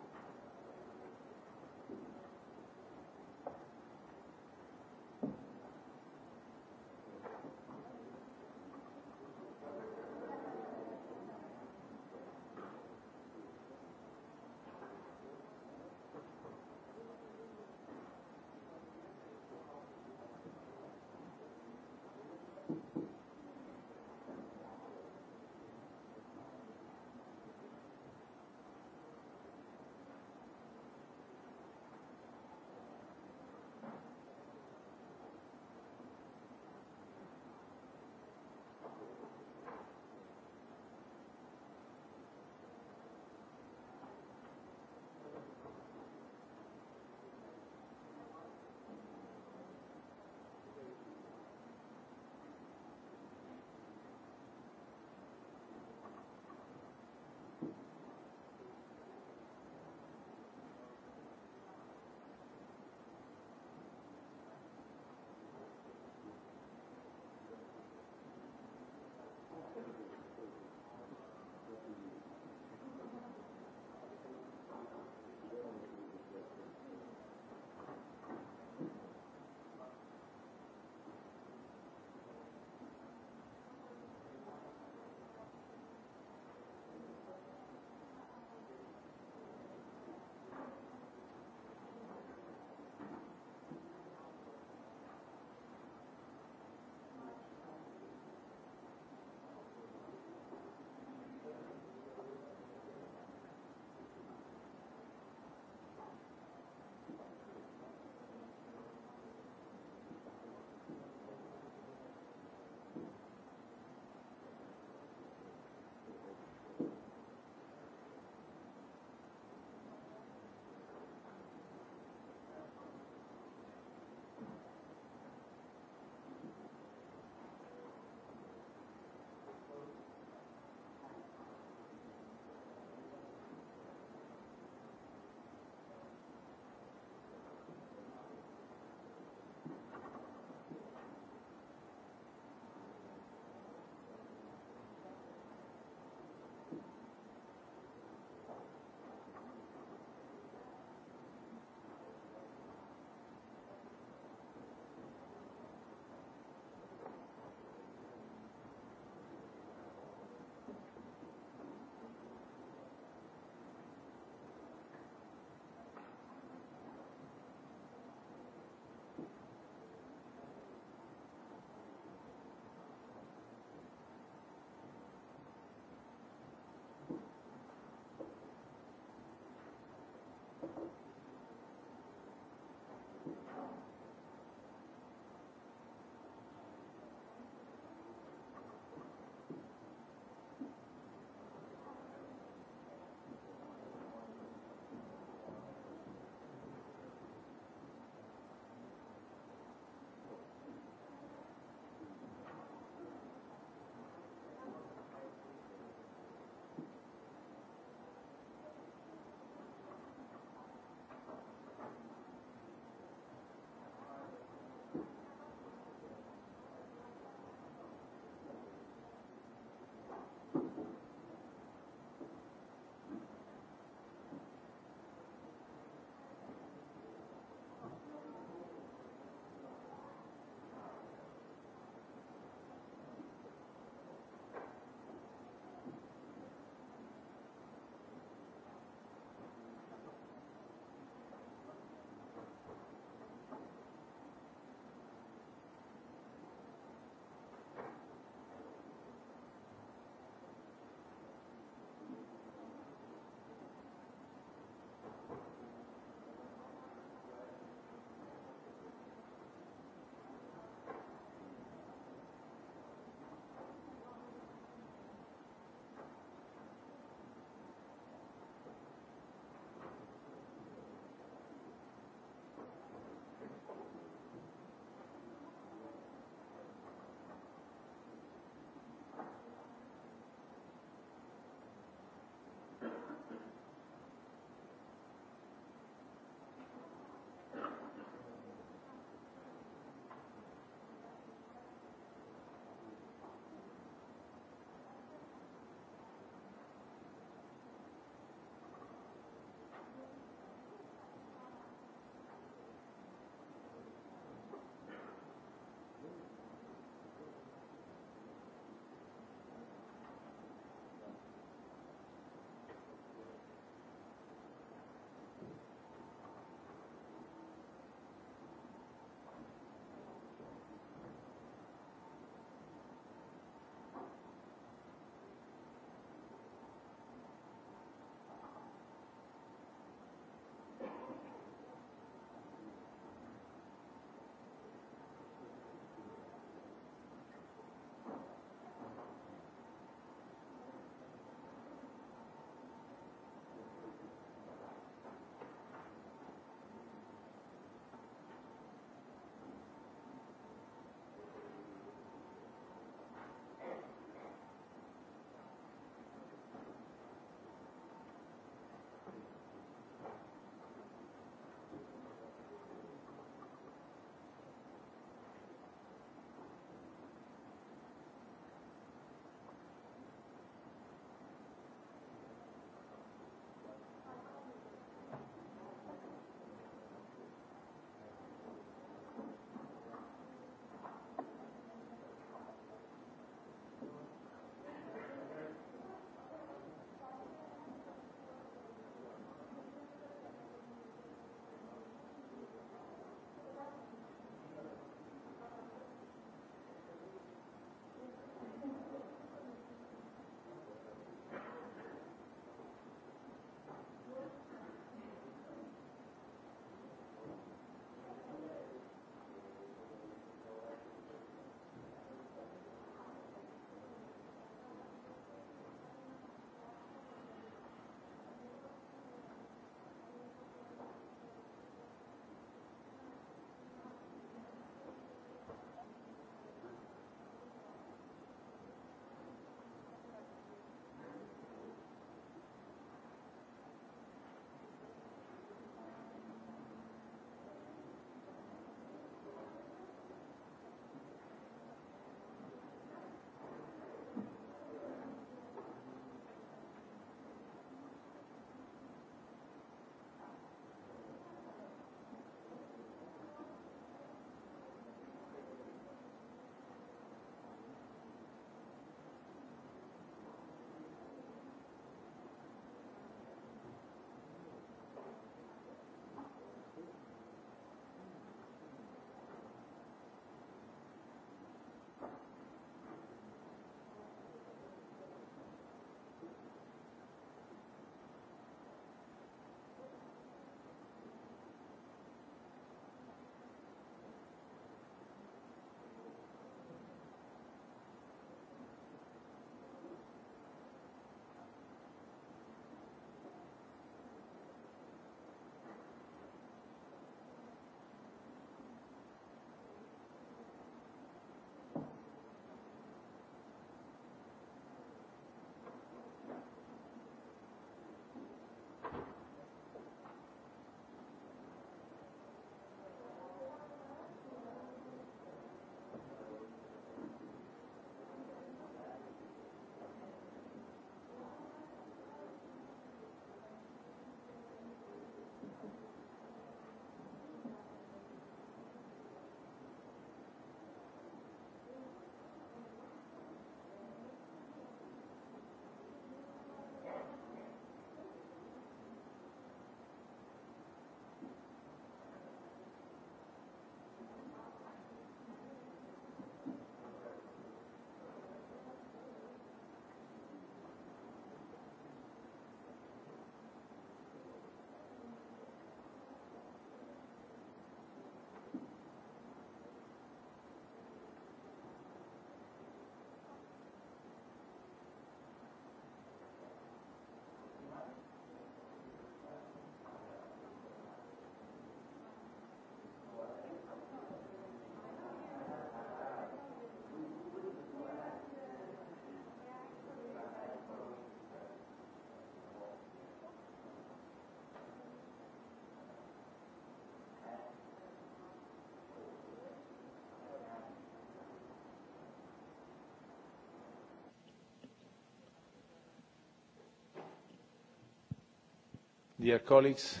Dear colleagues,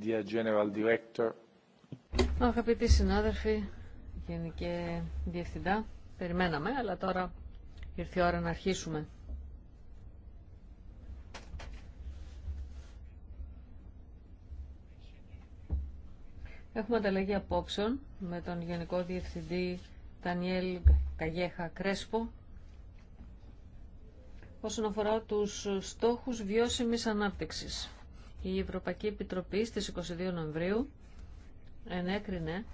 dear General Director. Αγαπητοί συνάδελφοι, Γενική Διευθυντά, περιμέναμε, αλλά τώρα ήρθε η ώρα να αρχίσουμε. Έχουμε ανταλλαγή απόψεων με τον Γενικό Διευθυντή Τανιέλ Καγέχα Κρέσπο όσον αφορά τους στόχους βιώσιμης ανάπτυξης. Η Ευρωπαϊκή Επιτροπή στις 22 Νοεμβρίου ενέκρινε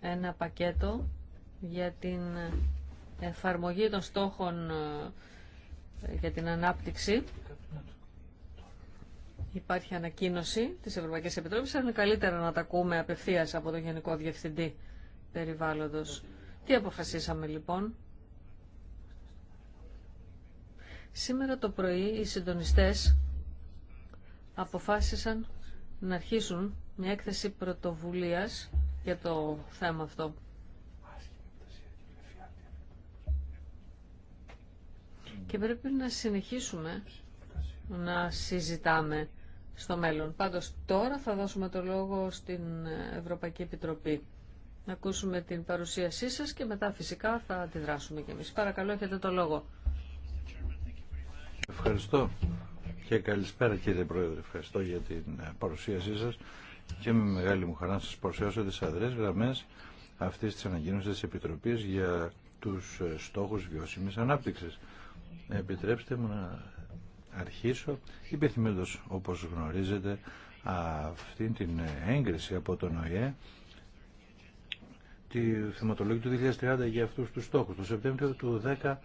ένα πακέτο για την εφαρμογή των στόχων ε, για την ανάπτυξη. Υπάρχει ανακοίνωση της Ευρωπαϊκής Επιτροπής, αλλά είναι καλύτερα να τα ακούμε απευθείας από τον Γενικό Διευθυντή Περιβάλλοντος. Τι αποφασίσαμε λοιπόν Σήμερα το πρωί οι συντονιστές αποφάσισαν να αρχίσουν μια έκθεση πρωτοβουλίας για το θέμα αυτό. Και πρέπει να συνεχίσουμε να συζητάμε στο μέλλον. Πάντως τώρα θα δώσουμε το λόγο στην Ευρωπαϊκή Επιτροπή. Να ακούσουμε την παρουσίασή σας και μετά φυσικά θα αντιδράσουμε κι εμείς. Παρακαλώ έχετε το λόγο. Ευχαριστώ και καλησπέρα κύριε Πρόεδρε. Ευχαριστώ για την ε, παρουσίασή σας και με μεγάλη μου χαρά να σας παρουσιάσω τις αδρές γραμμές αυτής της ανακοίνωσης της Επιτροπής για τους ε, στόχους βιώσιμης ανάπτυξης. Επιτρέψτε μου να αρχίσω υπενθυμίζοντας όπως γνωρίζετε αυτή την ε, έγκριση από τον ΟΗΕ τη θεματολόγη του 2030 για αυτούς τους στόχους. Το Σεπτέμβριο του 10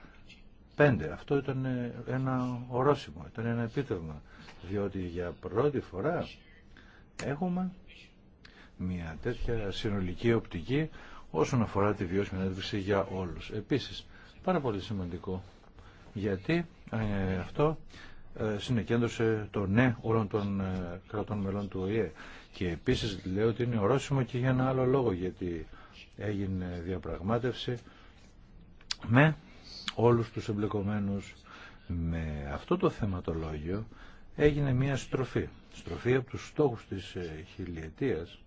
αυτό ήταν ε, ένα ορόσημο, ήταν ένα επίτευγμα, διότι για πρώτη φορά έχουμε μια τέτοια συνολική οπτική όσον αφορά τη βιώσιμη ανέβριση για όλους. Επίσης, πάρα πολύ σημαντικό, γιατί ε, αυτό ε, συνεκέντρωσε το ναι όλων των ε, κρατών μελών του ΟΗΕ. Και επίσης λέω ότι είναι ορόσημο και για ένα άλλο λόγο, γιατί έγινε διαπραγμάτευση με όλους τους εμπλεκομένους. Με αυτό το θεματολόγιο έγινε μια στροφή. Στροφή από τους στόχους της ε, χιλιετίας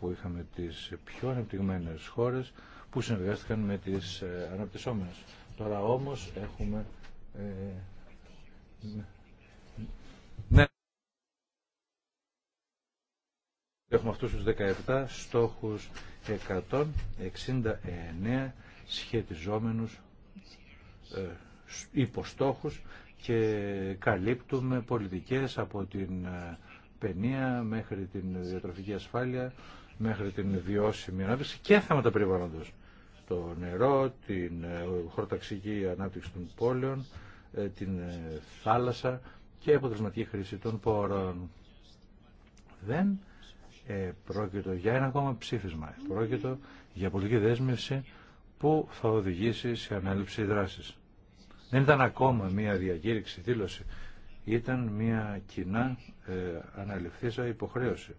που είχαμε τις πιο ανεπτυγμένες χώρες που συνεργάστηκαν με τις ε, αναπτυσσόμενες. Τώρα όμως έχουμε... Ε, ναι. Έχουμε αυτούς τους 17 στόχους 169 σχετιζόμενους ε, υποστόχους και καλύπτουμε πολιτικές από την ε, παινία μέχρι την διατροφική ασφάλεια, μέχρι την βιώσιμη ανάπτυξη και θέματα περιβάλλοντος. Το νερό, την ε, χωροταξική ανάπτυξη των πόλεων, την θάλασσα και αποτελεσματική χρήση των πόρων. Δεν ε, πρόκειτο για ένα ακόμα ψήφισμα. πρόκειται πρόκειτο για πολιτική δέσμευση που θα οδηγήσει σε ανάληψη δράσης. Δεν ήταν ακόμα μία διακήρυξη δήλωση, ήταν μία κοινά ε, αναληφθήσα υποχρέωση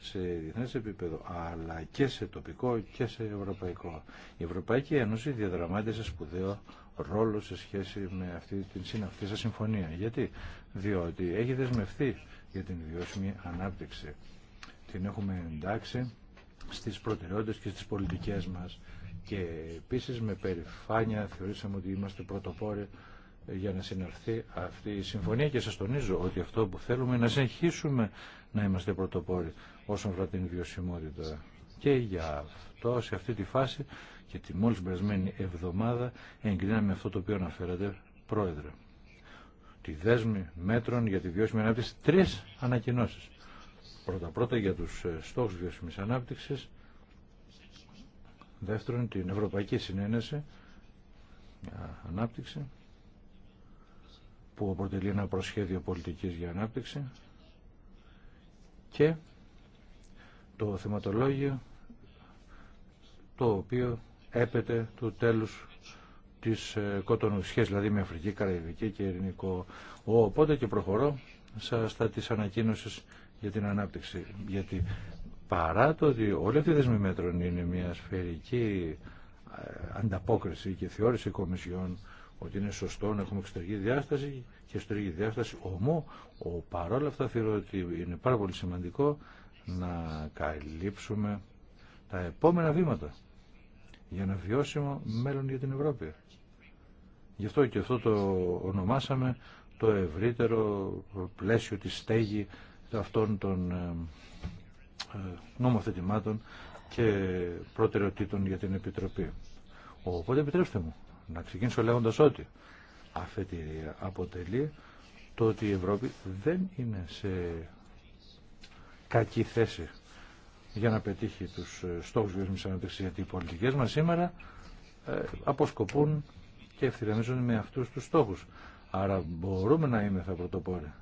σε διεθνές επίπεδο, αλλά και σε τοπικό και σε ευρωπαϊκό. Η Ευρωπαϊκή Ένωση διαδραμάτισε σπουδαίο ρόλο σε σχέση με αυτή την συναυτήσα συμφωνία. Γιατί? Διότι έχει δεσμευτεί για την βιώσιμη ανάπτυξη. Την έχουμε εντάξει στις προτεραιότητες και στις πολιτικές μας. Και επίση, με περηφάνεια θεωρήσαμε ότι είμαστε πρωτοπόροι για να συναρθεί αυτή η συμφωνία και σας τονίζω ότι αυτό που θέλουμε είναι να συνεχίσουμε να είμαστε πρωτοπόροι όσον αφορά την βιωσιμότητα. Και για αυτό, σε αυτή τη φάση και τη μόλις περασμένη εβδομάδα εγκρίναμε αυτό το οποίο αναφέρατε, Πρόεδρε. Τη δέσμη μέτρων για τη βιώσιμη ανάπτυξη, τρεις ανακοινώσεις. Πρώτα-πρώτα για τους ε, στόχους βιώσιμης ανάπτυξης, Δεύτερον, την Ευρωπαϊκή Συνένεση για Ανάπτυξη, που αποτελεί ένα προσχέδιο πολιτικής για ανάπτυξη. Και το θεματολόγιο, το οποίο έπεται του τέλους της ε, κότονου σχέσης δηλαδή με Αφρική, Καραϊβική και Ειρηνικό. Οπότε και προχωρώ στα της ανακοίνωσης για την ανάπτυξη, γιατί παρά το ότι όλοι αυτοί οι δεσμοί μέτρων είναι μια σφαιρική ε, ανταπόκριση και θεώρηση κομισιών ότι είναι σωστό να έχουμε εξωτερική διάσταση και εξωτερική διάσταση όμως ο, παρόλα αυτά θεωρώ ότι είναι πάρα πολύ σημαντικό να καλύψουμε τα επόμενα βήματα για ένα βιώσιμο μέλλον για την Ευρώπη. Γι' αυτό και αυτό το ονομάσαμε το ευρύτερο πλαίσιο της στέγη αυτών των ε, ε, νομοθετημάτων και προτεραιοτήτων για την Επιτροπή. Οπότε επιτρέψτε μου να ξεκινήσω λέγοντας ότι αφετηρία αποτελεί το ότι η Ευρώπη δεν είναι σε κακή θέση για να πετύχει τους ε, στόχους βιώσιμης ανάπτυξης γιατί οι πολιτικές μας σήμερα ε, αποσκοπούν και ευθυγραμμίζονται με αυτούς τους στόχους. Άρα μπορούμε να είμαστε πρωτοπόροι.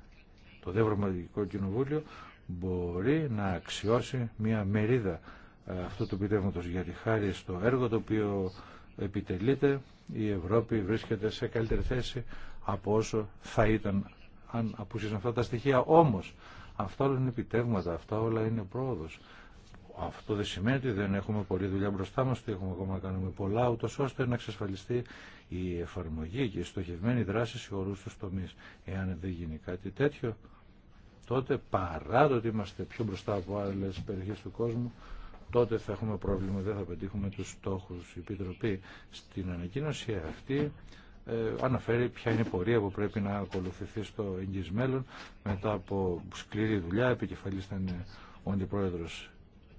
Το Δευρωματικό Κοινοβούλιο μπορεί να αξιώσει μια μερίδα ε, αυτού του πιτεύματος γιατί χάρη στο έργο το οποίο επιτελείται η Ευρώπη βρίσκεται σε καλύτερη θέση από όσο θα ήταν αν απουσίσουν αυτά τα στοιχεία όμως αυτά όλα είναι επιτεύγματα αυτά όλα είναι πρόοδος αυτό δεν σημαίνει ότι δεν έχουμε πολλή δουλειά μπροστά μας, ότι έχουμε ακόμα να κάνουμε πολλά, ούτως ώστε να εξασφαλιστεί η εφαρμογή και η στοχευμένη δράση σε όλους τους τομείς. Εάν δεν γίνει κάτι τέτοιο, τότε παρά το ότι είμαστε πιο μπροστά από άλλε περιοχέ του κόσμου, τότε θα έχουμε πρόβλημα, δεν θα πετύχουμε τους στόχους. Η Επιτροπή στην ανακοίνωση αυτή ε, αναφέρει ποια είναι η πορεία που πρέπει να ακολουθηθεί στο εγγύς Μετά από σκληρή δουλειά, επικεφαλής ήταν ο αντιπρόεδρος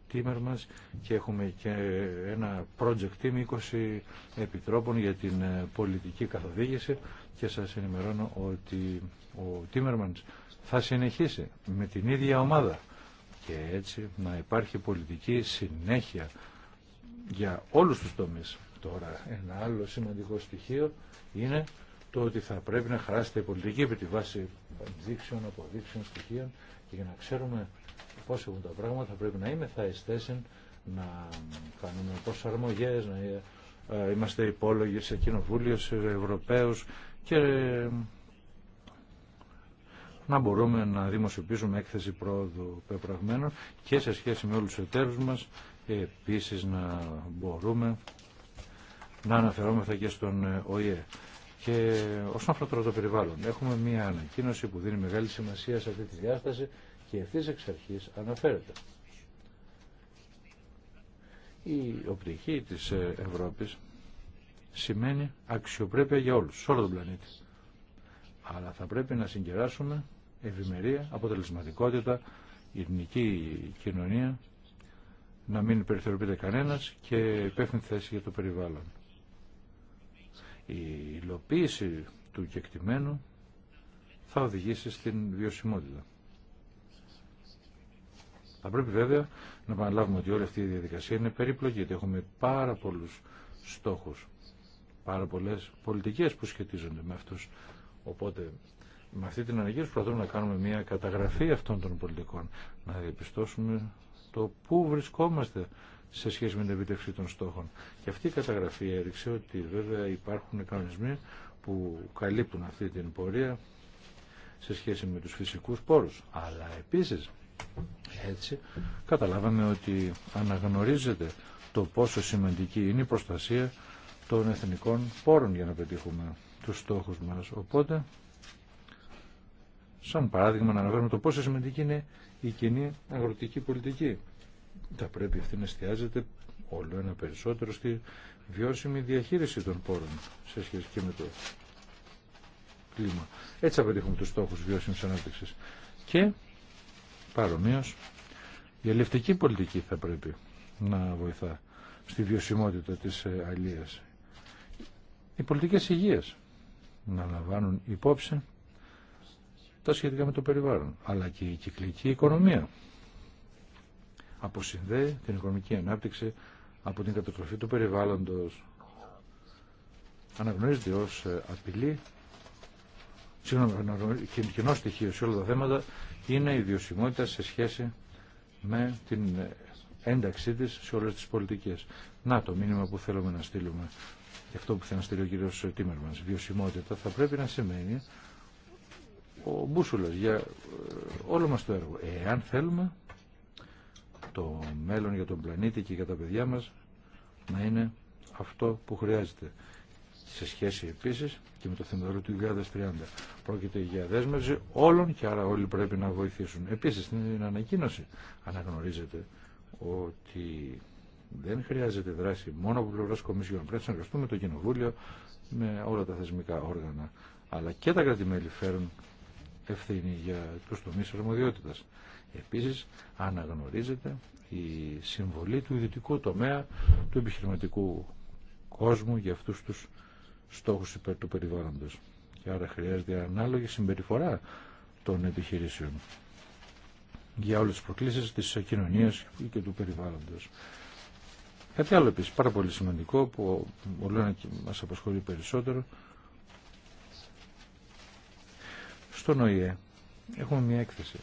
Τίμερ και έχουμε και ένα project team 20 επιτρόπων για την ε, πολιτική καθοδήγηση και σα ενημερώνω ότι ο Τίμερμαντς θα συνεχίσει με την ίδια ομάδα και έτσι να υπάρχει πολιτική συνέχεια για όλους τους τομείς. Τώρα ένα άλλο σημαντικό στοιχείο είναι το ότι θα πρέπει να χαράσετε πολιτική επί τη βάση δείξεων, αποδείξεων, στοιχείων και για να ξέρουμε πώς έχουν τα πράγματα θα πρέπει να είμαι θα εστέσεν, να κάνουμε προσαρμογές, να ε, ε, είμαστε υπόλογοι σε κοινοβούλιο, σε Ευρωπαίους και ε, να μπορούμε να δημοσιοποιήσουμε έκθεση πρόοδου πεπραγμένων και σε σχέση με όλους τους εταίρους μας επίσης να μπορούμε να αναφερόμεθα και στον ε, ΟΗΕ. Και όσον αφορά τώρα το περιβάλλον, έχουμε μία ανακοίνωση που δίνει μεγάλη σημασία σε αυτή τη διάσταση και ευθύ εξ αρχή αναφέρεται. Η οπτική της ε, Ευρώπης σημαίνει αξιοπρέπεια για όλους, σε όλο τον πλανήτη. Αλλά θα πρέπει να συγκεράσουμε ευημερία, αποτελεσματικότητα, η ελληνική κοινωνία, να μην περιθωριοποιείται κανένας και υπεύθυνη θέση για το περιβάλλον. Η υλοποίηση του κεκτημένου θα οδηγήσει στην βιωσιμότητα. Θα πρέπει βέβαια να επαναλάβουμε ότι όλη αυτή η διαδικασία είναι περίπλοκη, γιατί έχουμε πάρα πολλούς στόχους, πάρα πολλές πολιτικές που σχετίζονται με αυτούς. Οπότε με αυτή την ανακοίνωση προσπαθούμε να κάνουμε μια καταγραφή αυτών των πολιτικών, να διαπιστώσουμε το πού βρισκόμαστε σε σχέση με την επιτευχή των στόχων. Και αυτή η καταγραφή έριξε ότι βέβαια υπάρχουν κανονισμοί που καλύπτουν αυτή την πορεία σε σχέση με τους φυσικούς πόρους. Αλλά επίσης έτσι καταλάβαμε ότι αναγνωρίζεται το πόσο σημαντική είναι η προστασία των εθνικών πόρων για να πετύχουμε τους στόχους μας. Οπότε Σαν παράδειγμα να αναφέρουμε το πόσο σημαντική είναι η κοινή αγροτική πολιτική. Θα πρέπει αυτή να εστιάζεται όλο ένα περισσότερο στη βιώσιμη διαχείριση των πόρων σε σχέση και με το κλίμα. Έτσι θα πετύχουμε τους στόχους βιώσιμης ανάπτυξης. Και παρομοίως η ελευτική πολιτική θα πρέπει να βοηθά στη βιωσιμότητα της ε, αλίας. Οι πολιτικές υγείας να λαμβάνουν υπόψη τα σχετικά με το περιβάλλον, αλλά και η κυκλική οικονομία. Αποσυνδέει την οικονομική ανάπτυξη από την καταστροφή του περιβάλλοντος. Αναγνωρίζεται ως ε, απειλή, και κοινό στοιχείο σε όλα τα θέματα, είναι η βιωσιμότητα σε σχέση με την ε, ένταξή της σε όλες τις πολιτικές. Να το μήνυμα που θέλουμε να στείλουμε. Και αυτό που θέλει να στείλει ο κύριος Τίμερμανς, βιωσιμότητα, θα πρέπει να σημαίνει ο μπούσουλος για ε, όλο μας το έργο. Εάν θέλουμε το μέλλον για τον πλανήτη και για τα παιδιά μας να είναι αυτό που χρειάζεται. Σε σχέση επίσης και με το θεμελό του 2030. Πρόκειται για δέσμευση όλων και άρα όλοι πρέπει να βοηθήσουν. Επίσης στην ανακοίνωση αναγνωρίζεται ότι δεν χρειάζεται δράση μόνο από πλευρά κομισιών. Πρέπει να συνεργαστούμε το Κοινοβούλιο με όλα τα θεσμικά όργανα. Αλλά και τα κρατημέλη φέρουν ευθύνη για τους τομείς αρμοδιότητας. Επίσης αναγνωρίζεται η συμβολή του ιδιωτικού τομέα του επιχειρηματικού κόσμου για αυτούς τους στόχους υπέρ του περιβάλλοντος. Και άρα χρειάζεται ανάλογη συμπεριφορά των επιχειρήσεων για όλες τις προκλήσεις της κοινωνία και του περιβάλλοντος. Κάτι άλλο επίσης πάρα πολύ σημαντικό που μπορεί και μας απασχολεί περισσότερο στον ΟΗΕ έχουμε μια έκθεση.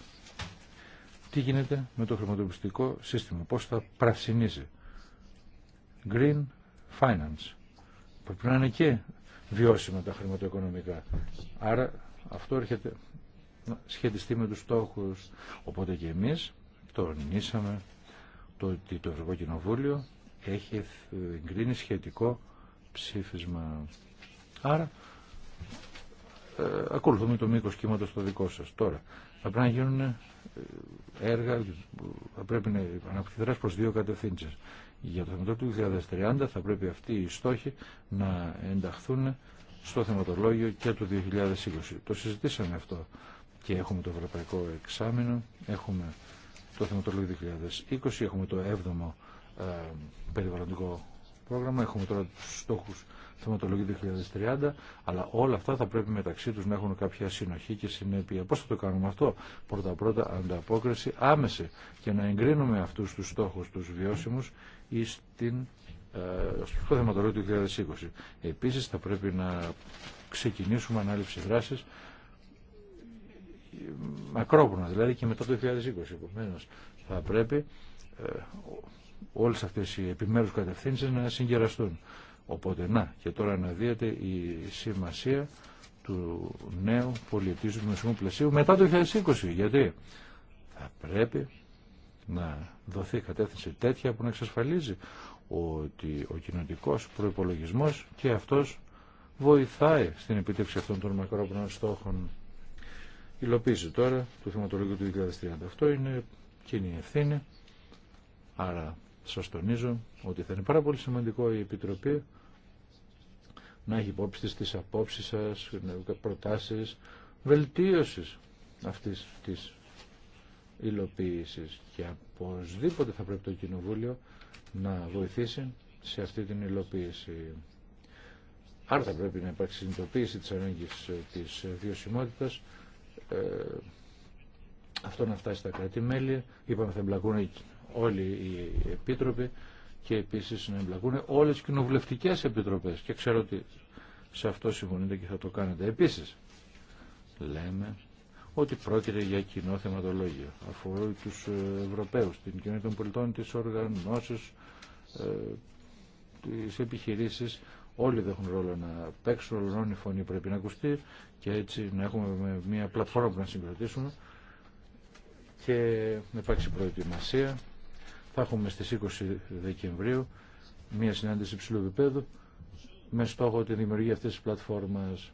Τι γίνεται με το χρηματοπιστικό σύστημα, πώς θα πρασινίζει. Green Finance. Πρέπει να είναι και βιώσιμα τα χρηματοοικονομικά. Άρα αυτό έρχεται να σχετιστεί με τους στόχους. Οπότε και εμείς τονίσαμε το ότι το Ευρωπαϊκό Κοινοβούλιο έχει εγκρίνει σχετικό ψήφισμα. Άρα ε, ακολουθούμε το μήκο κύματο το δικό σα. Τώρα, θα πρέπει να γίνουν ε, έργα, θα πρέπει να αναπτυχθεί προ δύο κατευθύνσει. Για το θεματολόγιο του 2030 θα πρέπει αυτοί οι στόχοι να ενταχθούν στο θεματολόγιο και του 2020. Το συζητήσαμε αυτό και έχουμε το Ευρωπαϊκό Εξάμεινο, έχουμε το θεματολόγιο 2020, έχουμε το 7ο ε, περιβαλλοντικό πρόγραμμα, έχουμε τώρα τους στόχους του 2030, αλλά όλα αυτά θα πρέπει μεταξύ τους να έχουν κάποια συνοχή και συνέπεια. Πώς θα το κάνουμε αυτό. Πρώτα-πρώτα ανταπόκριση άμεση και να εγκρίνουμε αυτούς τους στόχους τους βιώσιμους ε, στο θεματολόγιο του 2020. Επίσης θα πρέπει να ξεκινήσουμε ανάληψη δράσης μακρόπνοα, δηλαδή και μετά το 2020. Επομένως, θα πρέπει ε, όλες αυτές οι επιμέρους κατευθύνσεις να συγκεραστούν. Οπότε να, και τώρα αναδύεται η σημασία του νέου πολιτισμού μεσού πλαισίου μετά το 2020. Γιατί θα πρέπει να δοθεί κατεύθυνση τέτοια που να εξασφαλίζει ότι ο κοινοτικό προπολογισμό και αυτό βοηθάει στην επίτευξη αυτών των μακρόπνων στόχων. Υλοποίηση τώρα του θεματολογίου του 2030. Αυτό είναι κοινή ευθύνη. Άρα σας τονίζω ότι θα είναι πάρα πολύ σημαντικό η Επιτροπή να έχει υπόψη της τις απόψεις σας, προτάσεις βελτίωσης αυτής της υλοποίησης και οπωσδήποτε θα πρέπει το Κοινοβούλιο να βοηθήσει σε αυτή την υλοποίηση. Άρα θα πρέπει να υπάρξει συνειδητοποίηση της ανάγκης ε, της βιωσιμότητας ε, αυτό να φτάσει στα κράτη-μέλη. Είπαμε θα εμπλακούν όλοι οι επίτροποι και επίσης να εμπλακούν όλες οι κοινοβουλευτικές επιτροπές και ξέρω ότι σε αυτό συμφωνείτε και θα το κάνετε. Επίσης λέμε ότι πρόκειται για κοινό θεματολόγιο. Αφορούν τους ε, Ευρωπαίους, την κοινωνία των πολιτών, τις οργανώσεις, ε, τις επιχειρήσεις. Όλοι δεν έχουν ρόλο να παίξουν, όλων η φωνή πρέπει να ακουστεί και έτσι να έχουμε μια πλατφόρμα που να συγκροτήσουμε και να υπάρξει προετοιμασία θα έχουμε στις 20 Δεκεμβρίου μια συνάντηση υψηλού επίπεδου με στόχο τη δημιουργία αυτής της πλατφόρμας.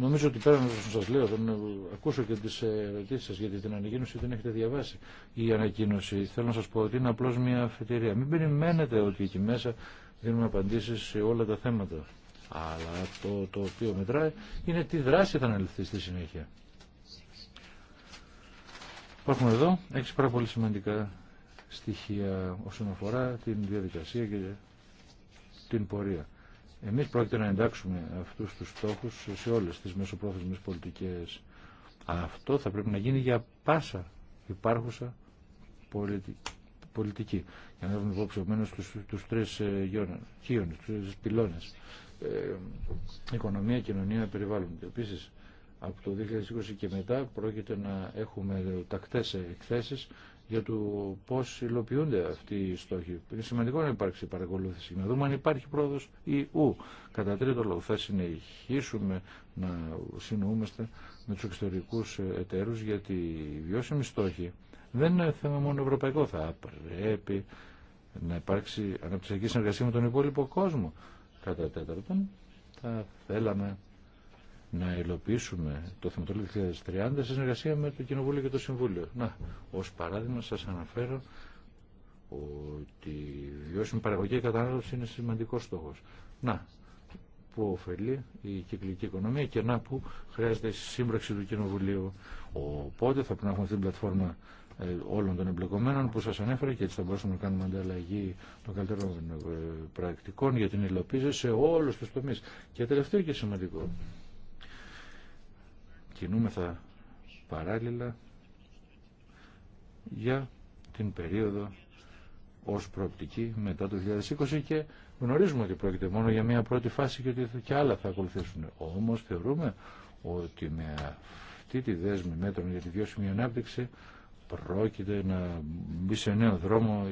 Νομίζω ότι πέραν να σας λέω, θα ακούσω και τις ερωτήσεις σας, γιατί την ανακοίνωση την έχετε διαβάσει. Η ανακοίνωση, θέλω να σας πω ότι είναι απλώς μια αφετηρία. Μην περιμένετε ότι εκεί μέσα δίνουμε απαντήσεις σε όλα τα θέματα. Αλλά το, το οποίο μετράει είναι τι δράση θα αναλυθεί στη συνέχεια. Υπάρχουν εδώ έξι πάρα πολύ σημαντικά στοιχεία όσον αφορά την διαδικασία και την πορεία. Εμείς πρόκειται να εντάξουμε αυτούς τους στόχους σε όλες τις μεσοπρόθεσμες πολιτικές. Αυτό θα πρέπει να γίνει για πάσα υπάρχουσα πολιτική. Για να έχουμε υπόψη ομένως τους, τους τρεις ε, γιώνες, τους τρεις πυλώνες. Ε, οικονομία, κοινωνία, περιβάλλον. Επίσης, από το 2020 και μετά πρόκειται να έχουμε τακτές εκθέσεις για το πώς υλοποιούνται αυτοί οι στόχοι. Είναι σημαντικό να υπάρξει παρακολούθηση, να δούμε αν υπάρχει πρόοδος ή ου. Κατά τρίτο λόγο θα συνεχίσουμε να συνοούμαστε με τους εξωτερικούς εταίρους γιατί οι βιώσιμοι στόχοι δεν είναι θέμα μόνο ευρωπαϊκό. Θα πρέπει να υπάρξει αναπτυξιακή συνεργασία με τον υπόλοιπο κόσμο. Κατά τέταρτον θα θέλαμε να υλοποιήσουμε το θεματολόγιο 2030 σε συνεργασία με το Κοινοβούλιο και το Συμβούλιο. Να, ως παράδειγμα σας αναφέρω ότι η βιώσιμη παραγωγή και κατανάλωση είναι σημαντικός στόχος. Να, που ωφελεί η κυκλική οικονομία και να που χρειάζεται η σύμπραξη του Κοινοβουλίου. Οπότε θα πρέπει να έχουμε αυτή την πλατφόρμα ε, όλων των εμπλεκομένων που σας ανέφερα και έτσι θα μπορούσαμε να κάνουμε ανταλλαγή των καλύτερων ε, πρακτικών για την υλοποίηση σε όλους τους τομείς. Και τελευταίο και σημαντικό κινούμεθα παράλληλα για την περίοδο ως προοπτική μετά το 2020 και γνωρίζουμε ότι πρόκειται μόνο για μια πρώτη φάση και ότι και άλλα θα ακολουθήσουν. Όμως θεωρούμε ότι με αυτή τη δέσμη μέτρων για τη βιώσιμη ανάπτυξη πρόκειται να μπει σε νέο δρόμο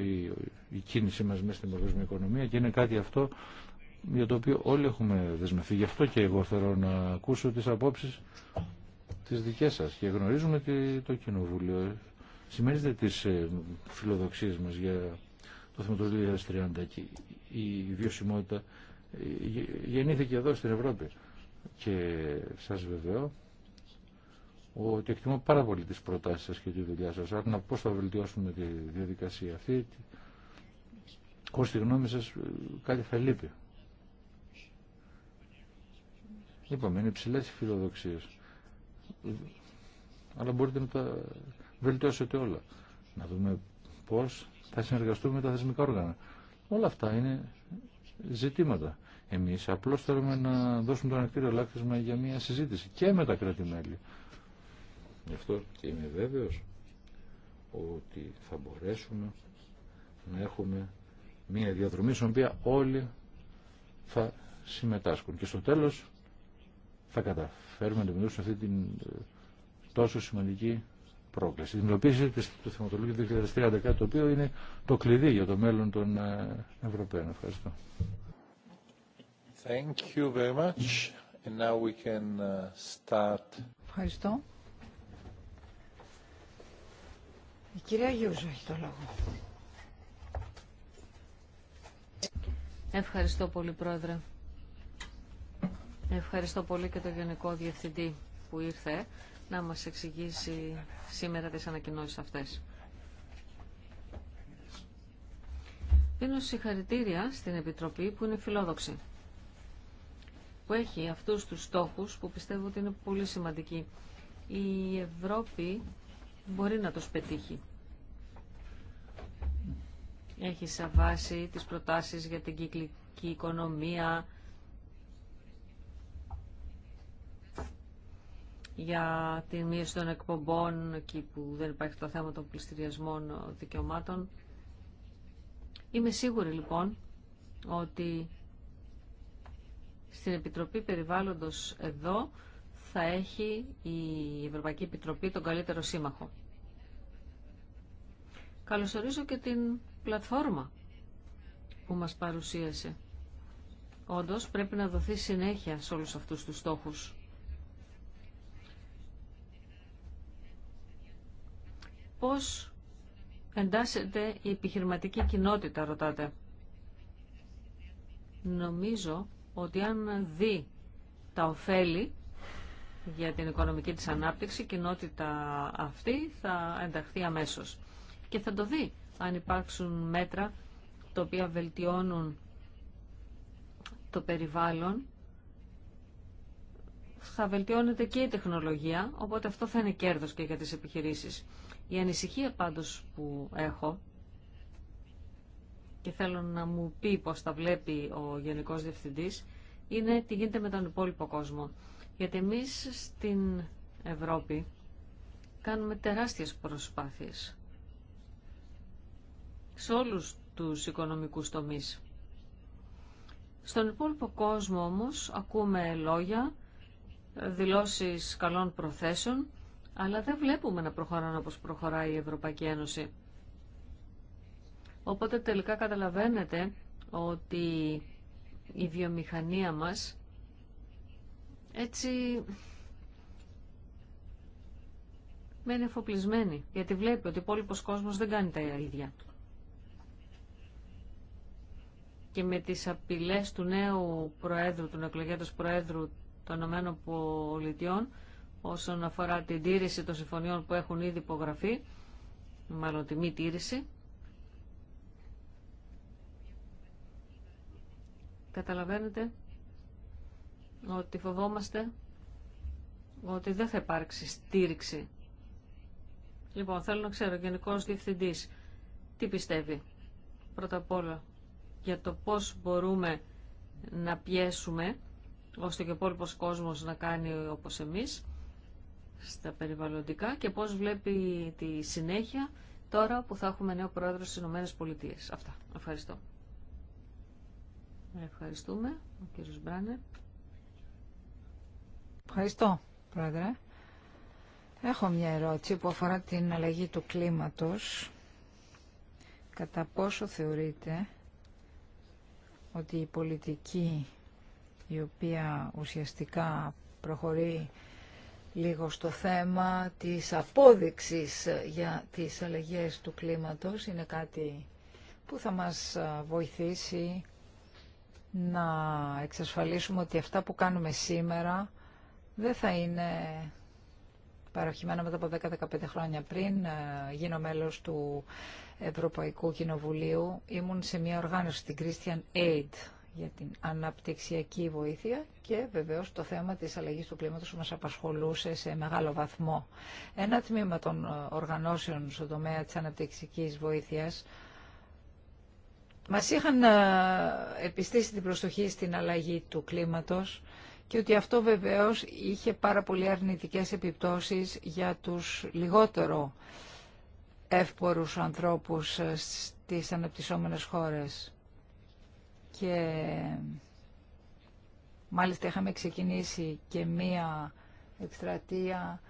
η, κίνησή μας μέσα στην παγκόσμια οικονομία και είναι κάτι αυτό για το οποίο όλοι έχουμε δεσμευτεί. Γι' αυτό και εγώ θέλω να ακούσω τις απόψεις τις δικές σας και γνωρίζουμε ότι το Κοινοβούλιο συμμερίζεται τις ε, φιλοδοξίες μας για το θέμα του 2030 και η βιωσιμότητα ε, γεννήθηκε εδώ στην Ευρώπη και σας βεβαιώ ότι εκτιμώ πάρα πολύ τις προτάσεις σας και τη δουλειά σας άρα να πώς θα βελτιώσουμε τη διαδικασία αυτή ως τη γνώμη σας ε, κάτι θα λείπει είπαμε είναι υψηλές οι φιλοδοξίες αλλά μπορείτε να τα βελτιώσετε όλα. Να δούμε πώς θα συνεργαστούμε με τα θεσμικά όργανα. Όλα αυτά είναι ζητήματα. Εμείς απλώς θέλουμε να δώσουμε το ανακτήριο λάκτισμα για μια συζήτηση και με τα κράτη-μέλη. Γι' αυτό και είμαι βέβαιος ότι θα μπορέσουμε να έχουμε μια διαδρομή στην οποία όλοι θα συμμετάσχουν. Και στο τέλος θα καταφέρουμε να αντιμετωπίσουμε αυτή την ε, τόσο σημαντική πρόκληση. Την υλοποίηση του θεματολογίου 2030, κάτι το οποίο είναι το κλειδί για το μέλλον των ε, Ευρωπαίων. Ευχαριστώ. Thank you very much. And now we can uh, start. Ευχαριστώ. Η κυρία Γιούζο έχει το λόγο. Ευχαριστώ πολύ, Πρόεδρε. Ευχαριστώ πολύ και τον Γενικό Διευθυντή που ήρθε να μας εξηγήσει σήμερα τις ανακοινώσεις αυτές. Δίνω συγχαρητήρια στην Επιτροπή που είναι φιλόδοξη, που έχει αυτούς τους στόχους που πιστεύω ότι είναι πολύ σημαντικοί. Η Ευρώπη μπορεί να τους πετύχει. Έχει σαν βάση τις προτάσεις για την κυκλική οικονομία, για τη μείωση των εκπομπών εκεί που δεν υπάρχει το θέμα των πληστηριασμών δικαιωμάτων. Είμαι σίγουρη λοιπόν ότι στην Επιτροπή Περιβάλλοντος εδώ θα έχει η Ευρωπαϊκή Επιτροπή τον καλύτερο σύμμαχο. Καλωσορίζω και την πλατφόρμα που μας παρουσίασε. Όντως πρέπει να δοθεί συνέχεια σε όλους αυτούς τους στόχους. Πώς εντάσσεται η επιχειρηματική κοινότητα, ρωτάτε. Νομίζω ότι αν δει τα ωφέλη για την οικονομική της ανάπτυξη, η κοινότητα αυτή θα ενταχθεί αμέσως. Και θα το δει αν υπάρξουν μέτρα τα οποία βελτιώνουν το περιβάλλον, θα βελτιώνεται και η τεχνολογία, οπότε αυτό θα είναι κέρδος και για τις επιχειρήσεις. Η ανησυχία πάντως που έχω και θέλω να μου πει πώς τα βλέπει ο Γενικός Διευθυντής είναι τι γίνεται με τον υπόλοιπο κόσμο. Γιατί εμείς στην Ευρώπη κάνουμε τεράστιες προσπάθειες σε όλους τους οικονομικούς τομείς. Στον υπόλοιπο κόσμο όμως ακούμε λόγια, δηλώσεις καλών προθέσεων, αλλά δεν βλέπουμε να προχωράνε όπως προχωράει η Ευρωπαϊκή Ένωση. Οπότε τελικά καταλαβαίνετε ότι η βιομηχανία μας έτσι μένει εφοπλισμένη, γιατί βλέπει ότι ο υπόλοιπο κόσμος δεν κάνει τα ίδια. Και με τις απειλές του νέου Προέδρου, του εκλογέτος Προέδρου των ΗΠΑ, όσον αφορά την τήρηση των συμφωνιών που έχουν ήδη υπογραφεί, μάλλον τη μη τήρηση. Καταλαβαίνετε ότι φοβόμαστε ότι δεν θα υπάρξει στήριξη. Λοιπόν, θέλω να ξέρω, Γενικός Διευθυντής, τι πιστεύει πρώτα απ' όλα για το πώς μπορούμε να πιέσουμε ώστε και ο υπόλοιπο κόσμος να κάνει όπως εμείς στα περιβαλλοντικά και πώς βλέπει τη συνέχεια τώρα που θα έχουμε νέο πρόεδρο στις Ηνωμένες Πολιτείες. Αυτά. Ευχαριστώ. Ευχαριστούμε, ο κύριος Μπράνερ. Ευχαριστώ, πρόεδρε. Έχω μια ερώτηση που αφορά την αλλαγή του κλίματος. Κατά πόσο θεωρείτε ότι η πολιτική η οποία ουσιαστικά προχωρεί λίγο στο θέμα της απόδειξης για τις αλλαγές του κλίματος. Είναι κάτι που θα μας βοηθήσει να εξασφαλίσουμε ότι αυτά που κάνουμε σήμερα δεν θα είναι παροχημένα μετά από 10-15 χρόνια πριν ε, γίνω μέλος του Ευρωπαϊκού Κοινοβουλίου. Ήμουν σε μια οργάνωση, την Christian Aid, για την αναπτυξιακή βοήθεια και βεβαίως το θέμα της αλλαγής του κλίματος που μας απασχολούσε σε μεγάλο βαθμό. Ένα τμήμα των ε, οργανώσεων στον τομέα της αναπτυξιακής βοήθειας μας είχαν ε, επιστήσει την προσοχή στην αλλαγή του κλίματος και ότι αυτό βεβαίως είχε πάρα πολύ αρνητικές επιπτώσεις για τους λιγότερο εύπορους ανθρώπους ε, στις αναπτυσσόμενες χώρες και μάλιστα είχαμε ξεκινήσει και μία εκστρατεία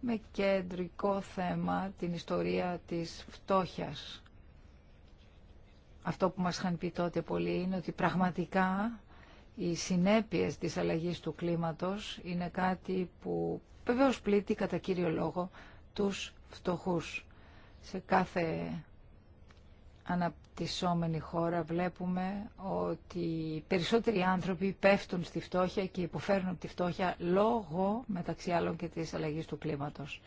με κεντρικό θέμα την ιστορία της φτώχειας. Αυτό που μας είχαν πει τότε πολλοί είναι ότι πραγματικά οι συνέπειες της αλλαγής του κλίματος είναι κάτι που βεβαίως πλήττει κατά κύριο λόγο τους φτωχούς. Σε κάθε ανα σώμενη χώρα βλέπουμε ότι περισσότεροι άνθρωποι πέφτουν στη φτώχεια και υποφέρουν από τη φτώχεια λόγω μεταξύ άλλων και της αλλαγής του κλίματος.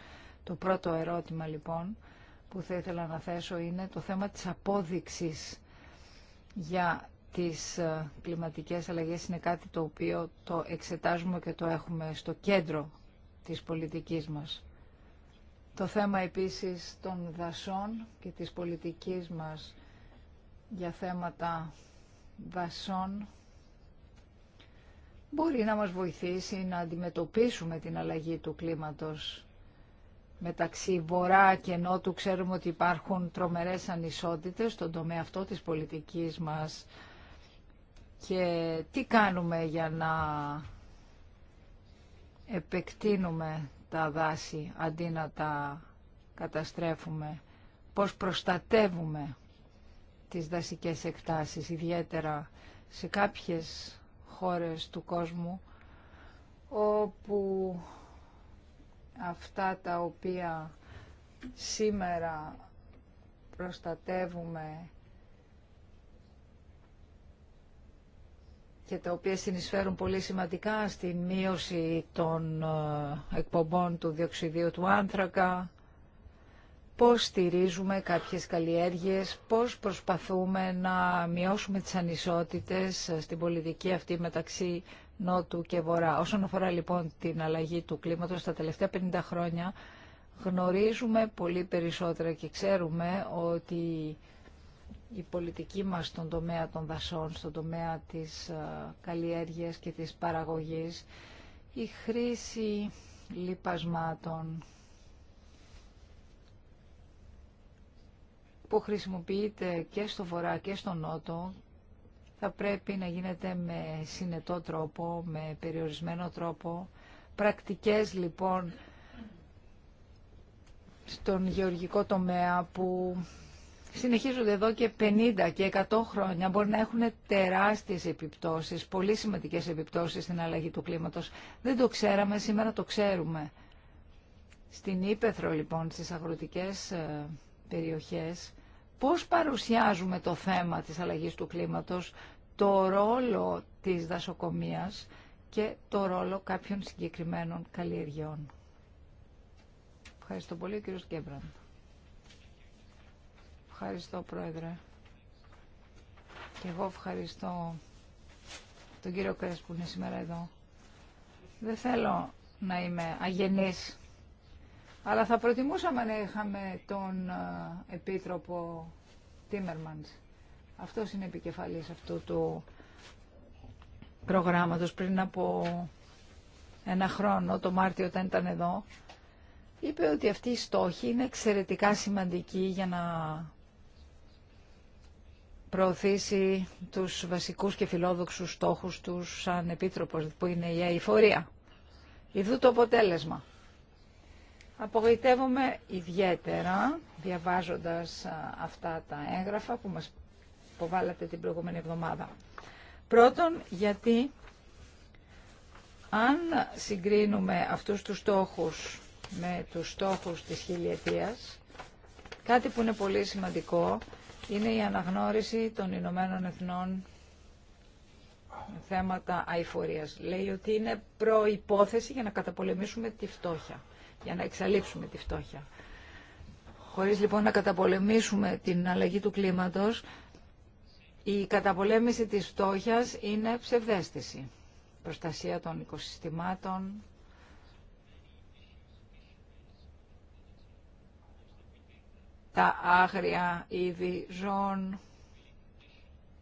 Το πρώτο ερώτημα λοιπόν που θα ήθελα να θέσω είναι το θέμα της απόδειξης για τις ε, κλιματικές αλλαγές είναι κάτι το οποίο το εξετάζουμε και το έχουμε στο κέντρο της πολιτικής μας. Το θέμα επίσης των δασών και της πολιτικής μας για θέματα δασών μπορεί να μας βοηθήσει να αντιμετωπίσουμε την αλλαγή του κλίματος. Μεταξύ βορρά και νότου ξέρουμε ότι υπάρχουν τρομερές ανισότητες στον τομέα αυτό της πολιτικής μας και τι κάνουμε για να επεκτείνουμε τα δάση αντί να τα καταστρέφουμε, πώς προστατεύουμε τις δασικές εκτάσεις, ιδιαίτερα σε κάποιες χώρες του κόσμου όπου αυτά τα οποία σήμερα προστατεύουμε και τα οποία συνεισφέρουν πολύ σημαντικά στην μείωση των ε, εκπομπών του διοξιδίου του άνθρακα πώς στηρίζουμε κάποιες καλλιέργειες, πώς προσπαθούμε να μειώσουμε τις ανισότητες στην πολιτική αυτή μεταξύ Νότου και Βορρά. Όσον αφορά λοιπόν την αλλαγή του κλίματος τα τελευταία 50 χρόνια, γνωρίζουμε πολύ περισσότερα και ξέρουμε ότι η πολιτική μας στον τομέα των δασών, στον τομέα της ε, καλλιέργειας και της παραγωγής, η χρήση λοιπασμάτων. που χρησιμοποιείται και στο βορρά και στο νότο θα πρέπει να γίνεται με συνετό τρόπο, με περιορισμένο τρόπο. Πρακτικές λοιπόν στον γεωργικό τομέα που συνεχίζονται εδώ και 50 και 100 χρόνια μπορεί να έχουν τεράστιες επιπτώσεις, πολύ σημαντικές επιπτώσεις στην αλλαγή του κλίματος. Δεν το ξέραμε, σήμερα το ξέρουμε. Στην Ήπεθρο λοιπόν, στις αγροτικές ε, περιοχές πώς παρουσιάζουμε το θέμα της αλλαγής του κλίματος, το ρόλο της δασοκομείας και το ρόλο κάποιων συγκεκριμένων καλλιεργειών. Ευχαριστώ πολύ, κύριο Γκέμπραντ. Ευχαριστώ, Πρόεδρε. Και εγώ ευχαριστώ τον κύριο Κρέσ που είναι σήμερα εδώ. Δεν θέλω να είμαι αγενής αλλά θα προτιμούσαμε να είχαμε τον ε, Επίτροπο Τίμερμαντς. Αυτός είναι επικεφαλής αυτού του προγράμματος πριν από ένα χρόνο, το Μάρτιο όταν ήταν εδώ. Είπε ότι αυτή η στόχη είναι εξαιρετικά σημαντική για να προωθήσει τους βασικούς και φιλόδοξους στόχους τους σαν επίτροπος, που είναι η αηφορία. Ιδού το αποτέλεσμα. Απογοητεύομαι ιδιαίτερα διαβάζοντας αυτά τα έγγραφα που μας υποβάλλατε την προηγούμενη εβδομάδα. Πρώτον, γιατί αν συγκρίνουμε αυτούς τους στόχους με τους στόχους της χιλιετίας, κάτι που είναι πολύ σημαντικό είναι η αναγνώριση των Ηνωμένων Εθνών θέματα αηφορίας. Λέει ότι είναι προϋπόθεση για να καταπολεμήσουμε τη φτώχεια για να εξαλείψουμε τη φτώχεια. Χωρίς λοιπόν να καταπολεμήσουμε την αλλαγή του κλίματος, η καταπολέμηση της φτώχειας είναι ψευδέστηση. Προστασία των οικοσυστημάτων, τα άγρια είδη ζώων,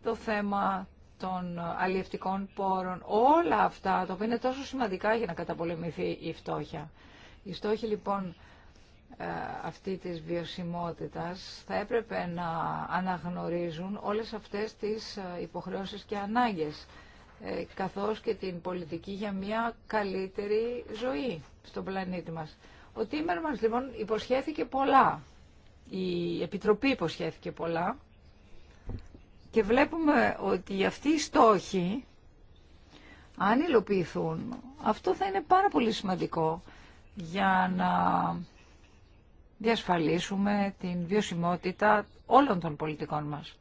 το θέμα των αλλιευτικών πόρων, όλα αυτά, το οποία είναι τόσο σημαντικά για να καταπολεμηθεί η φτώχεια. Οι στόχοι λοιπόν ε, αυτή της βιωσιμότητας θα έπρεπε να αναγνωρίζουν όλες αυτές τις ε, υποχρεώσεις και ανάγκες ε, καθώς και την πολιτική για μια καλύτερη ζωή στον πλανήτη μας. Ο Τίμερ μας λοιπόν υποσχέθηκε πολλά. Η Επιτροπή υποσχέθηκε πολλά και βλέπουμε ότι αυτοί οι στόχοι αν υλοποιηθούν, αυτό θα είναι πάρα πολύ σημαντικό για να διασφαλίσουμε την βιωσιμότητα όλων των πολιτικών μας.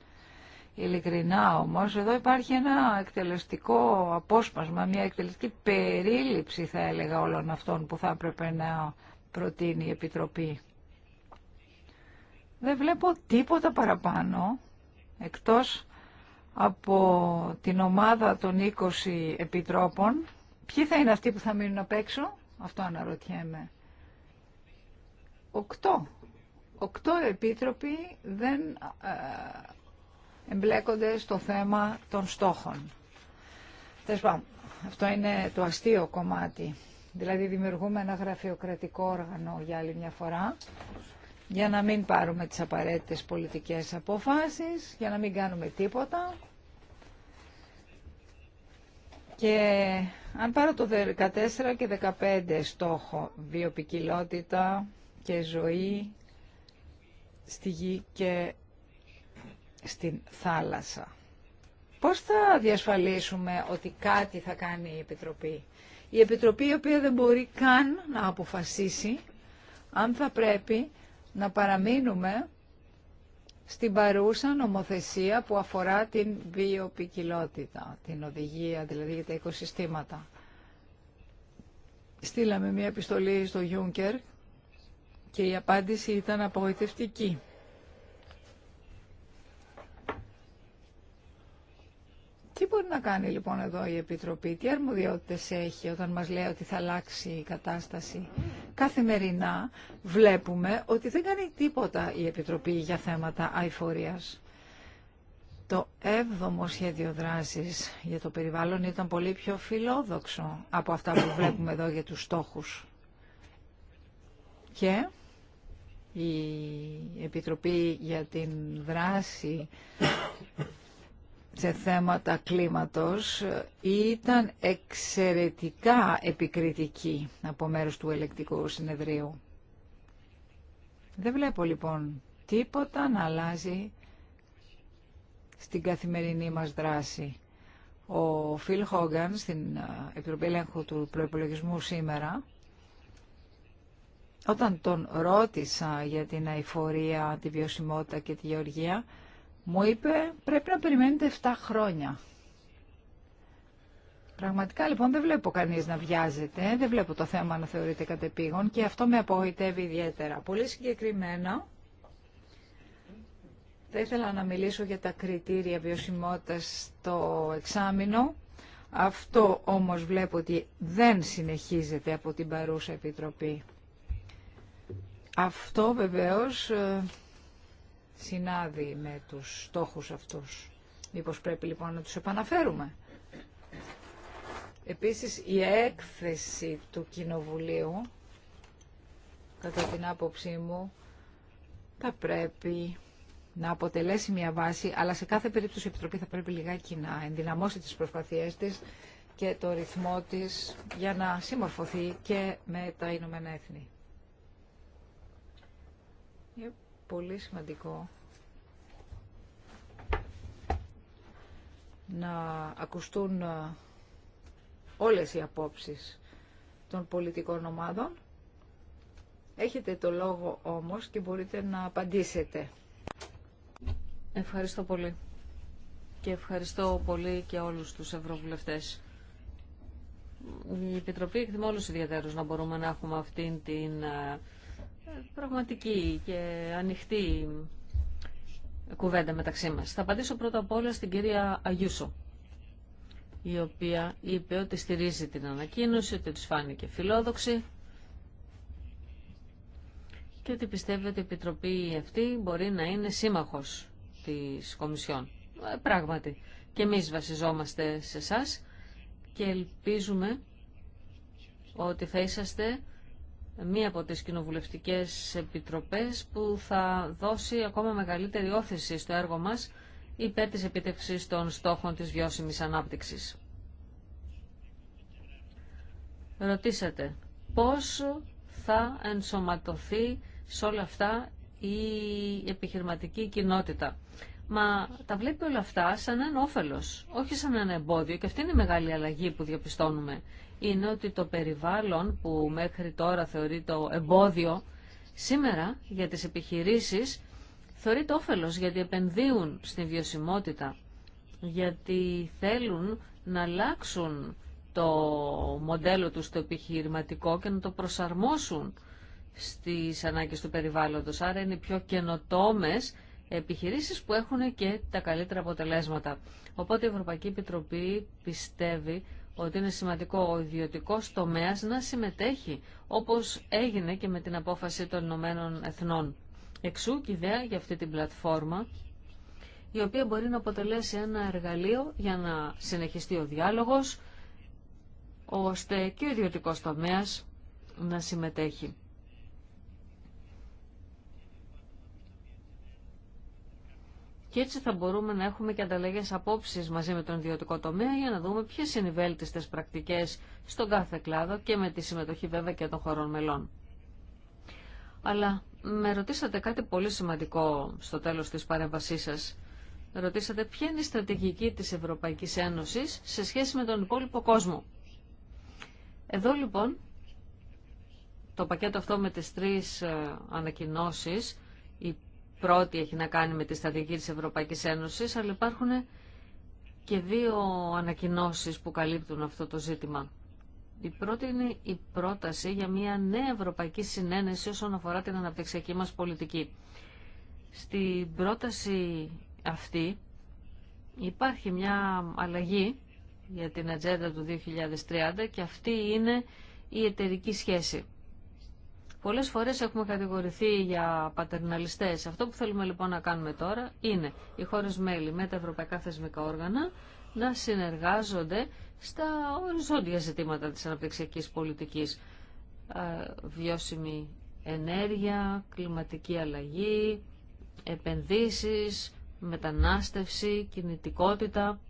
Ειλικρινά όμως, εδώ υπάρχει ένα εκτελεστικό απόσπασμα, μια εκτελεστική περίληψη θα έλεγα όλων αυτών που θα έπρεπε να προτείνει η Επιτροπή. Δεν βλέπω τίποτα παραπάνω, εκτός από την ομάδα των 20 επιτρόπων. Ποιοι θα είναι αυτοί που θα μείνουν απ' έξω? Αυτό αναρωτιέμαι. Οκτώ. Οκτώ επίτροποι δεν ε, εμπλέκονται στο θέμα των στόχων. Τέλος αυτό είναι το αστείο κομμάτι. Δηλαδή δημιουργούμε ένα γραφειοκρατικό όργανο για άλλη μια φορά για να μην πάρουμε τις απαραίτητες πολιτικές αποφάσεις, για να μην κάνουμε τίποτα και αν πάρω το 14 και 15 στόχο, βιοπικιλότητα και ζωή στη γη και στην θάλασσα. Πώς θα διασφαλίσουμε ότι κάτι θα κάνει η Επιτροπή. Η Επιτροπή η οποία δεν μπορεί καν να αποφασίσει αν θα πρέπει να παραμείνουμε στην παρούσα νομοθεσία που αφορά την βιοπικιλότητα, την οδηγία δηλαδή για τα οικοσυστήματα. Στείλαμε μια επιστολή στο Γιούνκερ και η απάντηση ήταν απογοητευτική. Τι μπορεί να κάνει λοιπόν εδώ η Επιτροπή, τι αρμοδιότητες έχει όταν μας λέει ότι θα αλλάξει η κατάσταση. Καθημερινά βλέπουμε ότι δεν κάνει τίποτα η Επιτροπή για θέματα αηφορίας. Το έβδομο σχέδιο δράσης για το περιβάλλον ήταν πολύ πιο φιλόδοξο από αυτά που βλέπουμε εδώ για τους στόχους. Και η Επιτροπή για την δράση σε θέματα κλίματος ήταν εξαιρετικά επικριτική από μέρους του ελεκτικού συνεδρίου. Δεν βλέπω λοιπόν τίποτα να αλλάζει στην καθημερινή μας δράση. Ο Φιλ Χόγκαν στην Επιτροπή Ελέγχου του Προϋπολογισμού σήμερα όταν τον ρώτησα για την αηφορία, τη βιωσιμότητα και τη γεωργία, μου είπε πρέπει να περιμένετε 7 χρόνια. Πραγματικά λοιπόν δεν βλέπω κανείς να βιάζεται, δεν βλέπω το θέμα να θεωρείται κατεπήγον και αυτό με απογοητεύει ιδιαίτερα. Πολύ συγκεκριμένα θα ήθελα να μιλήσω για τα κριτήρια βιωσιμότητας στο εξάμεινο. Αυτό όμως βλέπω ότι δεν συνεχίζεται από την παρούσα Επιτροπή. Αυτό βεβαίως συνάδει με τους στόχους αυτούς. Μήπως πρέπει λοιπόν να τους επαναφέρουμε. Επίσης η έκθεση του Κοινοβουλίου, κατά την άποψή μου, θα πρέπει να αποτελέσει μια βάση, αλλά σε κάθε περίπτωση η Επιτροπή θα πρέπει λιγάκι να ενδυναμώσει τις προσπαθίες της και το ρυθμό της για να συμμορφωθεί και με τα Ηνωμένα Έθνη πολύ σημαντικό να ακουστούν ε, όλες οι απόψεις των πολιτικών ομάδων. Έχετε το λόγο όμως και μπορείτε να απαντήσετε. Ευχαριστώ πολύ. Και ευχαριστώ πολύ και όλους τους ευρωβουλευτές. Η Επιτροπή εκτιμά όλους ιδιαίτερους να μπορούμε να έχουμε αυτήν την ε, πραγματική και ανοιχτή κουβέντα μεταξύ μας. Θα απαντήσω πρώτα απ' όλα στην κυρία Αγιούσο, η οποία είπε ότι στηρίζει την ανακοίνωση, ότι τους φάνηκε φιλόδοξη και ότι πιστεύει ότι η Επιτροπή αυτή μπορεί να είναι σύμμαχος της Κομισιόν. Ε, πράγματι. Και εμείς βασιζόμαστε σε εσά και ελπίζουμε ότι θα είσαστε μία από τις κοινοβουλευτικές επιτροπές που θα δώσει ακόμα μεγαλύτερη όθηση στο έργο μας υπέρ της επίτευξης των στόχων της βιώσιμης ανάπτυξης. Ρωτήσατε πώς θα ενσωματωθεί σε όλα αυτά η επιχειρηματική κοινότητα. Μα τα βλέπει όλα αυτά σαν ένα όφελος, όχι σαν ένα εμπόδιο και αυτή είναι η μεγάλη αλλαγή που διαπιστώνουμε είναι ότι το περιβάλλον που μέχρι τώρα θεωρεί το εμπόδιο, σήμερα για τις επιχειρήσεις θεωρεί το όφελος γιατί επενδύουν στην βιωσιμότητα, γιατί θέλουν να αλλάξουν το μοντέλο τους το επιχειρηματικό και να το προσαρμόσουν στις ανάγκες του περιβάλλοντος. Άρα είναι πιο καινοτόμες επιχειρήσεις που έχουν και τα καλύτερα αποτελέσματα. Οπότε η Ευρωπαϊκή Επιτροπή πιστεύει ότι είναι σημαντικό ο ιδιωτικό τομέα να συμμετέχει, όπω έγινε και με την απόφαση των Ηνωμένων Εθνών. Εξού και ιδέα για αυτή την πλατφόρμα, η οποία μπορεί να αποτελέσει ένα εργαλείο για να συνεχιστεί ο διάλογος, ώστε και ο ιδιωτικό τομέα να συμμετέχει. Και έτσι θα μπορούμε να έχουμε και ανταλλαγές απόψεις μαζί με τον ιδιωτικό τομέα για να δούμε ποιε είναι οι βέλτιστες πρακτικές στον κάθε κλάδο και με τη συμμετοχή βέβαια και των χωρών μελών. Αλλά με ρωτήσατε κάτι πολύ σημαντικό στο τέλος της παρέμβασής σας. Ρωτήσατε ποια είναι η στρατηγική της Ευρωπαϊκής Ένωσης σε σχέση με τον υπόλοιπο κόσμο. Εδώ λοιπόν το πακέτο αυτό με τις τρεις ε, ανακοινώσεις πρώτη έχει να κάνει με τη στρατηγική της Ευρωπαϊκής Ένωσης, αλλά υπάρχουν και δύο ανακοινώσεις που καλύπτουν αυτό το ζήτημα. Η πρώτη είναι η πρόταση για μια νέα ευρωπαϊκή συνένεση όσον αφορά την αναπτυξιακή μας πολιτική. Στη πρόταση αυτή υπάρχει μια αλλαγή για την ατζέντα του 2030 και αυτή είναι η εταιρική σχέση. Πολλές φορές έχουμε κατηγορηθεί για πατερναλιστές. Αυτό που θέλουμε λοιπόν να κάνουμε τώρα είναι οι χώρες μέλη με τα ευρωπαϊκά θεσμικά όργανα να συνεργάζονται στα οριζόντια ζητήματα της αναπτυξιακής πολιτικής. Ε, βιώσιμη ενέργεια, κλιματική αλλαγή, επενδύσεις, μετανάστευση, κινητικότητα,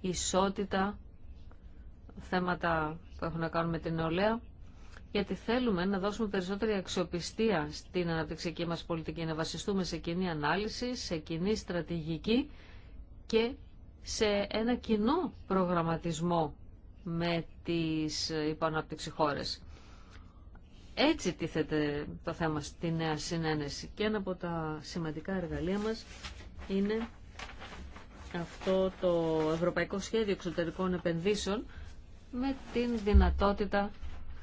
ισότητα, θέματα που έχουν να κάνουν με την νεολαία γιατί θέλουμε να δώσουμε περισσότερη αξιοπιστία στην αναπτυξιακή μας πολιτική, να βασιστούμε σε κοινή ανάλυση, σε κοινή στρατηγική και σε ένα κοινό προγραμματισμό με τις υποανάπτυξη χώρες. Έτσι τίθεται το θέμα στη νέα συνένεση και ένα από τα σημαντικά εργαλεία μας είναι αυτό το Ευρωπαϊκό Σχέδιο Εξωτερικών Επενδύσεων με την δυνατότητα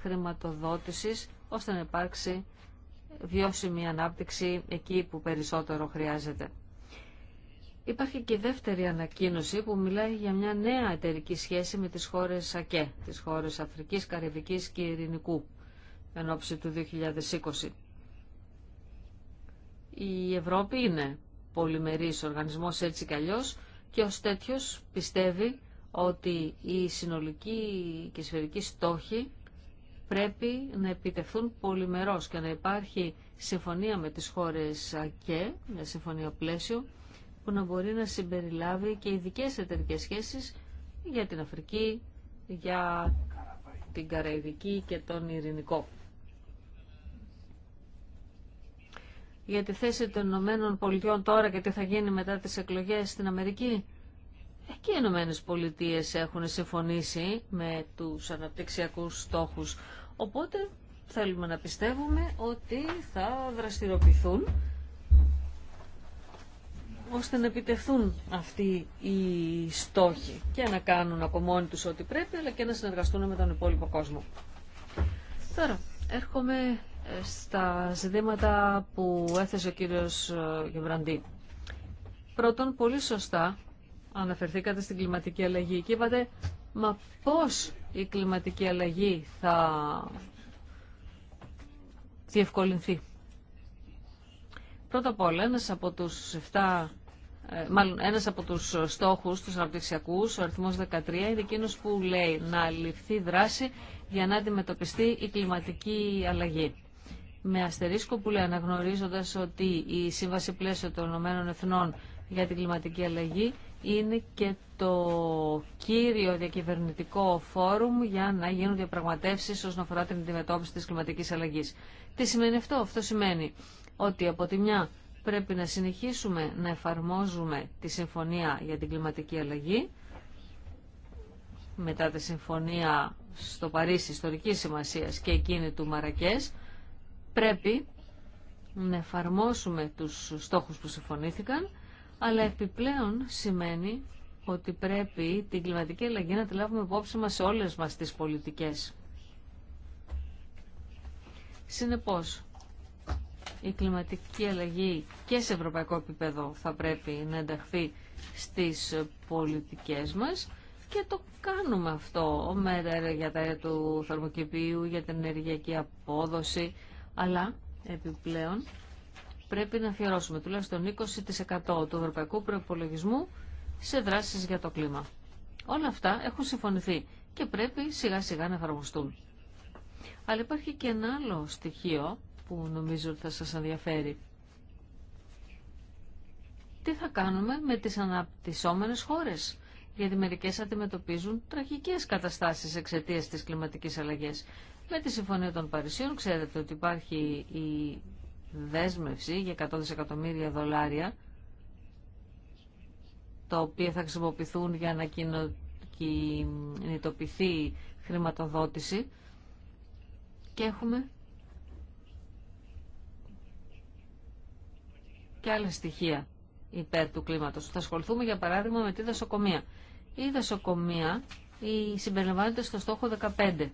χρηματοδότησης ώστε να υπάρξει βιώσιμη ανάπτυξη εκεί που περισσότερο χρειάζεται. Υπάρχει και η δεύτερη ανακοίνωση που μιλάει για μια νέα εταιρική σχέση με τις χώρες ΑΚΕ, τις χώρες Αφρικής, Καρυβικής και Ειρηνικού, εν ώψη του 2020. Η Ευρώπη είναι πολυμερής οργανισμός έτσι κι αλλιώς και ως τέτοιος πιστεύει ότι η συνολική και σφαιρική στόχη πρέπει να επιτεθούν πολυμερώς και να υπάρχει συμφωνία με τις χώρες ΑΚΕ, μια συμφωνία πλαίσιο, που να μπορεί να συμπεριλάβει και ειδικέ εταιρικέ σχέσεις για την Αφρική, για την Καραϊβική και τον Ειρηνικό. Για τη θέση των Ηνωμένων Πολιτειών τώρα και τι θα γίνει μετά τις εκλογές στην Αμερική, Εκεί οι Ηνωμένε Πολιτείε έχουν συμφωνήσει με του αναπτυξιακούς στόχους. Οπότε θέλουμε να πιστεύουμε ότι θα δραστηριοποιηθούν ώστε να επιτεθούν αυτοί οι στόχοι και να κάνουν από μόνοι τους ό,τι πρέπει αλλά και να συνεργαστούν με τον υπόλοιπο κόσμο. Τώρα, έρχομαι ε, στα ζητήματα που έθεσε ο κύριος ε, Γεβραντή. Πρώτον, πολύ σωστά Αναφερθήκατε στην κλιματική αλλαγή και είπατε, μα πώς η κλιματική αλλαγή θα διευκολυνθεί. Πρώτα απ' όλα, ένας από τους 7 ε, μάλλον ένας από τους στόχους, τους αναπτυξιακούς, ο αριθμός 13, είναι εκείνο που λέει να ληφθεί δράση για να αντιμετωπιστεί η κλιματική αλλαγή. Με αστερίσκο που λέει αναγνωρίζοντας ότι η Σύμβαση Πλαίσιο των Ηνωμένων Εθνών για την κλιματική αλλαγή είναι και το κύριο διακυβερνητικό φόρουμ για να γίνουν διαπραγματεύσεις όσον αφορά την αντιμετώπιση της κλιματικής αλλαγής. Τι σημαίνει αυτό? Αυτό σημαίνει ότι από τη μια πρέπει να συνεχίσουμε να εφαρμόζουμε τη Συμφωνία για την Κλιματική Αλλαγή μετά τη Συμφωνία στο Παρίσι ιστορικής σημασίας και εκείνη του Μαρακές πρέπει να εφαρμόσουμε τους στόχους που συμφωνήθηκαν αλλά επιπλέον σημαίνει ότι πρέπει την κλιματική αλλαγή να τη λάβουμε υπόψη μας σε όλες μας τις πολιτικές. Συνεπώς, η κλιματική αλλαγή και σε ευρωπαϊκό επίπεδο θα πρέπει να ενταχθεί στις πολιτικές μας και το κάνουμε αυτό με τα για του θερμοκηπίου, για την ενεργειακή απόδοση, αλλά επιπλέον πρέπει να αφιερώσουμε τουλάχιστον 20% του ευρωπαϊκού προπολογισμού σε δράσεις για το κλίμα. Όλα αυτά έχουν συμφωνηθεί και πρέπει σιγά σιγά να εφαρμοστούν. Αλλά υπάρχει και ένα άλλο στοιχείο που νομίζω θα σας ενδιαφέρει. Τι θα κάνουμε με τις αναπτυσσόμενες χώρες, γιατί μερικές αντιμετωπίζουν τραγικές καταστάσεις εξαιτία της κλιματικής αλλαγής. Με τη Συμφωνία των Παρισίων ξέρετε ότι υπάρχει η δέσμευση για 100 δισεκατομμύρια δολάρια τα οποία θα χρησιμοποιηθούν για να κινητοποιηθεί χρηματοδότηση και έχουμε και άλλα στοιχεία υπέρ του κλίματος. Θα ασχοληθούμε για παράδειγμα με τη δασοκομεία. Η δασοκομεία η συμπεριλαμβάνεται στο στόχο 15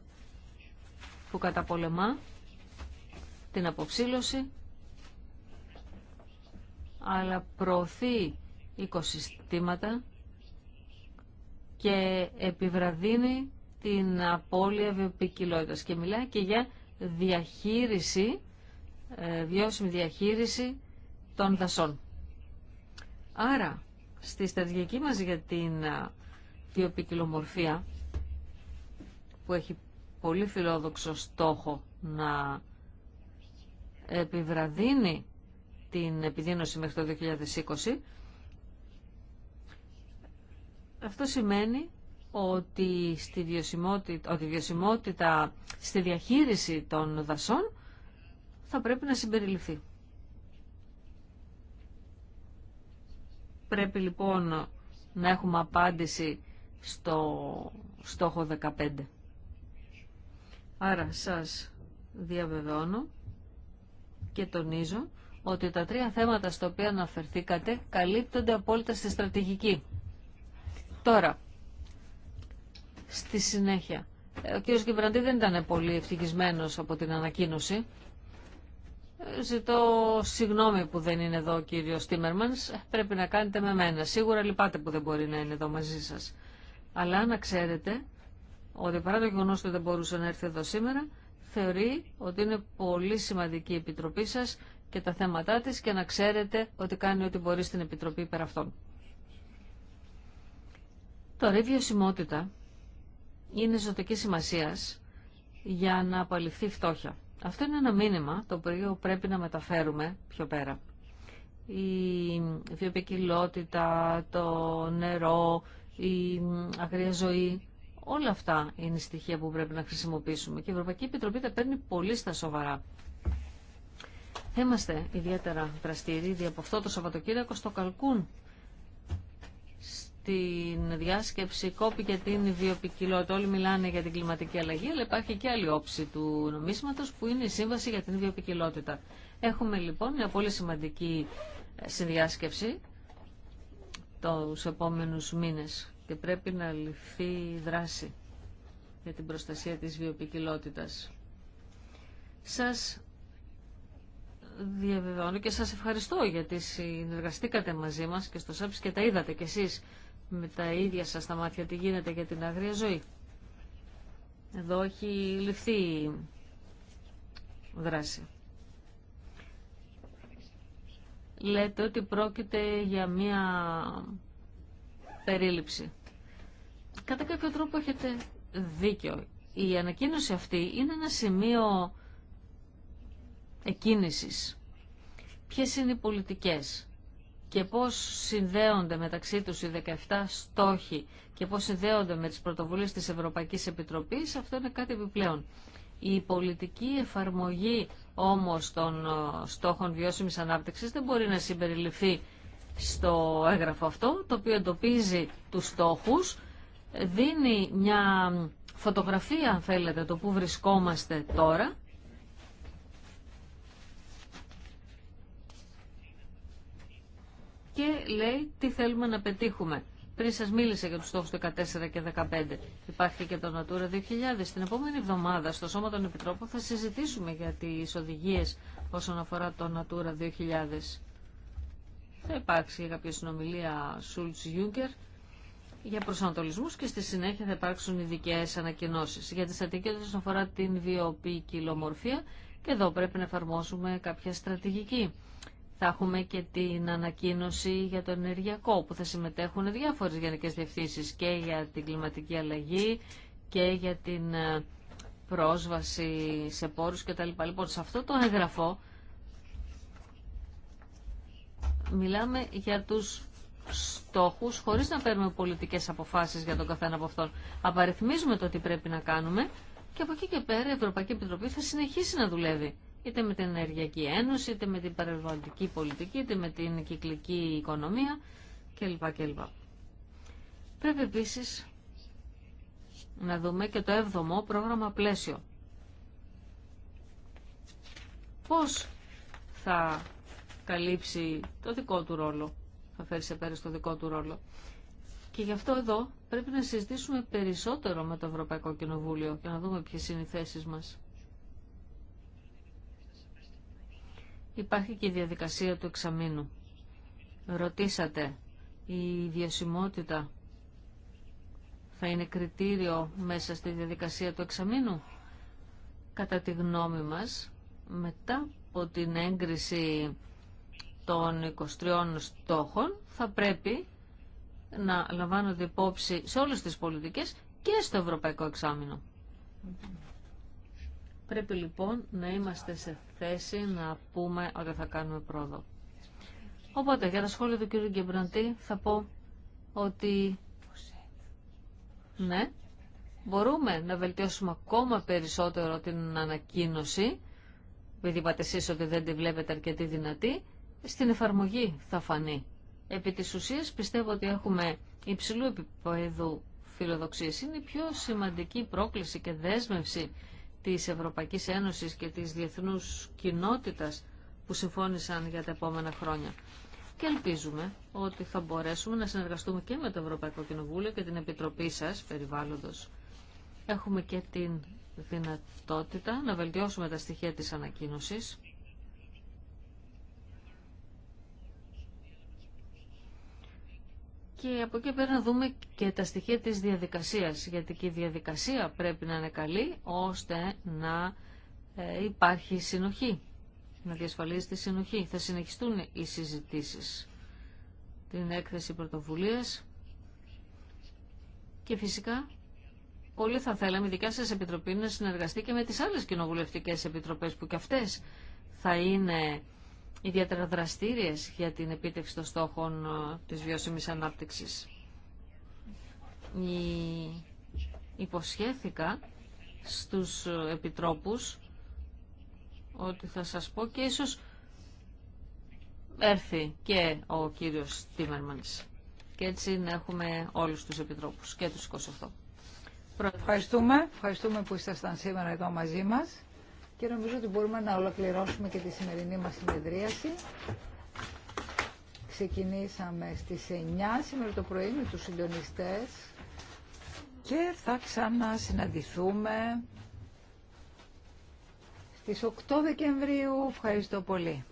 που καταπολεμά την αποψήλωση αλλά προωθεί οικοσυστήματα και επιβραδύνει την απώλεια βιοποικιλότητας και μιλάει και για διαχείριση, ε, βιώσιμη διαχείριση των δασών. Άρα, στη στρατηγική μας για την ε, βιοποικιλομορφία, που έχει πολύ φιλόδοξο στόχο να επιβραδύνει την επιδείνωση μέχρι το 2020. Αυτό σημαίνει ότι, στη βιωσιμότητα, η βιωσιμότητα στη διαχείριση των δασών θα πρέπει να συμπεριληφθεί. Πρέπει λοιπόν να έχουμε απάντηση στο στόχο 15. Άρα σας διαβεβαιώνω και τονίζω ότι τα τρία θέματα στα οποία αναφερθήκατε καλύπτονται απόλυτα στη στρατηγική. Τώρα, στη συνέχεια, ε, ο κ. Κυπραντή δεν ήταν πολύ ευτυχισμένος από την ανακοίνωση. Ε, ζητώ συγγνώμη που δεν είναι εδώ ο κύριος Τίμερμανς. Ε, πρέπει να κάνετε με μένα. Σίγουρα λυπάτε που δεν μπορεί να είναι εδώ μαζί σας. Αλλά να ξέρετε ότι παρά το γεγονό ότι δεν μπορούσε να έρθει εδώ σήμερα, θεωρεί ότι είναι πολύ σημαντική η επιτροπή σας και τα θέματά της και να ξέρετε ότι κάνει ό,τι μπορεί στην Επιτροπή πέρα αυτών. Τώρα η βιωσιμότητα είναι ζωτική σημασίας για να απαλληφθεί φτώχεια. Αυτό είναι ένα μήνυμα το οποίο πρέπει να μεταφέρουμε πιο πέρα. Η βιοπικιλότητα, το νερό, η αγρία ζωή, όλα αυτά είναι στοιχεία που πρέπει να χρησιμοποιήσουμε. Και η Ευρωπαϊκή Επιτροπή τα παίρνει πολύ στα σοβαρά. Θα είμαστε ιδιαίτερα δραστήριοι από αυτό το Σαββατοκύριακο στο Καλκούν στην διάσκεψη κόπη για την βιοπικιλότητα. Όλοι μιλάνε για την κλιματική αλλαγή, αλλά υπάρχει και άλλη όψη του νομίσματος που είναι η Σύμβαση για την Βιοπικιλότητα. Έχουμε λοιπόν μια πολύ σημαντική ε, συνδιάσκεψη τους επόμενους μήνες και πρέπει να ληφθεί δράση για την προστασία της βιοπικιλότητας. Σας διαβεβαιώνω και σας ευχαριστώ γιατί συνεργαστήκατε μαζί μας και στο ΣΑΠΣ και τα είδατε κι εσείς με τα ίδια σας τα μάτια τι γίνεται για την άγρια ζωή. Εδώ έχει ληφθεί δράση. Λέτε ότι πρόκειται για μία περίληψη. Κατά κάποιο τρόπο έχετε δίκιο. Η ανακοίνωση αυτή είναι ένα σημείο εκκίνησης. Ποιες είναι οι πολιτικές και πώς συνδέονται μεταξύ τους οι 17 στόχοι και πώς συνδέονται με τις πρωτοβουλίες της Ευρωπαϊκής Επιτροπής, αυτό είναι κάτι επιπλέον. Η πολιτική εφαρμογή όμως των ε, στόχων βιώσιμης ανάπτυξης δεν μπορεί να συμπεριληφθεί στο έγγραφο αυτό, το οποίο εντοπίζει τους στόχους, δίνει μια φωτογραφία, αν θέλετε, το που βρισκόμαστε τώρα και λέει τι θέλουμε να πετύχουμε. Πριν σας μίλησε για τους στόχους του 14 και 15. Υπάρχει και το Natura 2000. Στην επόμενη εβδομάδα στο Σώμα των Επιτρόπων θα συζητήσουμε για τις οδηγίες όσον αφορά το Natura 2000. Θα υπάρξει κάποια συνομιλία Σούλτς Γιούγκερ για προσανατολισμούς και στη συνέχεια θα υπάρξουν ειδικέ ανακοινώσεις για τις αντικές όσον αφορά την βιοποικιλομορφία και εδώ πρέπει να εφαρμόσουμε κάποια στρατηγική θα έχουμε και την ανακοίνωση για το ενεργειακό που θα συμμετέχουν διάφορες γενικές διευθύνσεις και για την κλιματική αλλαγή και για την ε, πρόσβαση σε πόρους κτλ. Λοιπόν, σε αυτό το έγγραφο μιλάμε για τους στόχους χωρίς να παίρνουμε πολιτικές αποφάσεις για τον καθένα από αυτόν. Απαριθμίζουμε το τι πρέπει να κάνουμε και από εκεί και πέρα η Ευρωπαϊκή Επιτροπή θα συνεχίσει να δουλεύει είτε με την Ενεργειακή Ένωση, είτε με την παρελθοντική πολιτική, είτε με την κυκλική οικονομία κλπ. κλπ. Πρέπει επίσης να δούμε και το 7ο πρόγραμμα πλαίσιο. Πώς θα καλύψει το δικό του ρόλο, θα φέρει σε πέρα το δικό του ρόλο. Και γι' αυτό εδώ πρέπει να συζητήσουμε περισσότερο με το Ευρωπαϊκό Κοινοβούλιο και να δούμε ποιες είναι οι θέσεις μας. Υπάρχει και η διαδικασία του εξαμήνου. Ρωτήσατε, η βιωσιμότητα θα είναι κριτήριο μέσα στη διαδικασία του εξαμήνου. Κατά τη γνώμη μας, μετά από την έγκριση των 23 στόχων, θα πρέπει να λαμβάνονται υπόψη σε όλες τις πολιτικές και στο Ευρωπαϊκό Εξάμεινο. Πρέπει λοιπόν να είμαστε σε θέση να πούμε ότι θα κάνουμε πρόοδο. Οπότε, για τα σχόλια του κ. Γκεμπραντή θα πω ότι ναι, μπορούμε να βελτιώσουμε ακόμα περισσότερο την ανακοίνωση, επειδή είπατε εσείς ότι δεν τη βλέπετε αρκετή δυνατή, στην εφαρμογή θα φανεί. Επί της ουσίας πιστεύω ότι έχουμε υψηλού επίπεδου φιλοδοξίες. Είναι η πιο σημαντική πρόκληση και δέσμευση της Ευρωπαϊκής Ένωσης και της διεθνούς κοινότητας που συμφώνησαν για τα επόμενα χρόνια. Και ελπίζουμε ότι θα μπορέσουμε να συνεργαστούμε και με το Ευρωπαϊκό Κοινοβούλιο και την Επιτροπή σας, περιβάλλοντος. Έχουμε και την δυνατότητα να βελτιώσουμε τα στοιχεία της ανακοίνωσης και από εκεί πέρα να δούμε και τα στοιχεία της διαδικασίας, γιατί και η διαδικασία πρέπει να είναι καλή ώστε να ε, υπάρχει συνοχή, να διασφαλίζεται συνοχή. Θα συνεχιστούν οι συζητήσεις, την έκθεση πρωτοβουλίας και φυσικά πολύ θα θέλαμε η δικιά σας επιτροπή να συνεργαστεί και με τις άλλες κοινοβουλευτικές επιτροπές που και αυτές θα είναι ιδιαίτερα δραστήριες για την επίτευξη των στόχων ε, της βιώσιμης ανάπτυξης. Υποσχέθηκα στους ε, επιτρόπους ότι θα σας πω και ίσως έρθει και ο κύριος Τίμερμανς. Και έτσι να έχουμε όλους τους επιτρόπους και τους 28. Ευχαριστούμε. Ευχαριστούμε που ήσασταν σήμερα εδώ μαζί μας και νομίζω ότι μπορούμε να ολοκληρώσουμε και τη σημερινή μας συνεδρίαση. Ξεκινήσαμε στις 9 σήμερα το πρωί με τους συντονιστές και θα ξανασυναντηθούμε στις 8 Δεκεμβρίου. Ευχαριστώ πολύ.